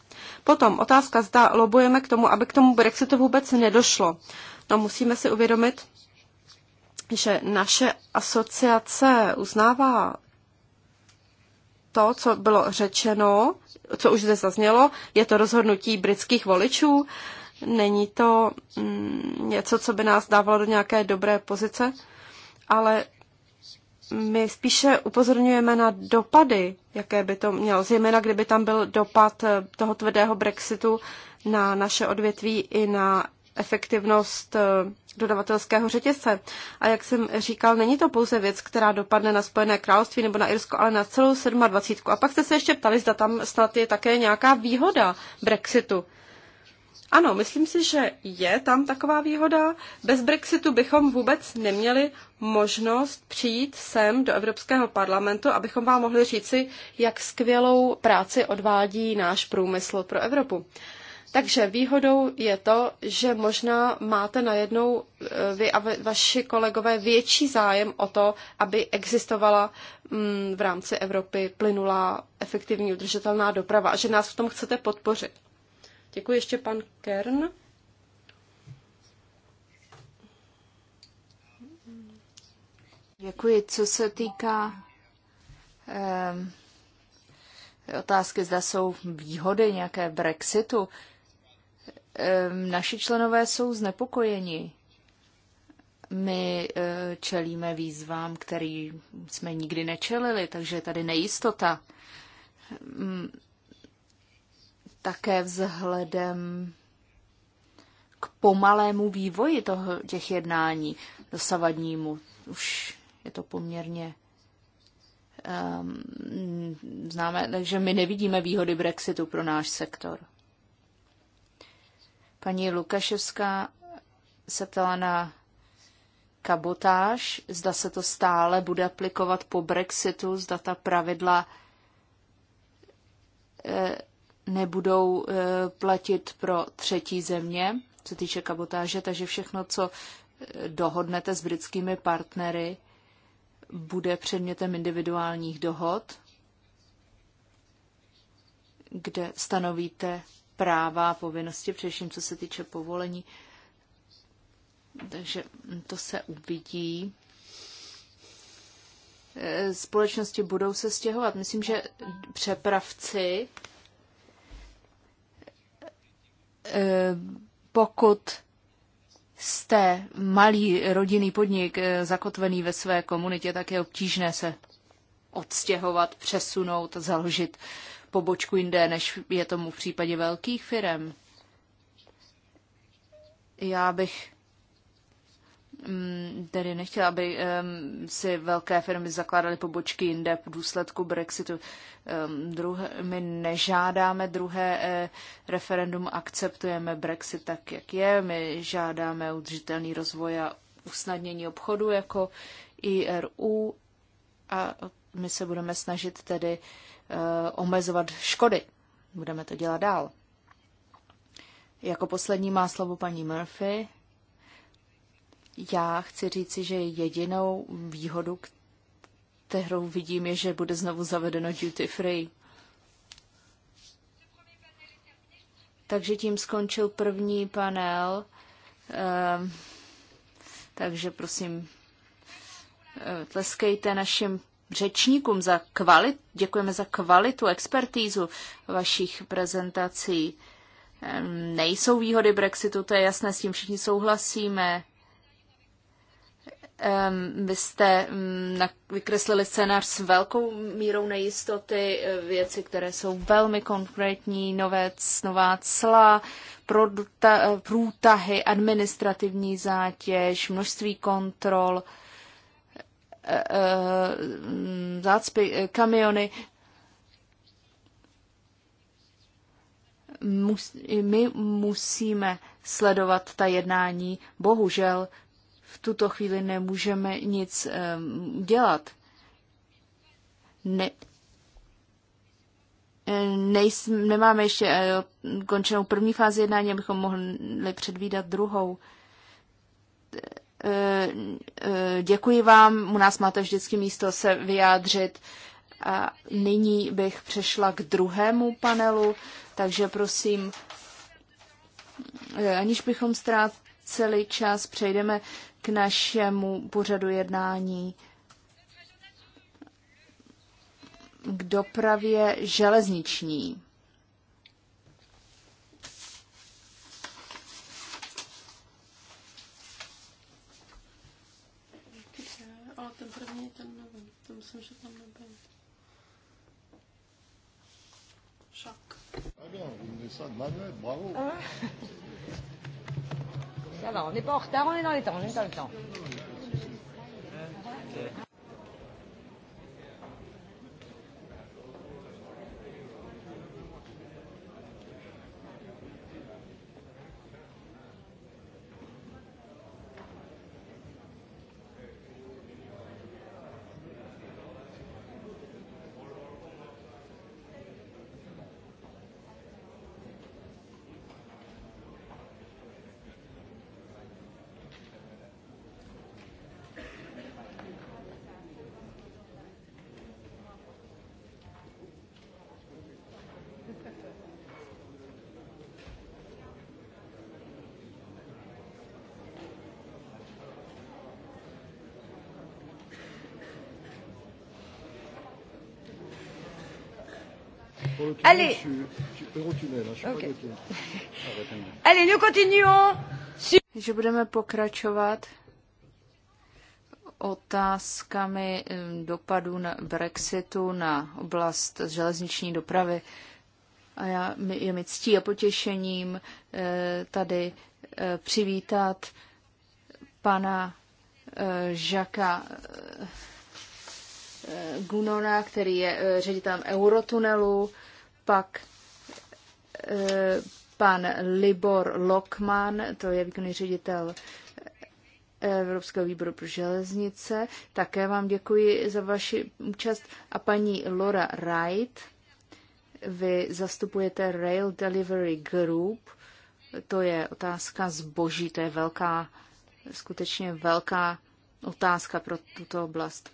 Potom otázka, zda lobujeme k tomu, aby k tomu Brexitu vůbec nedošlo. No musíme si uvědomit, že naše asociace uznává to, co bylo řečeno, co už zde zaznělo, je to rozhodnutí britských voličů, není to mm, něco, co by nás dávalo do nějaké dobré pozice, ale my spíše upozorňujeme na dopady, jaké by to mělo, zejména kdyby tam byl dopad eh, toho tvrdého Brexitu na naše odvětví i na efektivnost eh, dodavatelského řetězce. A jak jsem říkal, není to pouze věc, která dopadne na Spojené království nebo na Irsko, ale na celou 27. A pak jste se ještě ptali, zda tam snad je také nějaká výhoda Brexitu. Ano, myslím si, že je tam taková výhoda. Bez Brexitu bychom vůbec neměli možnost přijít sem do Evropského parlamentu, abychom vám mohli říci, jak skvělou práci odvádí náš průmysl pro Evropu. Takže výhodou je to, že možná máte najednou eh, vy a vaši kolegové větší zájem o to, aby existovala mm, v rámci Evropy plynulá, efektivní, udržitelná doprava a že nás v tom chcete podpořit. Děkuji ještě pan Kern. Děkuji. Co se týká eh, otázky, zda jsou výhody nějaké Brexitu, eh, naši členové jsou znepokojeni. My eh, čelíme výzvám, který jsme nikdy nečelili, takže je tady nejistota. Ehm, také vzhledem k pomalému vývoji toho, těch jednání dosavadnímu. Už je to poměrně um, známe, takže my nevidíme výhody Brexitu pro náš sektor. Paní Lukaševská se ptala na kabotáž, zda se to stále bude aplikovat po Brexitu, zda ta pravidla e, nebudou eh, platit pro třetí země, co týče kabotáže, takže všechno, co eh, dohodnete s britskými partnery, bude předmětem individuálních dohod, kde stanovíte práva a povinnosti, především co se týče povolení. Takže to se uvidí. Eh, společnosti budou se stěhovat. Myslím, že přepravci Eh, pokud jste malý rodinný podnik eh, zakotvený ve své komunitě, tak je obtížné se odstěhovat, přesunout, založit pobočku jinde, než je tomu v případě velkých firm. Já bych Mm, tedy nechtěla, aby si velké firmy zakládaly pobočky jinde v důsledku Brexitu. Druhé, my nežádáme druhé e, referendum, akceptujeme Brexit tak, jak je. My žádáme udržitelný rozvoj a usnadnění obchodu jako IRU a my se budeme snažit tedy e, omezovat škody. Budeme to dělat dál. Jako poslední má slovo paní Murphy. Já chci říci, že jedinou výhodu, kterou vidím, je, že bude znovu zavedeno duty free. Takže tím skončil první panel. Ehm, takže prosím, eh, tleskejte našim řečníkům za kvalit, děkujeme za kvalitu, expertízu vašich prezentací. Ehm, nejsou výhody Brexitu, to je jasné, s tím všichni souhlasíme. Vy jste mm, vykreslili scénář s velkou mírou nejistoty, e, věci, které jsou velmi konkrétní, nové, nová cla, produta, e, průtahy, administrativní zátěž, množství kontrol, e, mm, zácpy, kamiony. My musíme sledovat ta jednání. Bohužel v tuto chvíli nemůžeme nic dělat. Ne, nejsm, nemáme ještě eh, končenou první fázi jednání, abychom mohli předvídat druhou. Eh, eh, děkuji vám, u nás máte vždycky místo se vyjádřit. A nyní bych přešla k druhému panelu, takže prosím, aniž bychom ztráceli čas, přejdeme k našemu pořadu jednání k dopravě železniční. Ale ten první, ten nevím, to myslím, že tam nebyl. Však. Ah Ça va, on n'est pas en retard, on est dans les temps, on est dans le temps. Allez. okay. Allez, nous continuons. Je budeme pokračovat otázkami dopadů na Brexitu na oblast železniční dopravy. A já, je mi ctí a potěšením eh, tady eh, přivítat pana eh, Žaka Gunona, který je ředitelem Eurotunelu pak eh, pan Libor Lokman, to je výkonný ředitel eh, Evropského výboru pro železnice. Také vám děkuji za vaši účast. A paní Laura Wright, vy zastupujete Rail Delivery Group. To je otázka zboží, to je velká, skutečně velká otázka pro tuto oblast.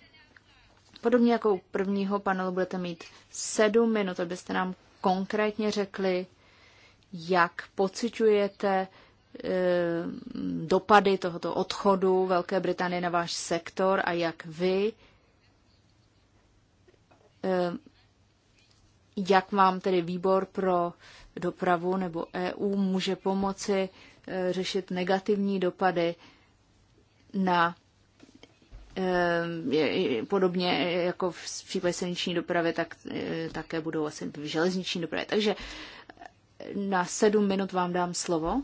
Podobně jako u prvního panelu budete mít sedm minut, abyste nám konkrétně řekli, jak pociťujete eh, dopady tohoto odchodu Velké Británie na váš sektor a jak vy, eh, jak vám tedy výbor pro dopravu nebo EU může pomoci eh, řešit negativní dopady na Ehm, podobně jako v případě silniční dopravy, tak e, také budou asi v železniční dopravě. Takže e, na sedm minut vám dám slovo.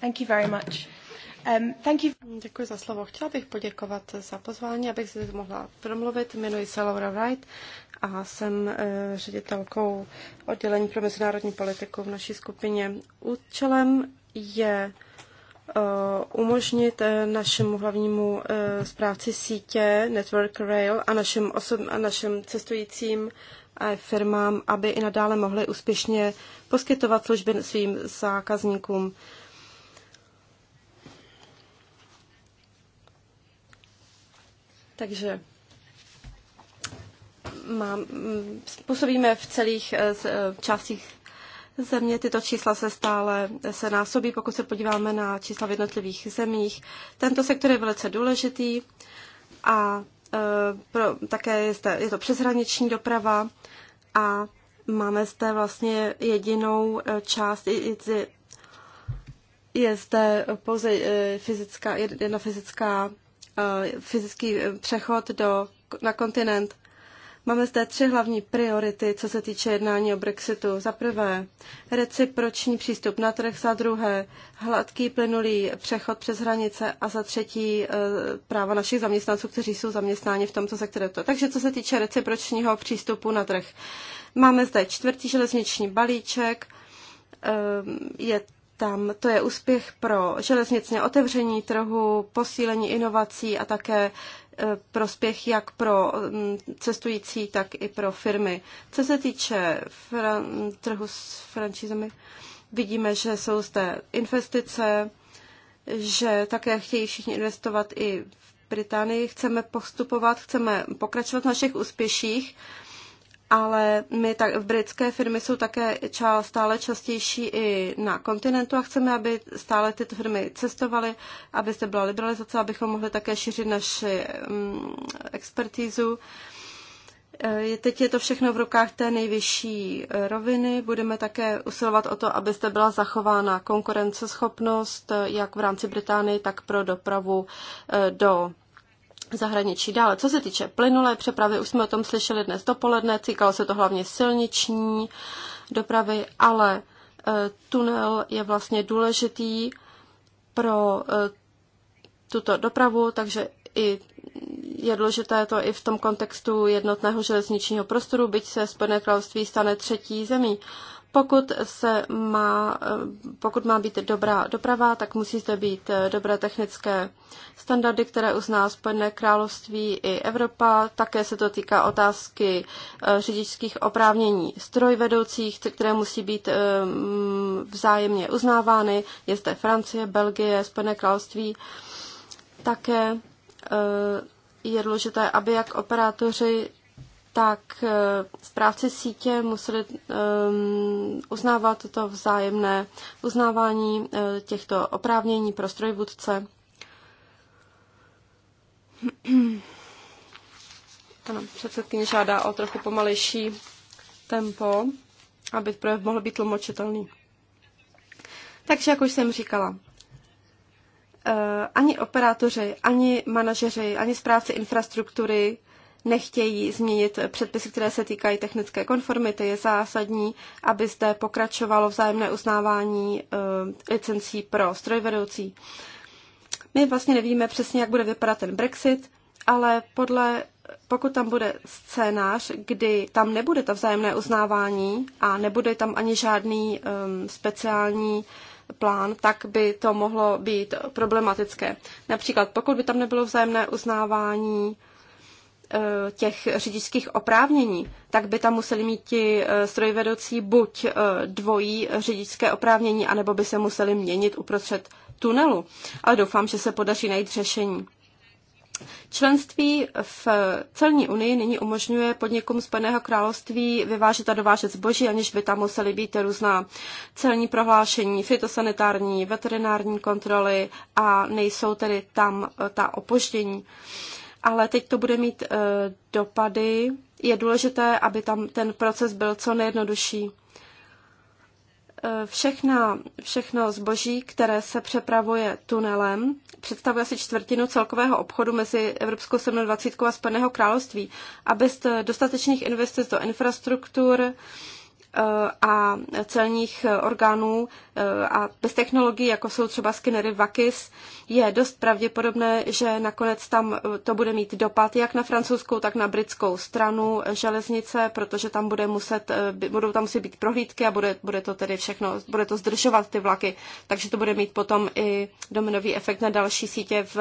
Thank you very much. Um, thank you. Děkuji za slovo. Chtěla bych poděkovat za pozvání, abych se mohla promluvit. Jmenuji se Laura Wright a jsem uh, ředitelkou oddělení pro mezinárodní politiku v naší skupině. Účelem je uh, Eh, umožnit eh, našemu hlavnímu eh, správci sítě Network Rail a našim, osob- a našim cestujícím a firmám, aby i nadále mohly úspěšně poskytovat služby svým zákazníkům. Takže mám, mm, působíme v celých částích země. Tyto čísla se stále se násobí, pokud se podíváme na čísla v jednotlivých zemích. Tento sektor je velice důležitý a e, pro, také je, zde, je to přeshraniční doprava a máme zde vlastně jedinou e, část, je zde pouze e, fyzická, jedna fyzická, fyzický přechod do, na kontinent. Máme zde tři hlavní priority, co se týče jednání o Brexitu. Za prvé, reciproční přístup na trh, za druhé, hladký plynulý přechod přes hranice a za třetí e, práva našich zaměstnanců, kteří jsou zaměstnáni v tomto sektoru. Takže co se týče recipročního přístupu na trh. Máme zde čtvrtý železniční balíček, e, je tam to je úspěch pro železnicně otevření trhu, posílení inovací a také prospěch jak pro mm, cestující, tak i pro firmy. Co se týče fran- trhu s franšízemi, vidíme, že jsou zde investice, že také chtějí všichni investovat i v Británii. Chceme postupovat, chceme pokračovat v našich úspěších ale my tak, britské firmy jsou také čá, stále častější i na kontinentu a chceme, aby stále tyto firmy cestovaly, aby zde byla liberalizace, abychom mohli také šířit naši um, expertízu. E, teď je to všechno v rukách té nejvyšší e, roviny. Budeme také usilovat o to, aby zde byla zachována konkurenceschopnost e, jak v rámci Británie, tak pro dopravu do zahraničí. Dále, co se týče plynulé přepravy, už jsme o tom slyšeli dnes dopoledne, týkalo se to hlavně silniční dopravy, ale e, tunel je vlastně důležitý pro e, tuto dopravu, takže i je důležité to i v tom kontextu jednotného železničního prostoru, byť se Spojené království stane třetí zemí. Pokud, se má, eh, pokud má být dobrá doprava, tak musí zde být eh, dobré technické standardy, které uzná Spojené království i Evropa. Také se to týká otázky eh, řidičských oprávnění strojvedoucích, které musí být mm, vzájemně uznávány. Je zde Francie, Belgie, Spojené království. Také je důležité, aby jak operátoři tak správci eh, sítě museli um, uznávat toto vzájemné uznávání uh, těchto oprávnění pro strojvůdce. Ano, předsedkyně žádá o trochu pomalejší tempo, aby projev mohl být tlumočitelný. Takže, jak už jsem říkala, eh, ani operátoři, ani manažeři, ani zprávci infrastruktury nechtějí změnit předpisy, které se týkají technické konformity. Je zásadní, aby zde pokračovalo vzájemné uznávání eh, licencí pro strojvedoucí. My vlastně nevíme přesně, jak bude vypadat ten Brexit, ale podle, pokud tam bude scénář, kdy tam nebude to vzájemné uznávání a nebude tam ani žádný um, speciální plán, tak by to mohlo být problematické. Například pokud by tam nebylo vzájemné uznávání Eh, těch řidičských oprávnění, tak by tam museli mít ti eh, strojvedoucí buď eh, dvojí řidičské oprávnění, anebo by se museli měnit uprostřed tunelu. Ale doufám, že se podaří najít řešení. Členství v celní unii nyní umožňuje podnikům Spojeného království vyvážet a dovážet zboží, aniž by tam museli být různá celní prohlášení, fitosanitární, veterinární kontroly a nejsou tedy tam ta opoždění. Uh, ale teď to bude mít eh, dopady. Je důležité, aby tam ten proces byl co nejjednodušší. Eh, všechna, všechno zboží, které se přepravuje tunelem, představuje asi čtvrtinu celkového obchodu mezi Evropskou 27 a Spojeného království. A bez dostatečných investic do infrastruktur, a celních orgánů eh, a bez technologií, jako jsou třeba skinnery VAKIS, je dost pravděpodobné, že nakonec tam eh, to bude mít dopad jak na francouzskou, tak na britskou stranu železnice, protože tam bude muset, eh, budou tam muset být prohlídky a bude, bude to tedy všechno, bude to zdržovat ty vlaky, takže to bude mít potom i dominový efekt na další sítě v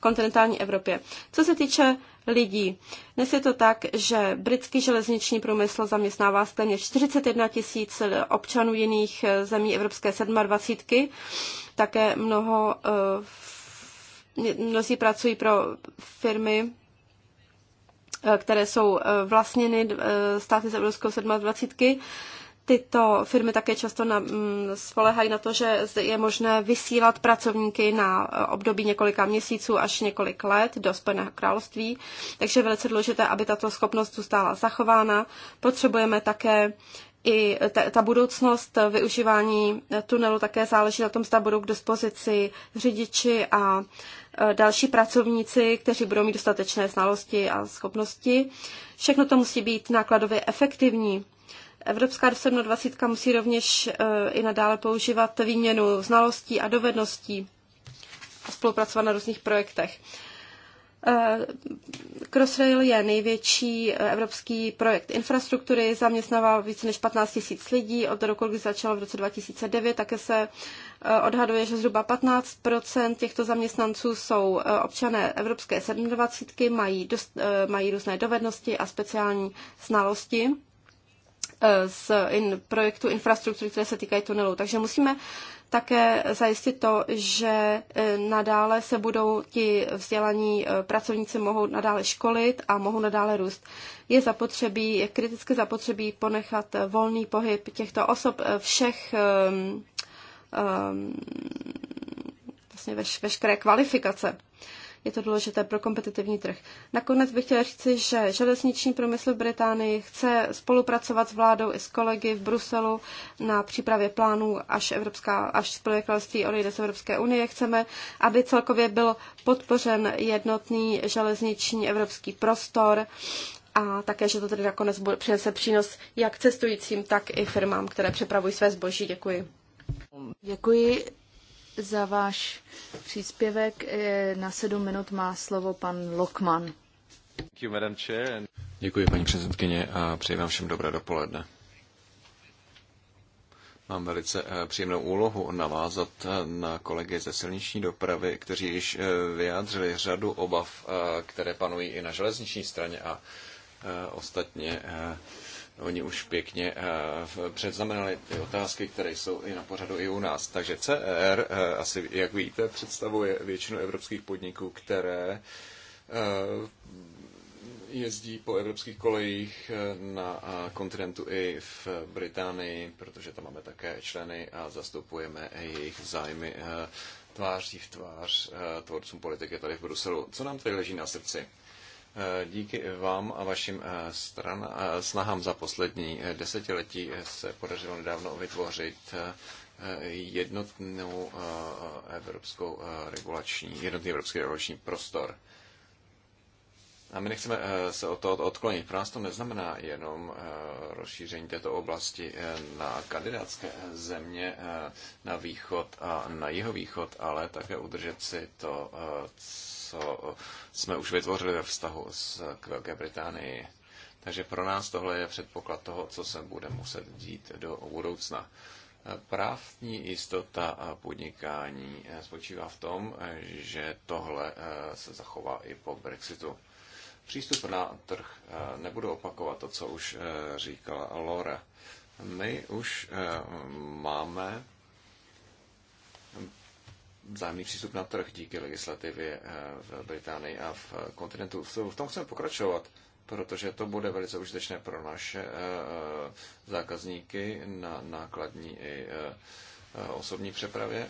kontinentální Evropě. Co se týče lidí. Dnes je to tak, že britský železniční průmysl zaměstnává téměř 41 tisíc občanů jiných eh, zemí Evropské 27. Také mnoho, eh, mnozí pracují pro firmy, eh, které jsou vlastněny státy z Evropskou 27. Tyto firmy také často na, mm, spolehají na to, že je možné vysílat pracovníky na eh, období několika měsíců až několik let do Spojeného království, takže je velice důležité, aby tato schopnost zůstala zachována. Potřebujeme také i ta, ta budoucnost využívání eh, tunelu také záleží na tom, zda budou k dispozici řidiči a eh, další pracovníci, kteří budou mít dostatečné znalosti a schopnosti. Všechno to musí být nákladově efektivní. Evropská 27 musí rovněž eh, i nadále používat výměnu znalostí a dovedností a spolupracovat na různých projektech. Eh, Crossrail je největší eh, evropský projekt infrastruktury, zaměstnává více než 15 tisíc lidí od roku, kdy začalo v roce 2009. Také se odhaduje, že zhruba 15 těchto zaměstnanců jsou občané Evropské 27, mají, dost, mají různé dovednosti a speciální znalosti. Eh, z in, projektu infrastruktury, které se týkají tunelů. Takže musíme také zajistit to, že eh, nadále se budou ti vzdělaní eh, pracovníci mohou nadále školit a mohou nadále růst. Je zapotřebí, je kriticky zapotřebí ponechat volný pohyb těchto osob všech um, um, vlastně veš, veškeré kvalifikace. Uh, je to důležité pro kompetitivní trh. Nakonec bych chtěla říci, že železniční průmysl v Británii chce spolupracovat s vládou i s kolegy v Bruselu na přípravě plánů, až, Evropská, až Spojené království odejde z Evropské unie. Chceme, aby celkově byl podpořen jednotný železniční evropský prostor a také, že to tedy nakonec bude, přinese přínos jak cestujícím, tak i firmám, které přepravují své zboží. Děkuji. Děkuji za váš příspěvek. Eh, na sedm minut má slovo pan Lokman. Děkuji, paní předsedkyně, a přeji vám všem dobré dopoledne. Mám velice eh, příjemnou úlohu navázat eh, na kolegy ze silniční dopravy, kteří již vyjádřili řadu obav, které panují i na železniční straně a ostatně Oni už pěkně eh, předznamenali ty otázky, které jsou i na pořadu i u nás. Takže CR, e eh, asi jak víte, představuje většinu evropských podniků, které eh, jezdí po evropských kolejích na kontinentu i v Británii, protože tam máme také členy a zastupujeme jejich zájmy tváří v tvář tvorcům politiky tady v Bruselu. Co nám tady leží na srdci? Eh, díky vám a vašim eh, stran, eh, snahám za poslední desetiletí se podařilo nedávno vytvořit jednotnou evropskou regulační, jednotný evropský regulační prostor. A my nechceme se od toho odklonit. Pro nás to neznamená jenom rozšíření této oblasti na kandidátské země, na východ a na jihovýchod, ale také udržet si to, co jsme už vytvořili ve vztahu s, k Velké Británii. Takže pro nás tohle je předpoklad toho, co se bude muset dít do budoucna. Právní jistota a podnikání spočívá v tom, že tohle eh, se zachová i po Brexitu. Přístup na trh. Eh, nebudu opakovat to, co už eh, říkala Laura. My už máme vzájemný přístup na trh díky legislativě eh, v Británii a v kontinentu. V tom chceme pokračovat, protože to bude velice užitečné pro naše eh, eh, zákazníky na nákladní i osobní přepravě.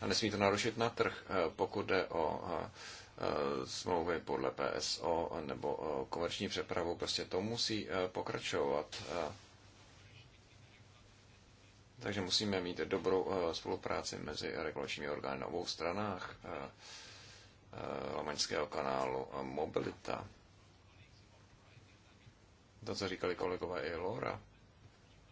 A nesmí to narušit na trh, pokud jde o smlouvy podle PSO nebo komerční přepravu. Prostě to musí pokračovat takže musíme mít dobrou eh, spolupráci mezi regulačními orgány na obou stranách eh, eh, Lamaňského kanálu a mobilita. To, co říkali kolegové i Lora,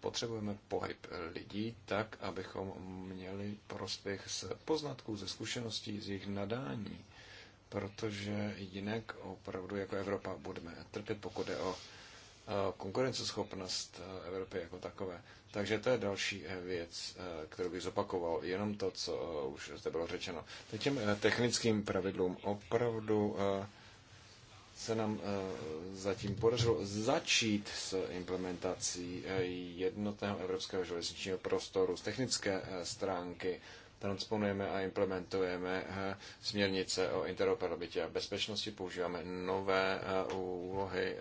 potřebujeme pohyb lidí tak, abychom měli prospěch z poznatků, ze zkušeností, z jejich nadání, protože jinak opravdu jako Evropa budeme trpět, pokud je o konkurenceschopnost e, Evropy jako takové. Takže to je další e, věc, e, kterou bych zopakoval. Jenom to, co už zde bylo řečeno. Teď těm technickým pravidlům opravdu se nám zatím podařilo začít s implementací jednotného evropského železničního prostoru z technické stránky. Transponujeme a implementujeme směrnice o interoperabilitě a bezpečnosti, používáme nové úlohy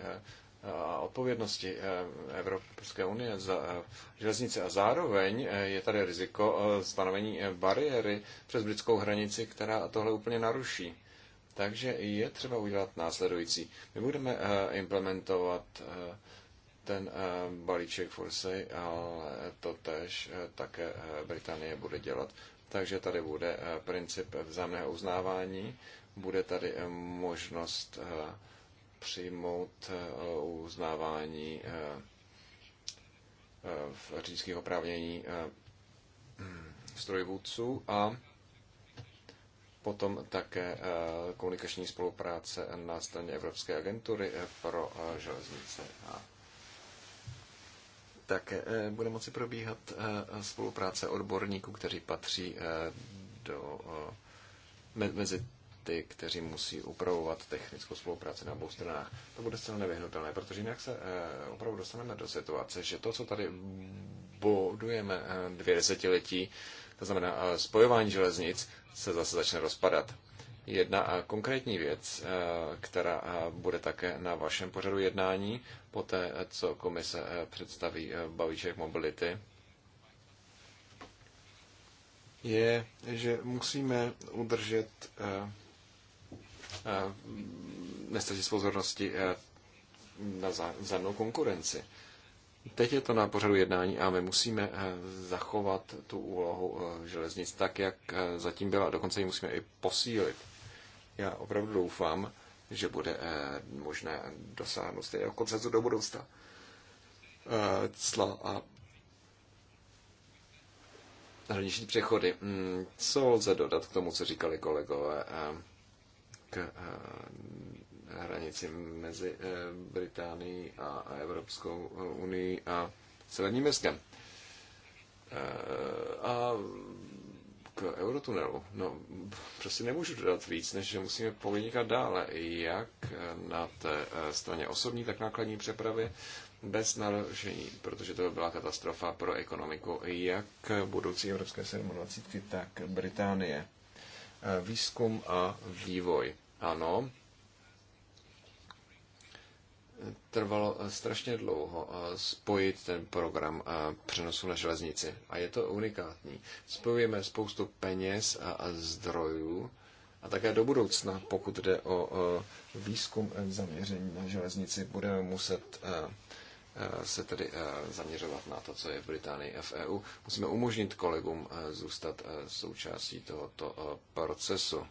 a odpovědnosti eh, Evropské unie za eh, železnice a zároveň eh, je tady riziko stanovení bariéry přes britskou hranici, která tohle úplně naruší. Takže je třeba udělat následující. My budeme implementovat ten balíček Forsey, ale to tež také Británie bude dělat. Takže tady bude princip vzájemného uznávání, bude tady možnost přijmout eh, uznávání eh, eh, v řidičských oprávnění strojvůdců a potom také komunikační spolupráce na straně Evropské agentury pro železnice a také bude moci probíhat spolupráce odborníků, kteří patří do, mezi ty, kteří musí upravovat technickou spolupráci na obou stranách. To bude zcela nevyhnutelné, protože jinak se eh, opravdu dostaneme do situace, že to, co tady budujeme eh, dvě desetiletí, to znamená eh, spojování železnic, se zase začne rozpadat. Jedna konkrétní věc, která bude také na vašem pořadu jednání, po té, co komise představí balíček mobility, je, že musíme udržet z eh, pozornosti eh, na vzájemnou konkurenci. Teď je to na pořadu jednání a my musíme eh, zachovat tu úlohu železnic tak, jak zatím byla. Dokonce ji musíme i posílit. Já opravdu doufám, že bude možné dosáhnout stejného koncenzu do budoucna. Cla a hraniční přechody. Hmm, co lze dodat k tomu, co říkali kolegové? k eh, hranici mezi eh, Británií a Evropskou eh, unii a Severním Městem. A k eurotunelu. No, prostě nemůžu dodat víc, než že musíme podnikat dále, jak na té straně osobní, tak nákladní přepravy bez narušení, protože to by byla katastrofa pro ekonomiku, jak budoucí evropské 27, tak Británie. Výzkum a vývoj. Ano, trvalo eh, strašně dlouho eh, spojit ten program eh, přenosu na železnici. A je to unikátní. Spojujeme spoustu peněz a zdrojů a také do budoucna, pokud jde o výzkum zaměření na železnici, budeme muset se tedy zaměřovat na to, co je v Británii a v EU. Musíme umožnit kolegům zůstat součástí tohoto procesu.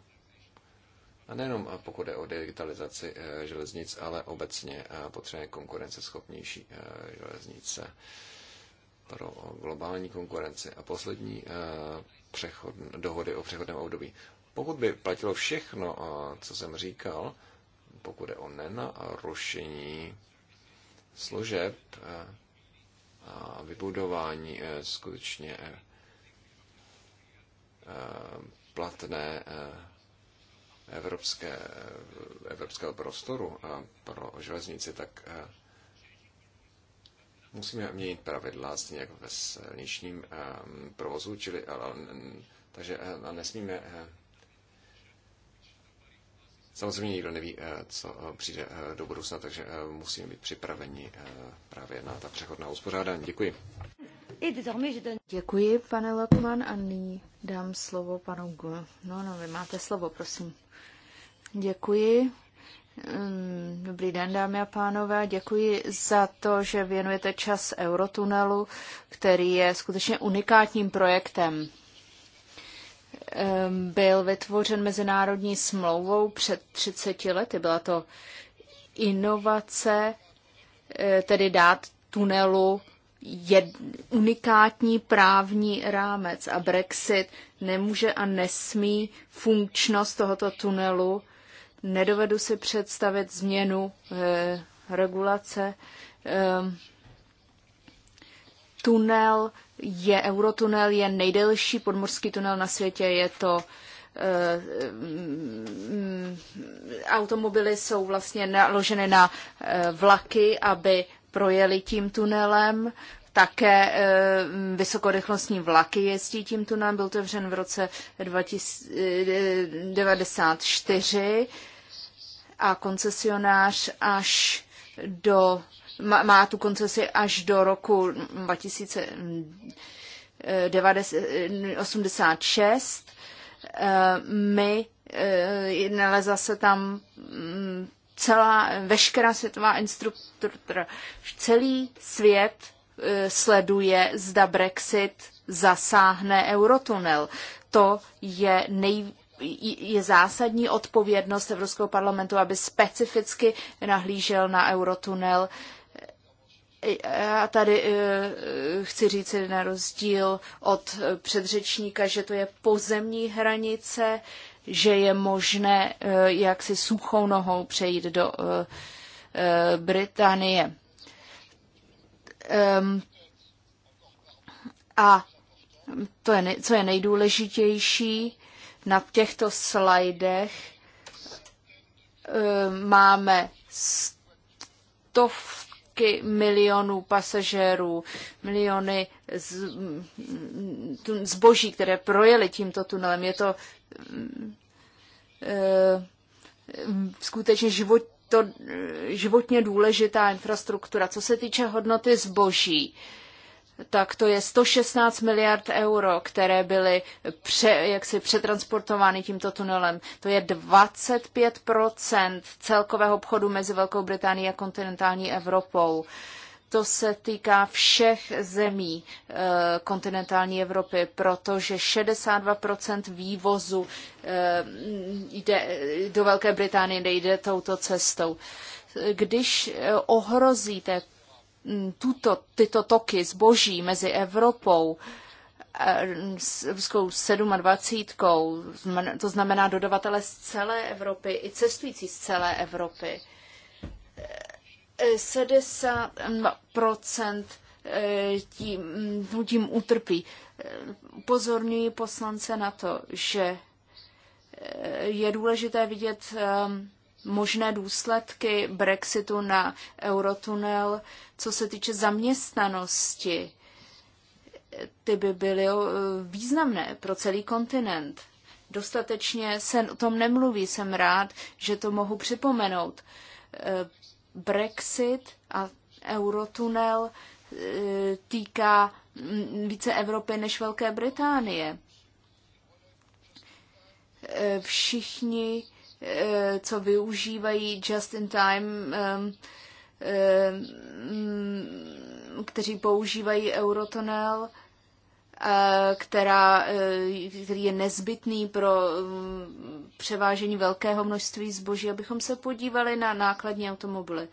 A nejenom pokud jde o digitalizaci eh, železnic, ale obecně eh, potřebujeme konkurenceschopnější eh, železnice pro globální konkurenci. A poslední přechod, dohody o přechodném období. Pokud by platilo všechno, co jsem říkal, pokud je o nenarušení služeb a vybudování skutečně platné evropské, evropského prostoru a pro železnici, tak eh, musíme měnit pravidla, stejně jako ve silničním eh, provozu, čili, ale, takže eh, a nesmíme. Samozřejmě nikdo neví, co přijde do budoucna, takže musíme být připraveni právě na ta přechodná uspořádání. Děkuji. Děkuji, pane Lokman, a nyní dám slovo panu G. No, no, vy máte slovo, prosím. Děkuji. Mm, dobrý den, dámy a pánové. Děkuji za to, že věnujete čas Eurotunelu, který je skutečně unikátním projektem. Byl vytvořen mezinárodní smlouvou před 30 lety. Byla to inovace, e, tedy dát tunelu je unikátní právní rámec a Brexit nemůže a nesmí funkčnost tohoto tunelu. Nedovedu si představit změnu eh, regulace. Eh, tunel je, Eurotunel je nejdelší podmorský tunel na světě, je to eh, mm, mm, automobily jsou vlastně naloženy na eh, vlaky, aby projeli tím tunelem. Také eh, vysokorychlostní vlaky jezdí tím tunelem, byl otevřen v roce 1994 eh, a koncesionář až do, má, má tu koncesi až do roku 2086. Eh, my nalezá se tam mm, celá, veškerá světová instruktor, celý svět e, sleduje, zda Brexit zasáhne eurotunel. To je nej, je zásadní odpovědnost Evropského parlamentu, aby specificky nahlížel na eurotunel. Já tady e, chci říct na rozdíl od předřečníka, že to je pozemní hranice, že je možné eh, jak si suchou nohou přejít do eh, eh, Británie. Ehm, a to je, co je nejdůležitější, na těchto slajdech ehm, máme stovky milionů pasažérů, miliony zboží, které projeli tímto tunelem. Je to Eh, skutečně život, to, eh, životně důležitá infrastruktura. Co se týče hodnoty zboží, tak to je 116 miliard euro, které byly pře, jaksi přetransportovány tímto tunelem. To je 25 celkového obchodu mezi Velkou Británií a kontinentální Evropou. Uh, to se týká všech zemí eh, kontinentální Evropy, protože 62 vývozu eh, jde, do Velké Británie jde touto cestou. Když eh, ohrozíte hm, tuto, tyto toky zboží mezi Evropou, s Evropskou 27, to znamená dodavatele z celé Evropy i cestující z celé Evropy. 70% eh, tím, mm, tím utrpí. Eh, upozorňuji poslance na to, že eh, je důležité vidět možné důsledky Brexitu na eurotunel, co se týče zaměstnanosti. Ty by byly významné pro celý kontinent. Dostatečně se o tom nemluví, jsem rád, že to mohu připomenout Brexit a eurotunel e, týká mm, více Evropy než Velké Británie. E, všichni, e, co využívají just in time, mm, kteří používají eurotunel, Eh, která, eh, který je nezbytný pro mm, převážení velkého množství zboží, abychom se podívali na nákladní automobily.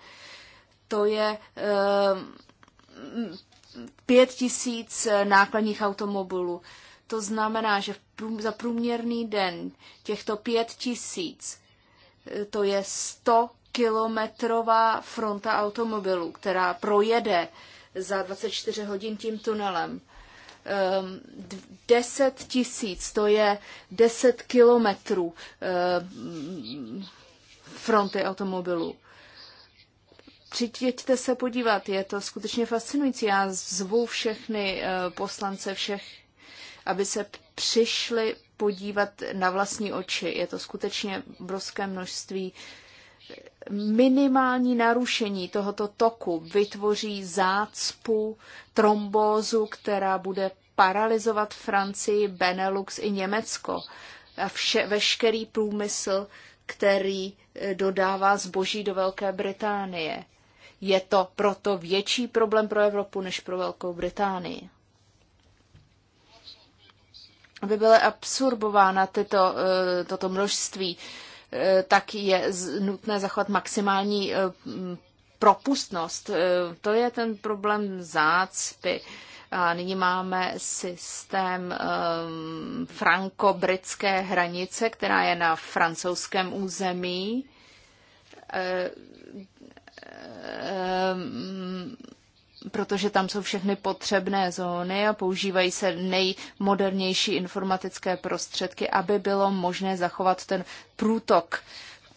To je eh, pět tisíc nákladních automobilů. To znamená, že za průměrný den těchto pět tisíc, to je 100 kilometrová fronta automobilů, která projede za 24 hodin tím tunelem. 10 ehm, tisíc, to je 10 kilometrů ehm, fronty automobilů. Přijďte se podívat, je to skutečně fascinující. Já zvu všechny eh, poslance všech, aby se přišli podívat na vlastní oči. Je to skutečně obrovské množství minimální narušení tohoto toku vytvoří zácpu, trombózu, která bude paralizovat Francii, Benelux i Německo a vše, veškerý průmysl, který e, dodává zboží do Velké Británie. Je to proto větší problém pro Evropu než pro Velkou Británii. Aby byly absorbována tyto, e, toto množství Eh, tak je nutné zachovat maximální eh, propustnost. Eh, to je ten problém zácpy. A nyní máme systém um, franko-britské hranice, která je na francouzském území. e, protože tam jsou všechny potřebné zóny a používají se nejmodernější informatické prostředky, aby bylo možné zachovat ten průtok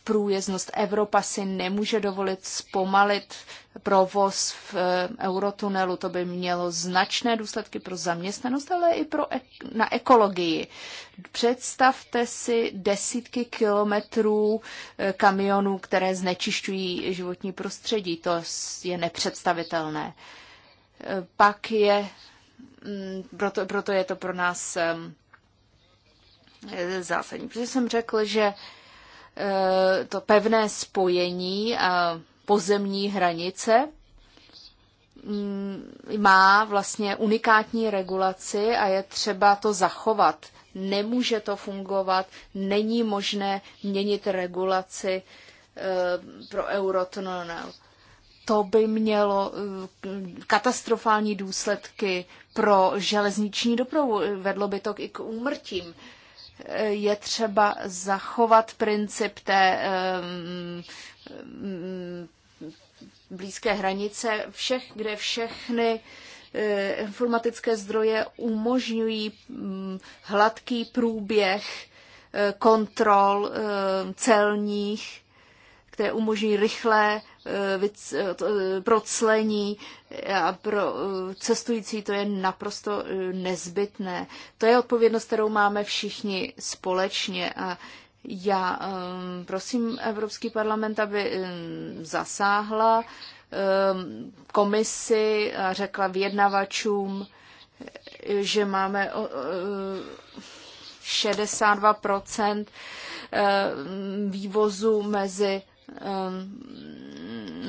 průjezdnost. Evropa si nemůže dovolit zpomalit provoz v eh, eurotunelu. To by mělo značné důsledky pro zaměstnanost, ale i pro na ekologii. Představte si desítky kilometrů eh, kamionů, které znečišťují životní prostředí. To je nepředstavitelné. Eh, pak je, mm, proto, proto je to pro nás zásadní. Protože jsem řekl, že Eh, to pevné spojení a eh, pozemní hranice mm, má vlastně unikátní regulaci a je třeba to zachovat. Nemůže to fungovat, není možné měnit regulaci eh, pro eurotunnel. To by mělo katastrofální důsledky pro železniční dopravu. Vedlo by to i k úmrtím je třeba zachovat princip té blízké hranice všech, kde všechny eh, informatické zdroje umožňují mm, hladký průběh eh, kontrol eh, celních, které umožní rychlé Eh, eh, eh, pro clení a pro cestující to je naprosto nezbytné. To je odpovědnost, kterou máme všichni společně a já prosím Evropský parlament, aby zasáhla komisi a řekla vyjednavačům, že máme 62 vývozu mezi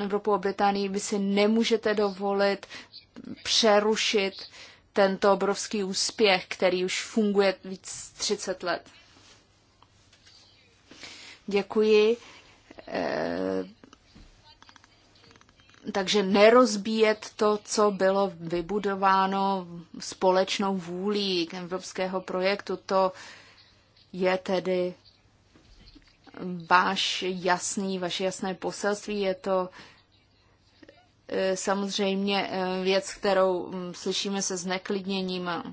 Evropu a Británii vy si nemůžete dovolit přerušit tento obrovský úspěch, který už funguje víc 30 let. Děkuji. Eh, takže nerozbíjet to, co bylo vybudováno společnou vůlí evropského projektu, to je tedy váš jasný, vaše jasné poselství. Je to eh, samozřejmě eh, věc, kterou hm, slyšíme se zneklidněním. Eh,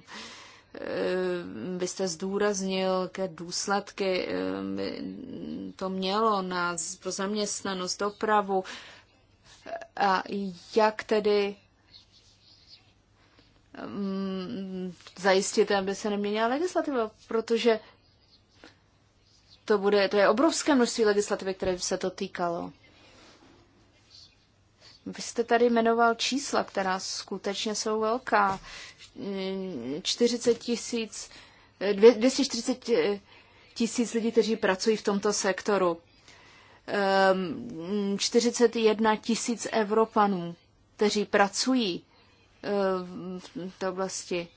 vy jste zdůraznil, jaké důsledky to mělo na pro zaměstnanost, dopravu a jak tedy hm, zajistit, aby se neměnila legislativa, protože to, bude, to je obrovské množství legislativy, které se to týkalo. Vy jste tady jmenoval čísla, která skutečně jsou velká. 40 tisíc, 240 eh, tisíc lidí, kteří pracují v tomto sektoru. 41 ehm, tisíc Evropanů, kteří pracují eh, v té oblasti.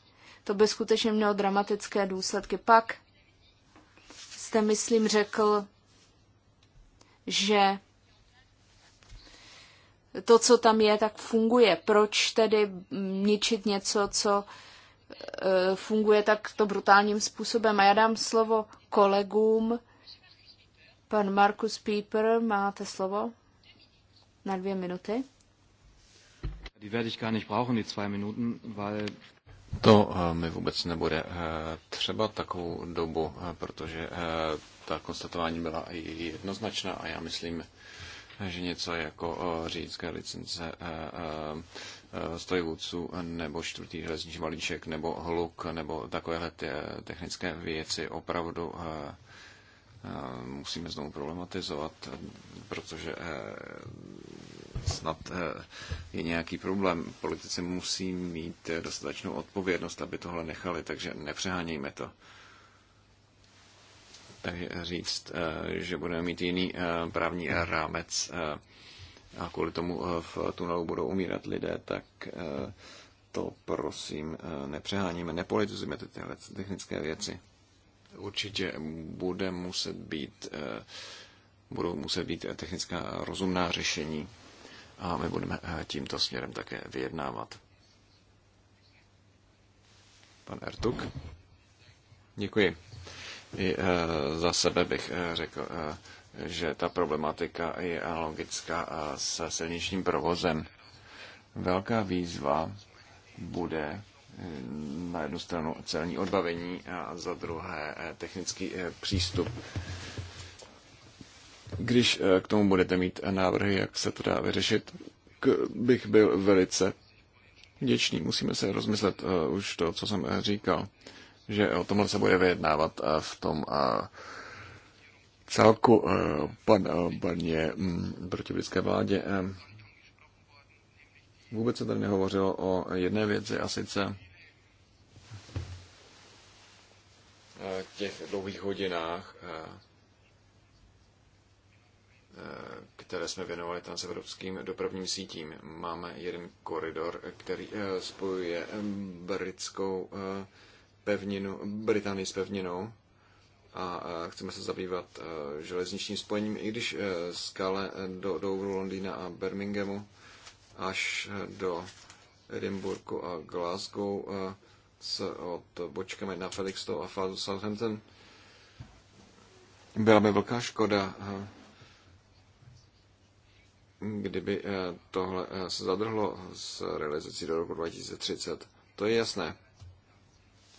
To by skutečně mělo dramatické důsledky. Pak jste, myslím, řekl, že to, co tam je, tak funguje. Proč tedy ničit něco, co e, funguje takto brutálním způsobem? A já dám slovo kolegům. Pan Markus Pieper, máte slovo na dvě minuty. Die werde ich gar nicht brauchen, die zwei Minuten, weil to eh, mi vůbec nebude eh, třeba takovou dobu, eh, protože ta konstatování byla jednoznačná a já myslím, že něco jako řidičská licence strojvůdců nebo čtvrtý železniční balíček nebo hluk nebo takovéhle technické věci opravdu musíme znovu problematizovat, protože snad eh, je nějaký problém. Politici musí mít eh, dostatečnou odpovědnost, aby tohle nechali, takže nepřehánějme to. Takže říct, eh, že budeme mít jiný právní rámec a kvůli tomu v tunelu budou umírat lidé, tak to prosím nepřeháníme, Nepolitizujeme tyhle technické věci. Určitě bude muset být, budou muset být technická rozumná řešení a my budeme eh, tímto směrem také vyjednávat. Pan Ertuk. Děkuji. I eh, za sebe bych eh, řekl, že ta problematika je analogická s silničním provozem. Velká výzva bude na jednu stranu celní odbavení a za druhé technický přístup když eh, k tomu budete mít návrhy, jak se to dá vyřešit, bych byl velice vděčný. Musíme se rozmyslet uh, už to, co jsem eh, říkal, že o tomhle se bude vyjednávat uh, v tom uh, celku uh, pan Albaně um, mm, proti britské vládě. vůbec se tady nehovořilo o jedné věci a sice těch dlouhých hodinách uh, které jsme věnovali transevropským dopravním sítím. Máme jeden koridor, který eh, spojuje eh, britskou eh, pevninu, Británii s pevninou a chceme se zabývat železničním spojením, i když z do Douru, Londýna a Birminghamu až do Edinburghu a Glasgow s od bočkami na Felixstowe a Southampton. Byla by velká škoda kdyby eh, tohle eh, se zadrhlo s realizací do roku 2030. To je jasné.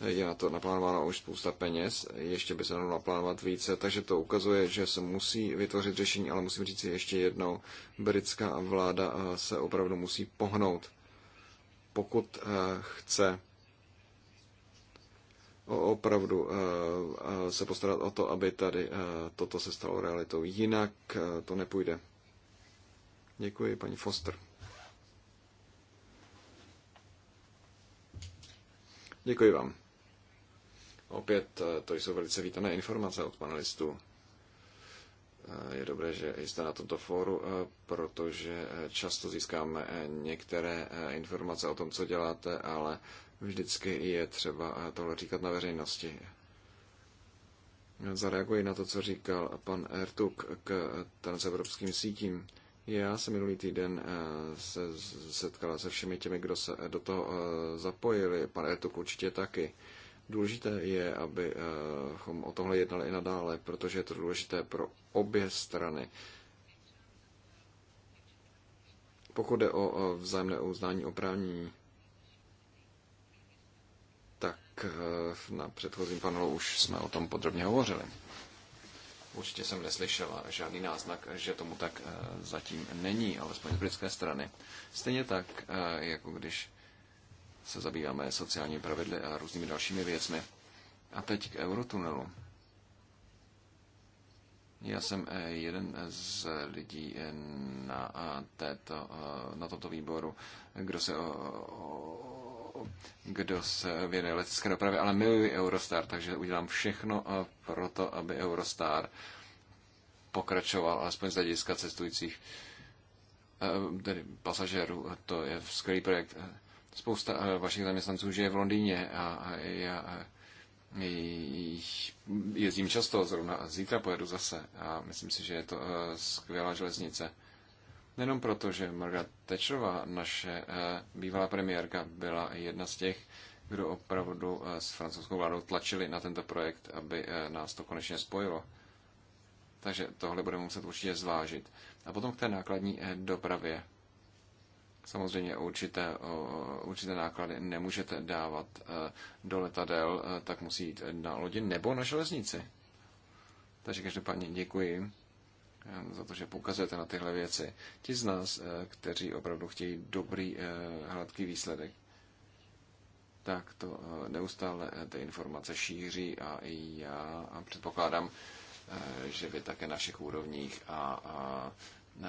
Je na to naplánováno už spousta peněz, ještě by se dalo naplánovat více, takže to ukazuje, že se musí vytvořit řešení, ale musím říct si ještě jednou, britská vláda eh, se opravdu musí pohnout, pokud chce opravdu se postarat o to, aby tady toto se stalo realitou. Jinak to nepůjde. Děkuji, paní Foster. Děkuji vám. Opět eh, to jsou velice vítané informace od panelistů. Eh, je dobré, že jste na tomto fóru, eh, protože často získáme některé informace o tom, co děláte, ale vždycky je třeba tohle říkat na veřejnosti. Zareaguji na to, co říkal pan Ertuk k transevropským sítím. Já jsem minulý týden eh, se setkala se všemi těmi, kdo se eh, do toho eh, zapojili. Pan Ertuk určitě taky. Důležité je, abychom o tohle jednali i nadále, protože je to důležité pro obě strany. Pokud jde o vzájemné uznání oprávnění, tak na předchozím panelu už jsme o tom podrobně hovořili. Určitě jsem neslyšela žádný náznak, že tomu tak eh, zatím není, alespoň z britské strany. Stejně tak, eh, jako když se zabýváme sociálními pravidly a různými dalšími věcmi. A teď k eurotunelu. Já jsem eh, jeden z lidí na, této, na tomto výboru, kdo se o, o, kdo se věnuje letecké dopravě, ale miluji Eurostar, takže udělám všechno eh, pro to, aby Eurostar pokračoval, alespoň z hlediska cestujících, eh, tedy pasažérů. To je skvělý projekt. Spousta eh, vašich zaměstnanců žije v Londýně a já jezdím často, zrovna zítra pojedu zase a myslím si, že je to skvělá železnice. Nenom proto, že Margaret Thatcherová, naše eh, bývalá premiérka, byla jedna z těch, kdo opravdu eh, s francouzskou vládou tlačili na tento projekt, aby eh, nás to konečně spojilo. Takže tohle budeme muset určitě zvážit. A potom k té nákladní dopravě. Samozřejmě určité, určité náklady nemůžete dávat do letadel, tak musí jít na lodi nebo na železnici. Takže každopádně děkuji Eh, za to, že poukazujete na tyhle věci. Ti z nás, eh, kteří opravdu chtějí dobrý, eh, hladký výsledek, tak to neustále ty informace šíří a i já a předpokládám, že vy také na všech úrovních a, a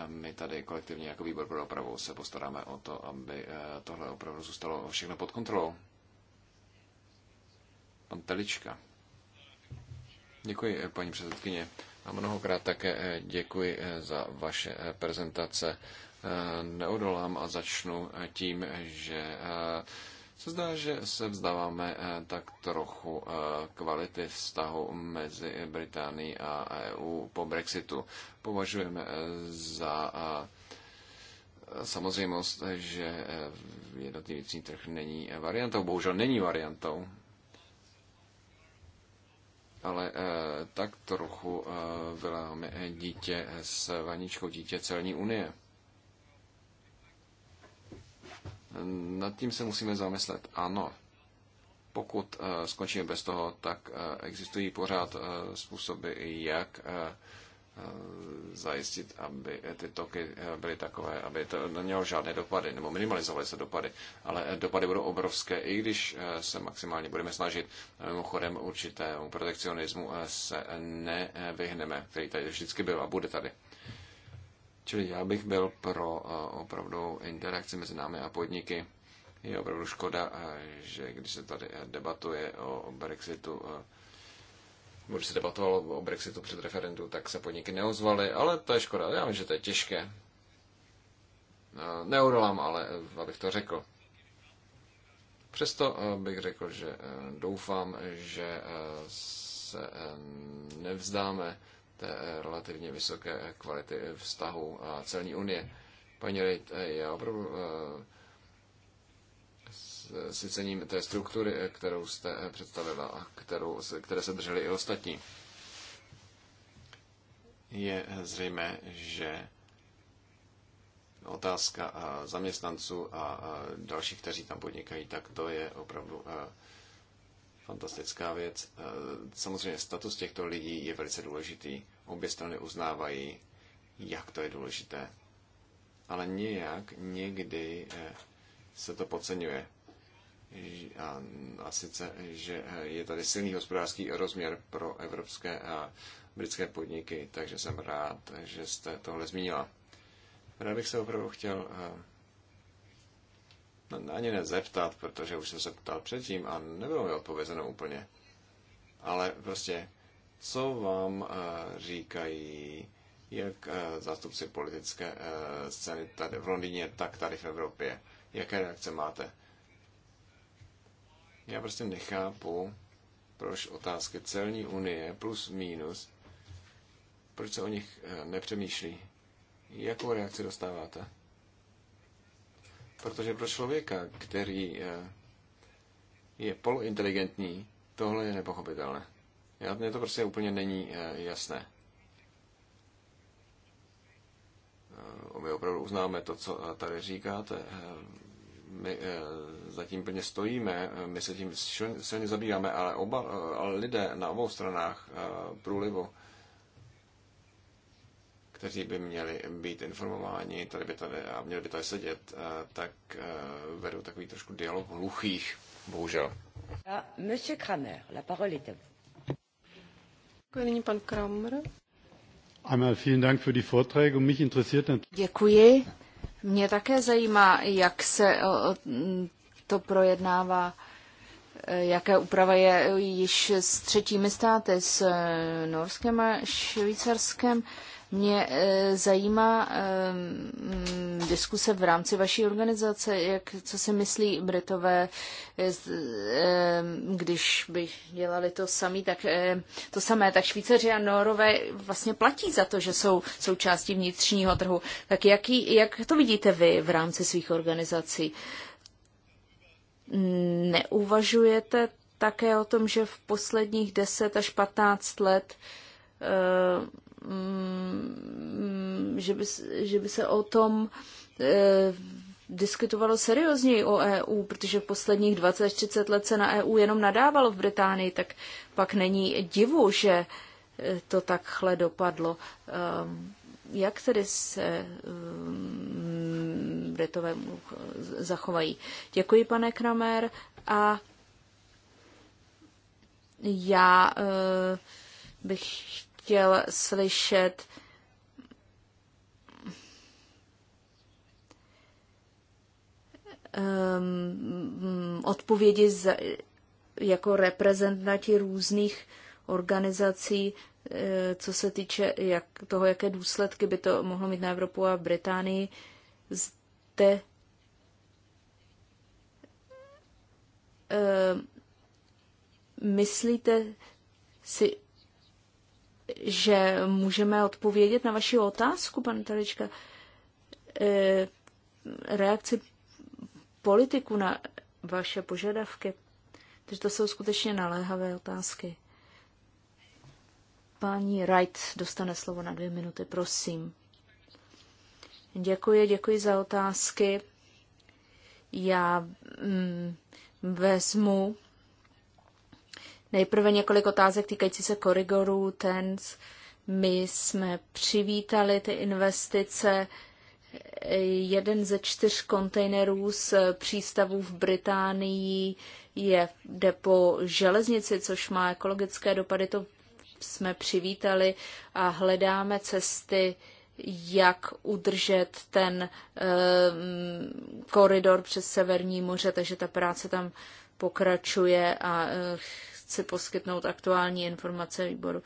my tady kolektivně jako výbor pro dopravu se postaráme o to, aby tohle opravdu zůstalo všechno pod kontrolou. Pan Telička. Děkuji, paní předsedkyně a mnohokrát také eh, děkuji eh, za vaše eh, prezentace. Neodolám a začnu tím, že se zdá, že se vzdáváme tak trochu kvality vztahu mezi Británií a EU po Brexitu. Považujeme za samozřejmost, že jednotný vnitřní trh není variantou, bohužel není variantou, ale eh, tak trochu eh, vyláme eh, dítě s vaničkou dítě celní unie. Nad tím se musíme zamyslet. Ano, pokud skončíme bez toho, tak existují pořád způsoby, jak Eh, zajistit, aby ty toky eh, byly takové, aby to nemělo žádné dopady, nebo minimalizovaly se dopady, ale eh, dopady budou obrovské, i když se maximálně budeme snažit. Mimochodem určitému protekcionismu se nevyhneme, který tady vždycky byl a bude tady. Čili já bych byl pro opravdu interakci mezi námi a podniky. Je opravdu škoda, že když se tady debatuje o Brexitu, když se debatovalo o Brexitu před referendu, tak se podniky neozvaly, ale to je škoda. Já vím, že to je těžké. Neodolám, ale eh, abych to řekl. Přesto eh, bych řekl, že eh, doufám, že se nevzdáme té relativně vysoké kvality vztahu a celní unie. Paní Rejt, já opravdu Eh, si cením té struktury, eh, kterou jste eh, představila a kterou, které se drželi i ostatní. Je zřejmé, že otázka zaměstnanců a dalších, kteří tam podnikají, tak to je opravdu fantastická věc. Samozřejmě status těchto lidí je velice důležitý. Obě strany uznávají, jak to je důležité. Ale nějak někdy se to podceňuje a, a sice, že je tady silný hospodářský rozměr pro evropské a britské podniky, takže jsem rád, že jste tohle zmínila. Rád bych se opravdu chtěl no, ani nezeptat, protože už jsem se ptal předtím a nebylo mi odpovězeno úplně. Ale prostě, co vám říkají jak zástupci politické scény tady v Londýně, tak tady v Evropě? Jaké reakce máte? Já prostě nechápu, proč otázky celní unie plus minus, proč se o nich eh, nepřemýšlí. Jakou reakci dostáváte? Protože pro člověka, který eh, je polointeligentní, tohle je nepochopitelné. Já, mně to prostě úplně není eh, jasné. My opravdu uznáme to, co tady říkáte my eh, zatím plně stojíme, eh, my se tím silně zabýváme, ale, oba, eh, ale lidé na obou stranách průlivu, kteří by měli být informováni tady by tady, a měli by tady sedět, tak vedou takový trošku dialog hluchých, bohužel. Monsieur Kramer, la parole est à vous. nyní pan Kramer. Einmal vielen Dank für die Vorträge und mich interessiert Děkuji. Mě také zajímá, jak se eh, to projednává, eh, jaké úprava je již s třetími státy, s eh, Norskem a Švýcarskem. Mě eh, zajímá ehm, diskuse v rámci vaší organizace, jak, co si myslí Britové, eh, ehm, když by dělali to, samý, tak, eh, to samé, tak Švýceři a Norové vlastně platí za to, že jsou součástí vnitřního trhu. Tak jaký, jak to vidíte vy v rámci svých organizací? Neuvažujete také o tom, že v posledních 10 až 15 let uh, Eh, mm, že by, že by se o tom eh, diskutovalo seriózněji o EU, protože v posledních 20-30 let se na EU jenom nadávalo v Británii, tak pak není divu, že eh, to takhle dopadlo. Ehm, jak tedy se ehm, Britové zachovají? Děkuji, pane Kramer. A já bych chtěl slyšet um, odpovědi z jako reprezentanti různých organizací, uh, co se týče jak, toho, jaké důsledky by to mohlo mít na Evropu a Británii. Zde uh, myslíte si, že můžeme odpovědět na vaši otázku, pane Telička. E, reakci politiku na vaše požadavky. Takže to jsou skutečně naléhavé otázky. Paní Wright dostane slovo na dvě minuty, prosím. Děkuji, děkuji za otázky. Já mm, vezmu Nejprve několik otázek týkající se korigorů. TENS. My jsme přivítali ty investice. Jeden ze čtyř kontejnerů z přístavů v Británii je, depo železnici, což má ekologické dopady. To jsme přivítali a hledáme cesty, jak udržet ten um, koridor přes Severní moře, takže ta práce tam pokračuje a eh, chci poskytnout aktuální informace výboru.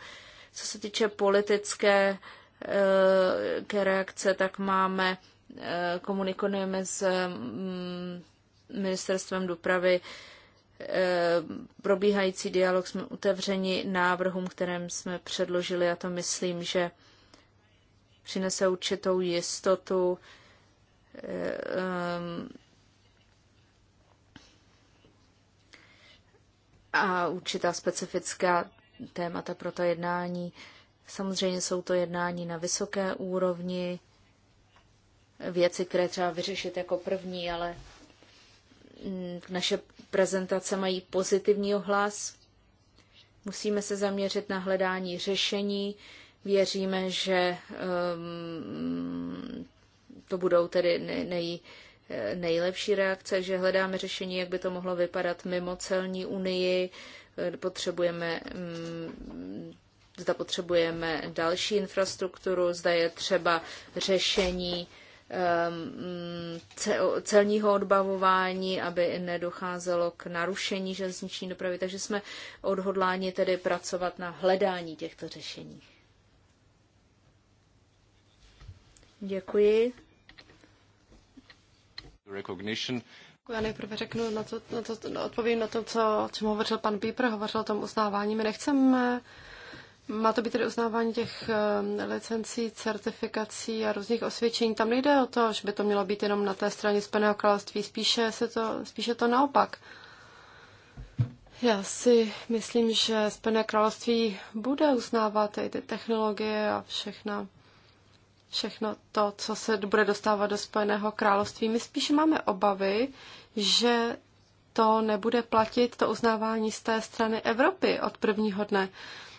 Co se týče politické eh, ke reakce, tak máme, eh, komunikujeme s mm, ministerstvem dopravy eh, probíhající dialog, jsme otevřeni návrhům, kterým jsme předložili a to myslím, že přinese určitou jistotu a určitá specifická témata pro ta jednání. Samozřejmě jsou to jednání na vysoké úrovni, věci, které třeba vyřešit jako první, ale naše prezentace mají pozitivní ohlas. Musíme se zaměřit na hledání řešení. Věříme, že um, to budou tedy nej, nej, nejlepší reakce, že hledáme řešení, jak by to mohlo vypadat mimo celní unii, potřebujeme, mm, zda potřebujeme další infrastrukturu, zda je třeba řešení ehm, mm, celního odbavování, aby nedocházelo k narušení železniční dopravy. Takže jsme odhodláni tedy pracovat na hledání těchto řešení. Děkuji recognition. Já nejprve řeknu, na to, na to, na odpovím na to, co, o čem hovořil pan Píper, hovořil o tom uznávání. My nechceme, má to být tedy uznávání těch ehm, licencí, certifikací a různých osvědčení. Tam nejde o to, že by to mělo být jenom na té straně Spojeného království, spíše, se to, spíše to naopak. Já si myslím, že Spojené království bude uznávat i ty technologie a všechna všechno to, co se bude dostávat do Spojeného království. My spíše máme obavy, že to nebude platit to uznávání z té strany Evropy od prvního dne.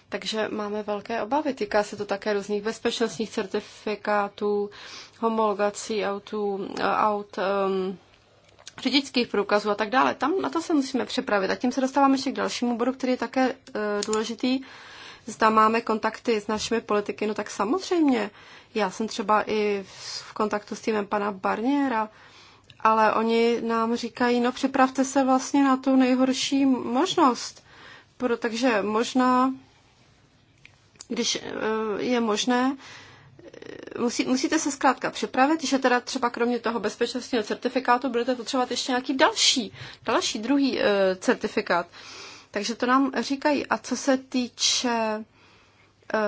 Takže máme velké obavy. Týká se to také různých bezpečnostních certifikátů, homologací autů, aut, um, řidičských průkazů a tak dále. Tam na to se musíme připravit. A tím se dostáváme ještě k dalšímu bodu, který je také uh, důležitý. Uh, zda máme kontakty s našimi politiky, no tak samozřejmě. Já jsem třeba i v kontaktu s týmem pana Barniera, ale oni nám říkají, no připravte se vlastně na tu nejhorší možnost. Pro, takže možná, když eh, je možné, eh, musí, musíte se zkrátka připravit, že teda třeba kromě toho bezpečnostního certifikátu budete potřebovat ještě nějaký další, další druhý eh, certifikát. Takže to nám říkají. A co se týče eh,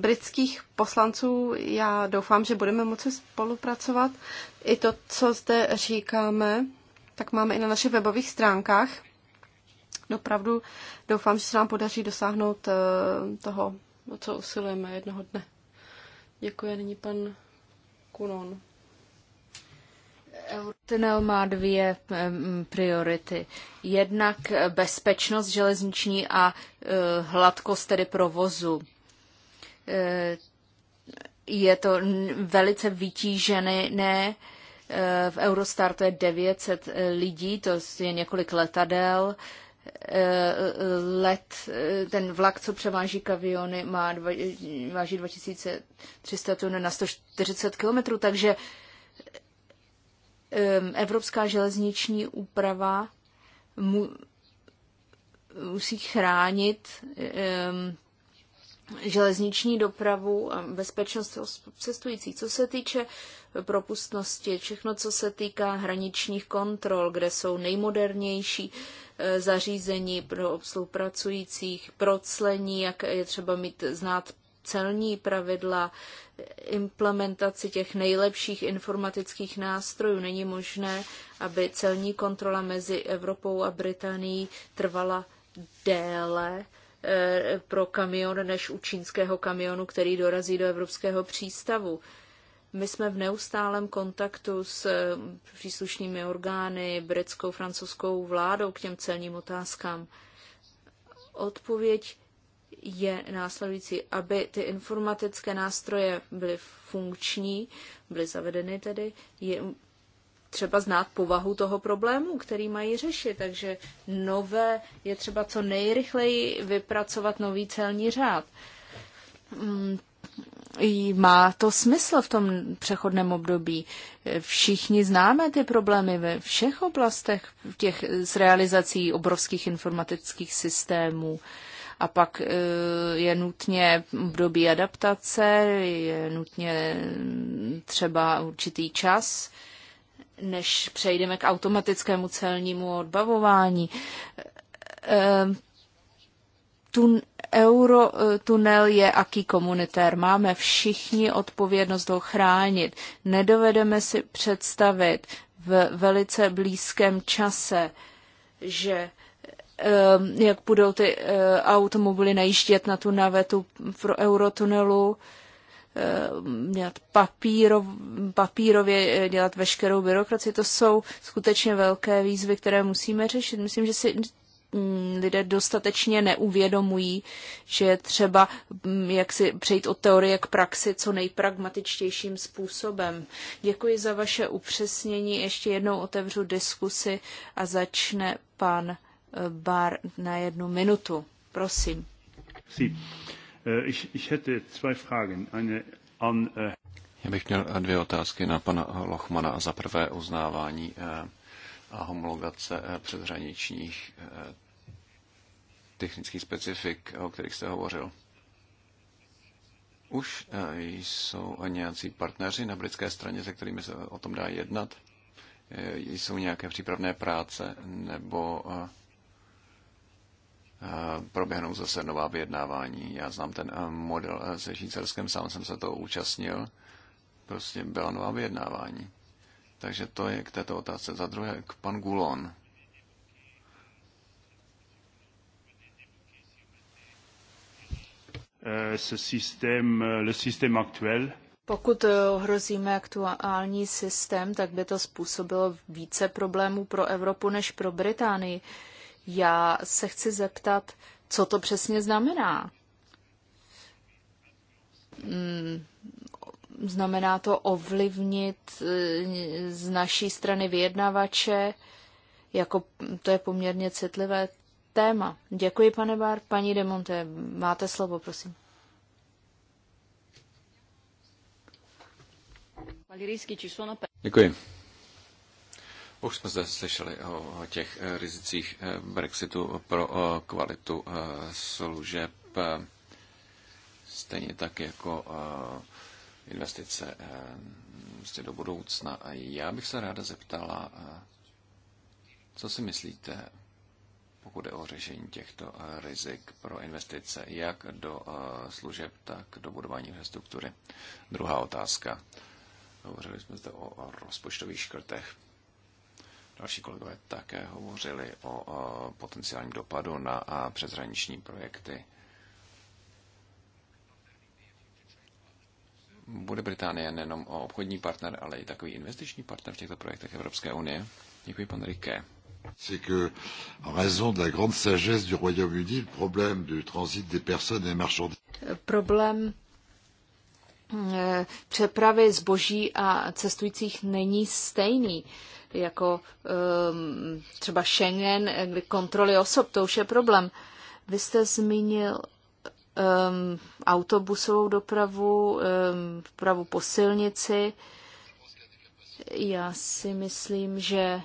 britských poslanců, já doufám, že budeme moci spolupracovat. I to, co zde říkáme, tak máme i na našich webových stránkách. Dopravdu doufám, že se nám podaří dosáhnout eh, toho, o co usilujeme jednoho dne. Děkuji, nyní pan Kunon. Eurotunnel má dvě priority. Jednak eh, bezpečnost železniční a eh, hladkost tedy provozu. Eh, je to velice vytížené, ne, v Eurostar to je 900 lidí, to je několik letadel. Let, ten vlak, co převáží kaviony, má dva, váží 2300 tun na 140 km, takže Ehm, evropská železniční úprava mu, musí chránit ehm, železniční dopravu a bezpečnost cestujících. Co se týče propustnosti, všechno, co se týká hraničních kontrol, kde jsou nejmodernější eh, zařízení pro obsluhu pracujících, proclení, jak je třeba mít znát celní pravidla, implementaci těch nejlepších informatických nástrojů. Není možné, aby celní kontrola mezi Evropou a Británií trvala déle eh, pro kamion než u čínského kamionu, který dorazí do evropského přístavu. My jsme v neustálém kontaktu s eh, příslušnými orgány, britskou, francouzskou vládou k těm celním otázkám. Odpověď je následující, aby ty informatické nástroje byly funkční, byly zavedeny tedy, je třeba znát povahu toho problému, který mají řešit. Takže nové je třeba co nejrychleji vypracovat nový celní řád. Mm, má to smysl v tom přechodném období. Všichni známe ty problémy ve všech oblastech těch, s realizací obrovských informatických systémů. Uh, a pak e, je nutně období adaptace, je nutně mm, třeba určitý čas, než přejdeme k automatickému celnímu odbavování. E, Tun, euro e, tunel je aký komunitér. Máme všichni odpovědnost ho chránit. Nedovedeme si představit v velice blízkém čase, že Eh, jak budou ty eh, automobily najíždět na tu navetu pro eurotunelu, eh, dělat papírov, papírově, dělat veškerou byrokracii. To jsou skutečně velké výzvy, které musíme řešit. Myslím, že si mm, lidé dostatečně neuvědomují, že je třeba mm, jak si přejít od teorie k praxi co nejpragmatičtějším způsobem. Děkuji za vaše upřesnění. Ještě jednou otevřu diskusi a začne pan bar na jednu minutu. Prosím. Sí. Eh, ich, ich hätte zwei Fragen. Eine an, uh... Já bych měl eh, dvě otázky na pana Lochmana. Za prvé uznávání a homologace přeshraničních technických specifik, o kterých jste hovořil. Už jsou nějací partneři na britské straně, se kterými se o tom dá jednat? Jsou nějaké přípravné práce nebo proběhnou zase nová vyjednávání. Já znám ten eh, model eh, se Švýcarskem, sám jsem se toho účastnil. Prostě byla nová vyjednávání. Takže to je k této otázce. Za druhé, k pan Gulon. Eh, Pokud ohrozíme aktuální systém, tak by to způsobilo více problémů pro Evropu než pro Británii. Já se chci zeptat, co to přesně znamená. Hmm, znamená to ovlivnit eh, z naší strany vyjednavače, jako to je poměrně citlivé téma. Děkuji, pane Bár. Paní Demonte, máte slovo, prosím. Děkuji. Už jsme zde slyšeli o těch eh, rizicích eh, Brexitu pro eh, kvalitu služeb, stejně tak jako investice prostě do budoucna. já bych se ráda zeptala, co si myslíte, pokud je o řešení těchto rizik pro investice, jak do služeb, tak do budování infrastruktury. Druhá otázka. Hovořili jsme zde o rozpočtových škrtech další kolegové také hovořili o potenciálním dopadu na přeshraniční projekty. Bude Británie nejenom o obchodní partner, ale i takový investiční partner v těchto projektech Evropské unie? Děkuji, pan Riké. C'est que, en raison de la grande sagesse du Royaume-Uni, le problème du transit des personnes et marchandises. Problém eh, přepravy zboží a cestujících není stejný jako ehm, třeba Schengen, kdy kontroly osob, to už je problém. Vy jste zmínil um, autobusovou dopravu, um, dopravu po silnici. Já si myslím, že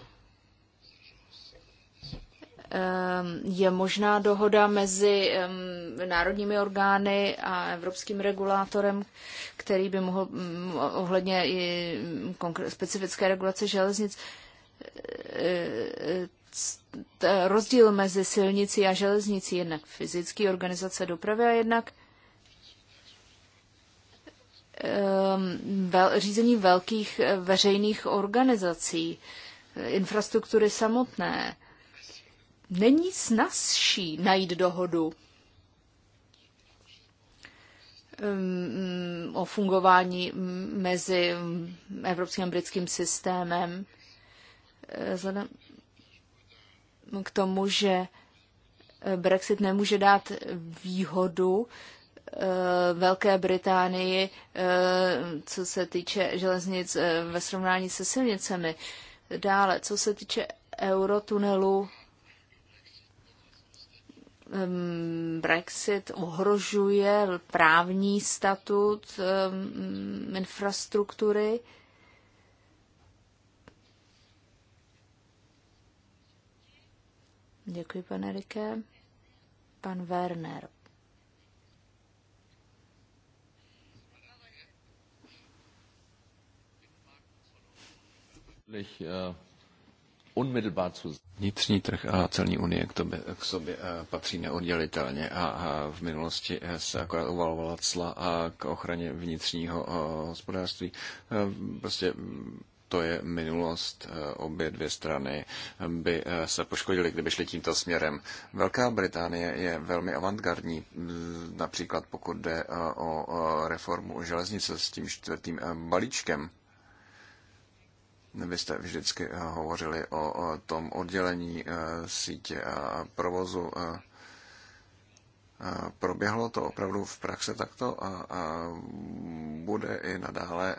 Ehm, je možná dohoda mezi ehm, národními orgány a evropským regulátorem, který by mohl mm, ohledně i mm, specifické regulace železnic eh, eh, rozdíl mezi silnicí a železnicí, jednak fyzický organizace dopravy a jednak ehm, řízení velkých eh, veřejných organizací, infrastruktury samotné není snazší najít dohodu um, o fungování mezi evropským a britským systémem. Eh, vzhledem k tomu, že eh, Brexit nemůže dát výhodu eh, Velké Británii, co se týče železnic ve srovnání se silnicemi. Dále, co se týče eurotunelu Brexit ohrožuje právní statut infrastruktury. Děkuji, pane Rike. Pan Werner. Unmittelbar zu Vnitřní trh a celní unie k, tobě, k sobě eh, patří neoddělitelně a v minulosti eh, se akorát uvalovala cla a eh, k ochraně vnitřního hospodářství. Prostě mm, to je minulost, obě dvě strany by se poškodily, kdyby šli tímto směrem. Velká Británie je velmi avantgardní, mm, například pokud jde o reformu železnice s tím čtvrtým balíčkem. Vy jste vždycky eh, hovořili o tom oddělení eh, sítě a provozu. Eh, proběhlo to opravdu v praxi takto a, bude i nadále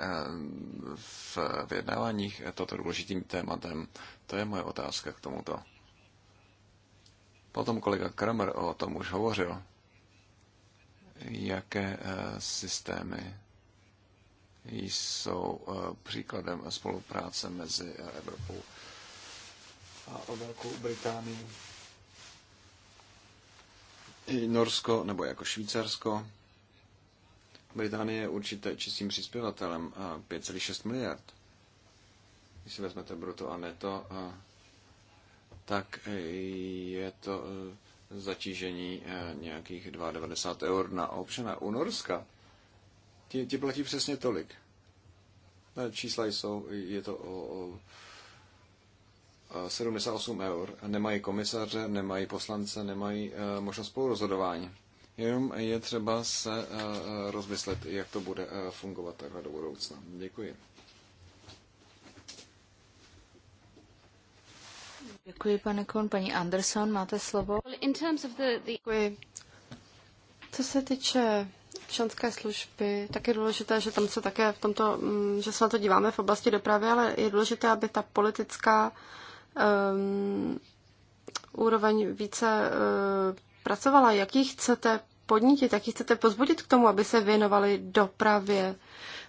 v vyjednáváních toto důležitým tématem. To je moje otázka k tomuto. Potom kolega Kramer o tom už hovořil. Jaké systémy jsou eh, příkladem spolupráce mezi eh, Evropou a Velkou Británií. I Norsko nebo jako Švýcarsko. Británie je určitě čistým přispěvatelem 5,6 eh, miliard. Když si vezmete bruto a neto, tak je to zatížení nějakých 92 eur na občana u Norska Ti, ti platí přesně tolik. Čísla jsou, je to o, o 78 eur. Nemají komisaře, nemají poslance, nemají uh, možnost spolurozhodování. Jenom je třeba se uh, rozmyslet, jak to bude uh, fungovat takhle do budoucna. Děkuji. Děkuji, pane Kohn. Paní Anderson, máte slovo. Děkuji. Co se týče občanské služby, tak je důležité, že tam se také v tomto, mm, že se na to díváme v oblasti dopravy, ale je důležité, aby ta politická um, úroveň více uh, pracovala. Jaký chcete podnítit, jaký chcete pozbudit k tomu, aby se věnovali dopravě?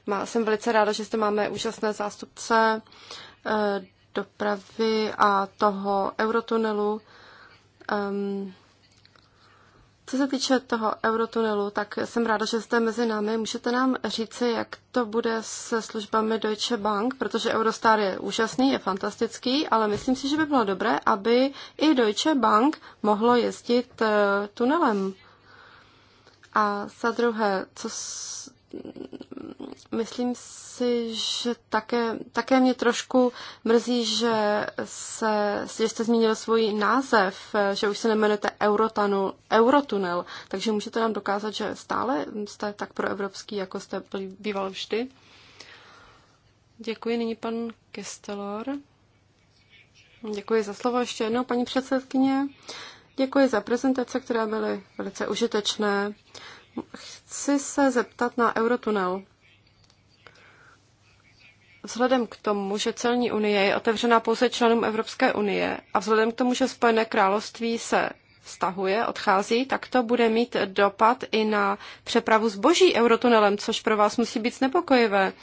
Má, jsem velice ráda, že zde máme úžasné zástupce uh, dopravy a toho eurotunelu. Um, co se týče toho eurotunelu, tak jsem ráda, že jste mezi námi. Můžete nám říci, jak to bude se službami Deutsche Bank, protože Eurostar je úžasný, je fantastický, ale myslím si, že by bylo dobré, aby i Deutsche Bank mohlo jezdit eh, tunelem. A za druhé, co myslím si, že také, také mě trošku mrzí, že, se, že jste změnil svůj název, že už se nemenujete Eurotanu, Eurotunel, takže můžete nám dokázat, že stále jste tak proevropský, jako jste býval vždy. Děkuji, nyní pan Kestelor. Děkuji za slovo ještě jednou, paní předsedkyně. Děkuji za prezentace, které byly velice užitečné. Chci se zeptat na Eurotunel. Vzhledem k tomu, že celní unie je otevřená pouze členům Evropské unie a vzhledem k tomu, že Spojené království se stahuje, odchází, tak to bude mít dopad i na přepravu zboží eurotunelem, což pro vás musí být znepokojivé.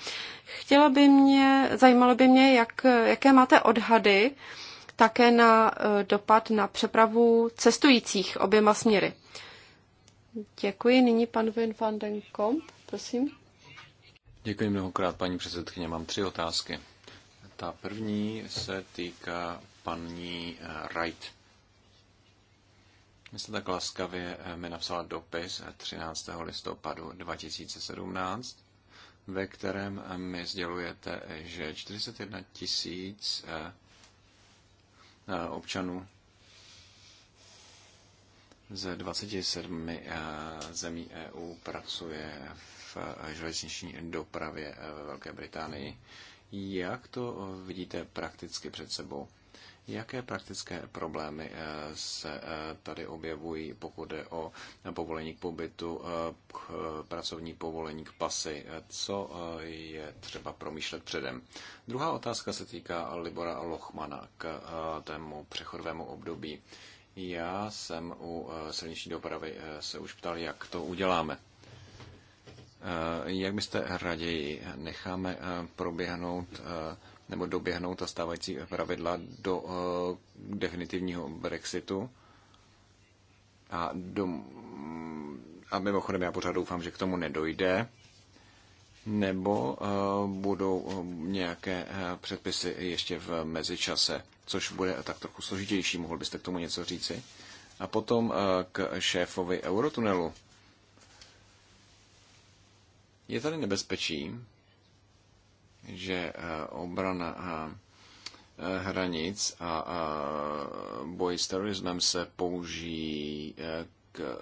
Chtělo by mě, zajímalo by mě, jak, jaké máte odhady také na eh, dopad na přepravu cestujících oběma směry. Děkuji. Nyní pan van den Komp, prosím. Děkuji mnohokrát, paní předsedkyně. Mám tři otázky. Ta první se týká paní eh, Wright. Vy jste tak laskavě eh, mi napsala dopis 13. Eh, listopadu 2017, ve kterém mi sdělujete, že 41 tisíc občanů ze 27 eh, zemí EU pracuje v eh, železniční dopravě eh, ve Velké Británii. Jak to vidíte prakticky před sebou? Jaké praktické problémy se tady objevují, pokud jde o povolení k pobytu, k pracovní povolení k pasy? Co je třeba promýšlet předem? Druhá otázka se týká Libora Lochmana k tému přechodovému období. Já jsem u eh, silniční dopravy eh, se už ptal, jak to uděláme. Eh, jak byste raději necháme proběhnout nebo doběhnout ta stávající pravidla do definitivního Brexitu? A, do, a mimochodem já pořád doufám, že k tomu nedojde nebo eh, budou eh, nějaké eh, předpisy ještě v mezičase, což bude tak trochu složitější. Mohl byste k tomu něco říci? A potom k šéfovi Eurotunelu. Je tady nebezpečí, že obrana hranic a boj s terorismem se použijí k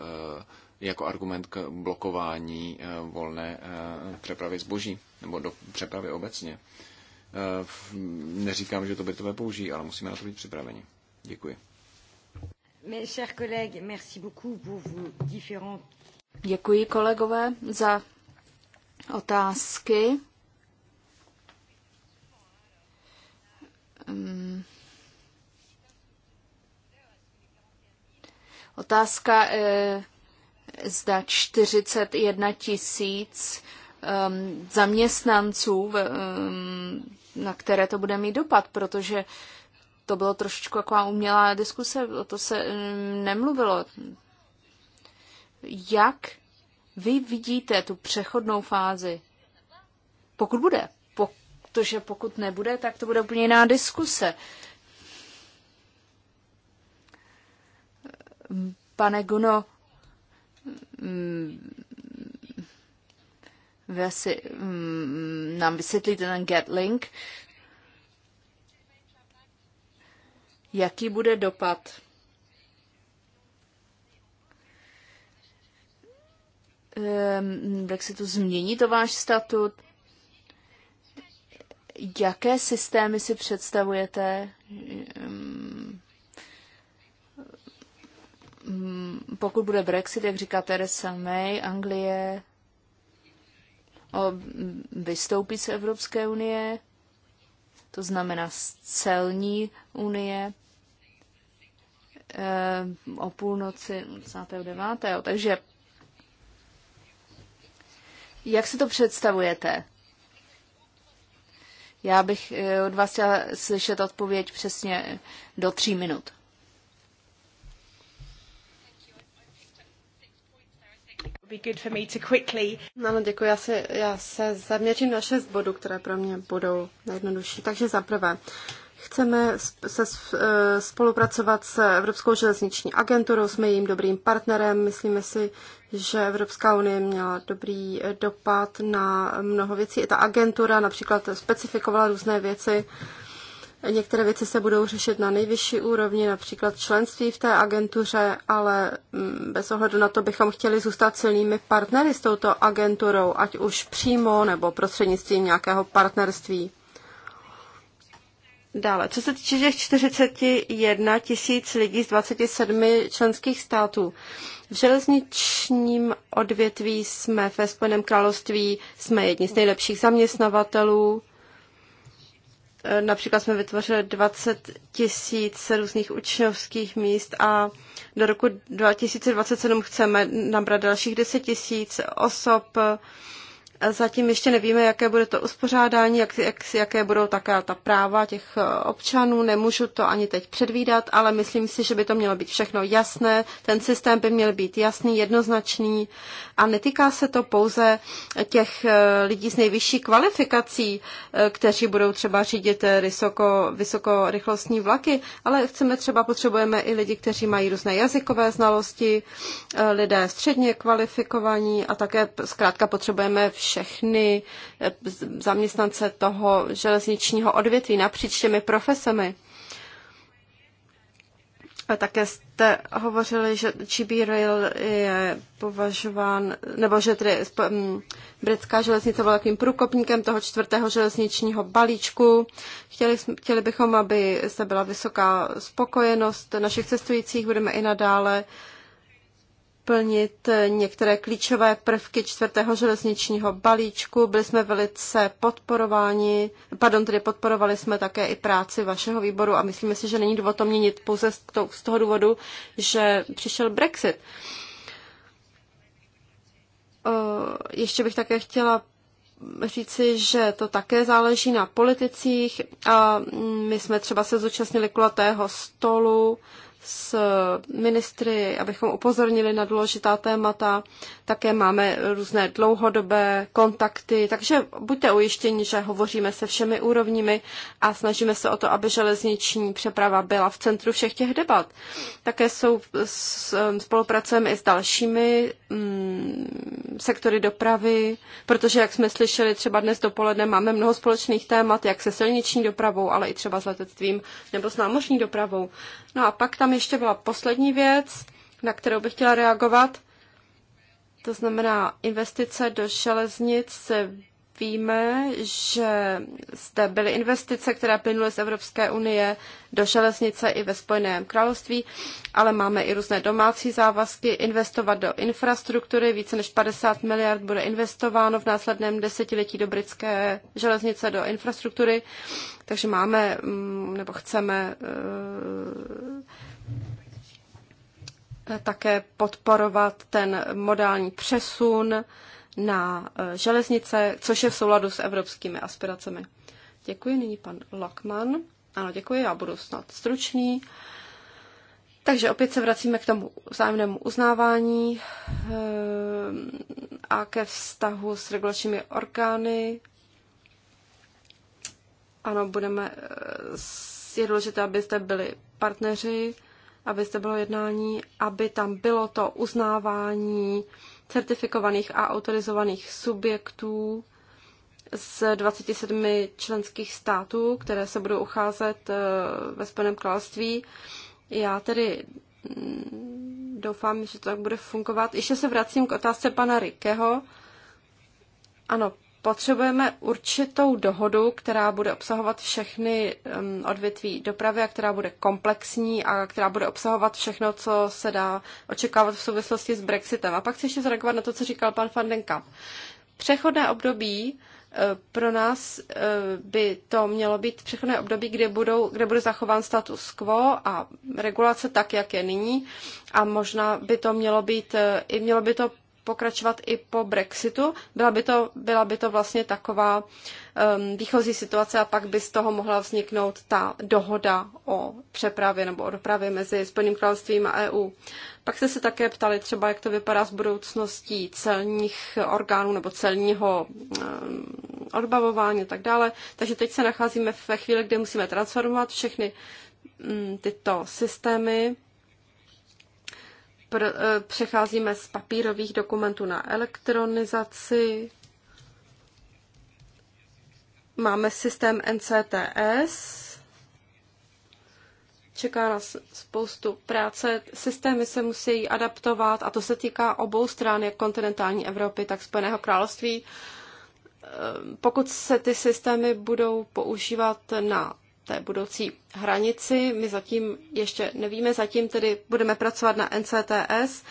jako argument k blokování eh, volné eh, přepravy zboží nebo do přepravy obecně. Eh, neříkám, že to Britové použijí, ale musíme na to být připraveni. Děkuji. Děkuji kolegové za otázky. Hmm. Otázka zda 41 tisíc um, zaměstnanců, um, na které to bude mít dopad, protože to bylo trošičku jako umělá diskuse, o to se um, nemluvilo. Jak vy vidíte tu přechodnou fázi? Pokud bude, protože pokud nebude, tak to bude úplně jiná diskuse. Pane Guno, Mm, mm, vy asi mm, nám vysvětlíte ten get link. Jaký bude dopad? se ehm, Brexitu změní to váš statut? Jaké systémy si představujete, um, Mm, pokud bude Brexit, jak říká Theresa May, Anglie o, vystoupí z Evropské unie, to znamená z celní unie, eh, o půlnoci 29. Takže jak si to představujete? Já bych eh, od vás chtěla slyšet odpověď přesně do tří minut. Ano, no, děkuji. Já se, já se zaměřím na šest bodů, které pro mě budou nejjednodušší. Takže za prvé, chceme se eh, spolupracovat s Evropskou železniční agenturou, jsme jejím dobrým partnerem, myslíme si, že Evropská unie měla dobrý eh, dopad na mnoho věcí. I ta agentura například specifikovala různé věci, Některé věci se budou řešit na nejvyšší úrovni, například členství v té agentuře, ale mm, bez ohledu na to bychom chtěli zůstat silnými partnery s touto agenturou, ať už přímo nebo prostřednictvím nějakého partnerství. Dále, co se týče těch 41 tisíc lidí z 27 členských států, v železničním odvětví jsme ve Spojeném království, jsme jedni z nejlepších zaměstnavatelů, Eh, například jsme vytvořili 20 tisíc různých učňovských míst a do roku 2027 chceme nabrat dalších 10 tisíc osob Zatím ještě nevíme, jaké bude to uspořádání, jak, jak, jaké budou taká ta práva těch eh, občanů. Nemůžu to ani teď předvídat, ale myslím si, že by to mělo být všechno jasné. Ten systém by měl být jasný, jednoznačný a netýká se to pouze těch eh, lidí s nejvyšší kvalifikací, eh, kteří budou třeba řídit vysoko, vysokorychlostní vlaky, ale chceme třeba, potřebujeme i lidi, kteří mají různé jazykové znalosti, lidé středně kvalifikovaní a také zkrátka potřebujeme všichni všechny eh, zaměstnance toho železničního odvětví napříč těmi profesemi. A také jste hovořili, že GB Rail je považován, nebo že tedy mm, britská železnice byla takovým průkopníkem toho čtvrtého železničního balíčku. Chtěli, chtěli bychom, aby se byla vysoká spokojenost našich cestujících, budeme i nadále uh, plnit některé klíčové prvky čtvrtého železničního balíčku. Byli jsme velice podporováni, pardon, tedy podporovali jsme také i práci vašeho výboru a myslíme si, že není důvod to měnit pouze z toho důvodu, že přišel Brexit. Ještě bych také chtěla říci, že to také záleží na politicích a my jsme třeba se zúčastnili kulatého stolu s ministry, abychom upozornili na důležitá témata. Také máme různé dlouhodobé kontakty, takže buďte ujištěni, že hovoříme se všemi úrovními a snažíme se o to, aby železniční přeprava byla v centru všech těch debat. Také jsou, um, spolupracujeme i s dalšími Mm, sektory dopravy, protože, jak jsme slyšeli třeba dnes dopoledne, máme mnoho společných témat, jak se silniční dopravou, ale i třeba s letectvím nebo s námořní dopravou. No a pak tam ještě byla poslední věc, na kterou bych chtěla reagovat. To znamená investice do železnic se Víme, že zde byly investice, které plynuly z Evropské unie do železnice i ve Spojeném království, ale máme i různé domácí závazky investovat do infrastruktury. Více než 50 miliard bude investováno v následném desetiletí do britské železnice, do infrastruktury. Takže máme, mm, nebo chceme eh, také podporovat ten modální přesun, na eh, železnice, což je v souladu s evropskými aspiracemi. Děkuji, nyní pan Lokman. Ano, děkuji, já budu snad stručný. Takže opět se vracíme k tomu vzájemnému uznávání eh, a ke vztahu s regulačními orgány. Ano, budeme, eh, je důležité, abyste byli partneři, abyste bylo jednání, aby tam bylo to uznávání certifikovaných a autorizovaných subjektů z 27 členských států, které se budou ucházet eh, ve Spojeném království. Já tedy mm, doufám, že to tak bude fungovat. Ještě se vracím k otázce pana Rikeho. Ano, potřebujeme určitou dohodu, která bude obsahovat všechny odvětví dopravy a která bude komplexní a která bude obsahovat všechno, co se dá očekávat v souvislosti s Brexitem. A pak chci ještě zareagovat na to, co říkal pan Van den Kamp. Přechodné období eh, pro nás eh, by to mělo být přechodné období, kde, budou, kde bude zachován status quo a regulace tak, jak je nyní. A možná by to mělo být, eh, i mělo by to pokračovat i po Brexitu. Byla by to, byla by to vlastně taková um, výchozí situace a pak by z toho mohla vzniknout ta dohoda o přepravě nebo o dopravě mezi Spojeným královstvím a EU. Pak jste se také ptali třeba, jak to vypadá s budoucností celních orgánů nebo celního um, odbavování a tak dále. Takže teď se nacházíme ve chvíli, kdy musíme transformovat všechny um, tyto systémy pr- eh, přecházíme z papírových dokumentů na elektronizaci. Máme systém NCTS. Čeká nás spoustu práce. Systémy se musí adaptovat a to se týká obou stran, jak kontinentální Evropy, tak Spojeného království. Eh, pokud se ty systémy budou používat na té budoucí hranici. My zatím ještě nevíme, zatím tedy budeme pracovat na NCTS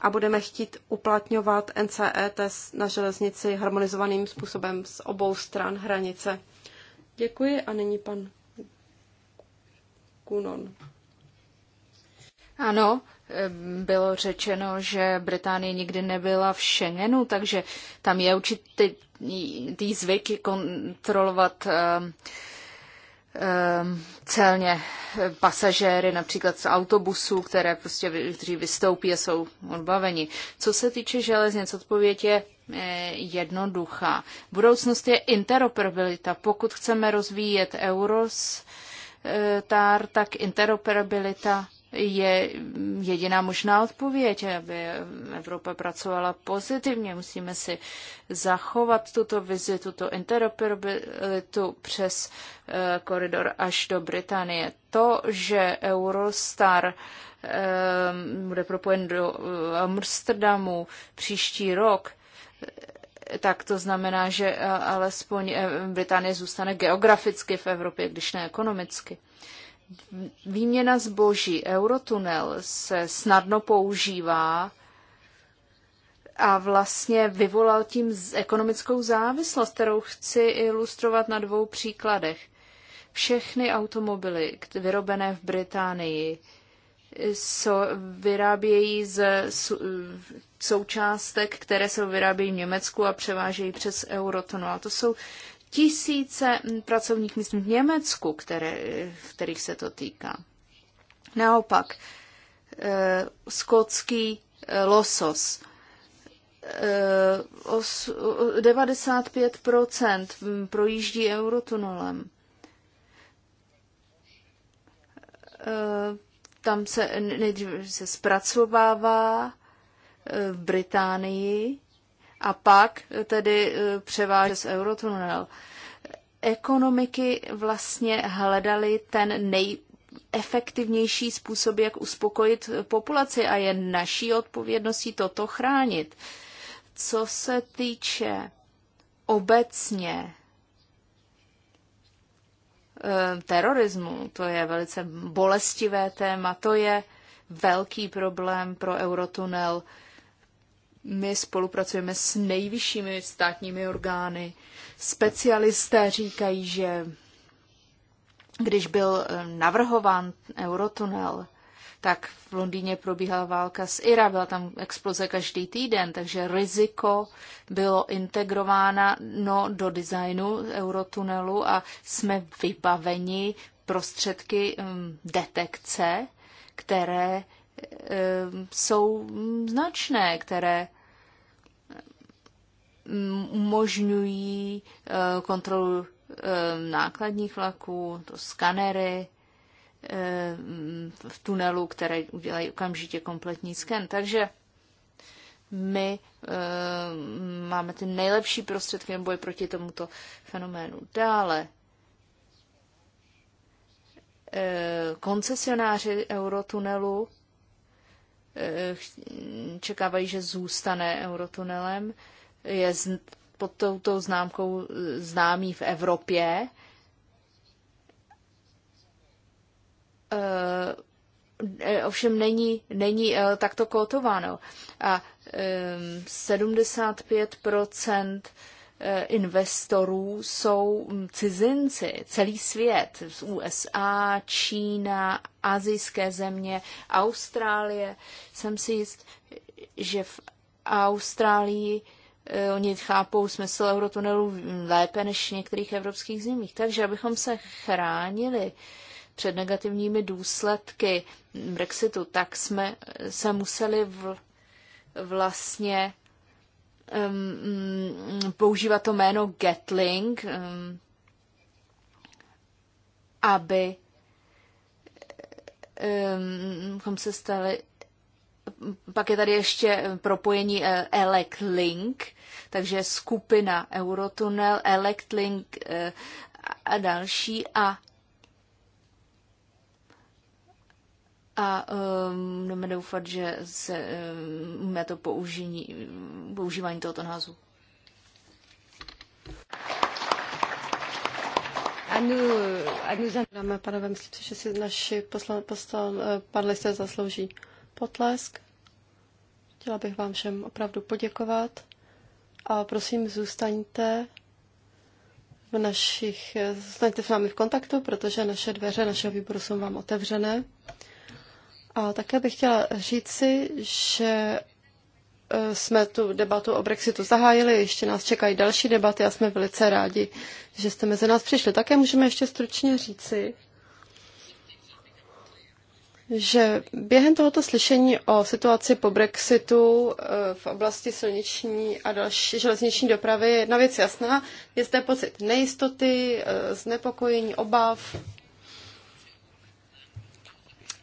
a budeme chtít uplatňovat NCETS na železnici harmonizovaným způsobem z obou stran hranice. Děkuji a nyní pan Kunon. Ano, eh, bylo řečeno, že Británie nikdy nebyla v Schengenu, takže tam je určitý zvyk kontrolovat eh, Ehm, celně eh, pasažéry, například z autobusů, které prostě, kteří vystoupí a jsou odbaveni. Co se týče železnic, odpověď je eh, jednoduchá. Budoucnost je interoperabilita. Pokud chceme rozvíjet eurostar, tak interoperabilita je jediná možná odpověď, aby Evropa pracovala pozitivně. Musíme si zachovat tuto vizi, tuto interoperabilitu přes eh, koridor až do Británie. To, že Eurostar eh, bude propojen do eh, Amsterdamu příští rok, tak to znamená, že alespoň Británie zůstane geograficky v Evropě, když ne ekonomicky. Uh, Výměna zboží, eurotunel se snadno používá a vlastně vyvolal tím ekonomickou závislost, kterou chci ilustrovat na dvou příkladech. Všechny automobily vyrobené v Británii jsou vyrábějí z součástek, které se vyrábějí v Německu a převážejí přes Eurotonu. A to jsou tisíce pracovních míst v Německu, které, kterých se to týká. Naopak, eh, skotský eh, losos. Eh, os, 95% e, projíždí eurotunelem. E, tam se nejdřív se zpracovává e, v Británii a pak tedy eh, převážet z Eurotunnel. Ekonomiky vlastně hledaly ten nej, efektivnější způsob, jak uspokojit populaci a je naší odpovědností toto chránit. Co se týče obecně eh, terorismu, to je velice bolestivé téma, to je velký problém pro Eurotunel. My spolupracujeme s nejvyššími státními orgány. Specialisté říkají, že když byl eh, navrhován eurotunel, tak v Londýně probíhala válka s Ira, byla tam exploze každý týden, takže riziko bylo integrováno no, do designu eurotunelu a jsme vybaveni prostředky um, detekce, které Ehm, jsou značné, které mm, umožňují eh, kontrolu ehm, nákladních vlaků, to skanery ehm, v tunelu, které udělají okamžitě kompletní sken. Takže my máme ty nejlepší prostředky boj proti tomuto fenoménu. Dále koncesionáři eurotunelu Eh, čekávají, že zůstane eurotunelem. Je pod touto známkou eh, známý v Evropě. Eh, ovšem není, není takto kotováno. A 75 Eh, investorů jsou cizinci, celý svět, z USA, Čína, azijské země, Austrálie. Jsem si jist, že v Austrálii eh, oni chápou smysl eurotunelu lépe než v některých evropských zemích. Takže abychom se chránili před negativními důsledky Brexitu, tak jsme se museli v, vlastně um, používat to jméno Gatling, um, aby um, se stali. Pak je tady ještě propojení eh, Electlink, takže skupina Eurotunnel, Electlink eh, a další a a um, budeme doufat, že se um, to použení, používání tohoto názvu. A nu, a nu zadáme, pane, myslím si, že si naši poslan, poslan, eh, panelisté zaslouží potlesk. Chtěla bych vám všem opravdu poděkovat a prosím, zůstaňte v našich, eh, zůstaňte s námi v kontaktu, protože naše dveře našeho výboru jsou vám otevřené. A také bych chtěla říci, že e, jsme tu debatu o Brexitu zahájili, ještě nás čekají další debaty a jsme velice rádi, že jste mezi nás přišli. Také můžeme ještě stručně říci, že během tohoto slyšení o situaci po Brexitu e, v oblasti silniční a další železniční dopravy je jedna věc jasná. Je zde pocit nejistoty, e, znepokojení, obav,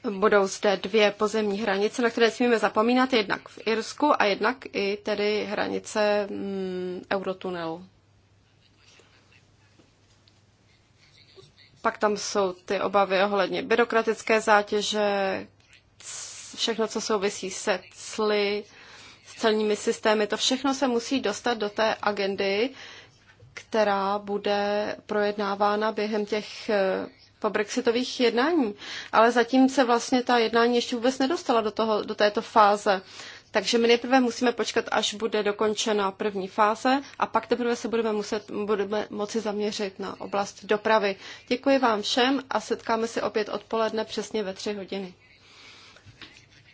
Budou zde dvě pozemní hranice, na které smíme zapomínat, jednak v Irsku a jednak i tedy hranice mm, Eurotunelu. Pak tam jsou ty obavy ohledně byrokratické zátěže, všechno, co souvisí se cly, s celními systémy, to všechno se musí dostat do té agendy, která bude projednávána během těch eh, po brexitových jednání, ale zatím se vlastně ta jednání ještě vůbec nedostala do, toho, do této fáze. Takže my nejprve musíme počkat, až bude dokončena první fáze a pak teprve se budeme, muset, budeme moci zaměřit na oblast dopravy. Děkuji vám všem a setkáme se opět odpoledne přesně ve tři hodiny.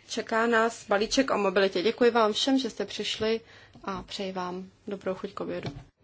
Čeká nás balíček o mobilitě. Děkuji vám všem, že jste přišli a přeji vám dobrou chuť k obědu.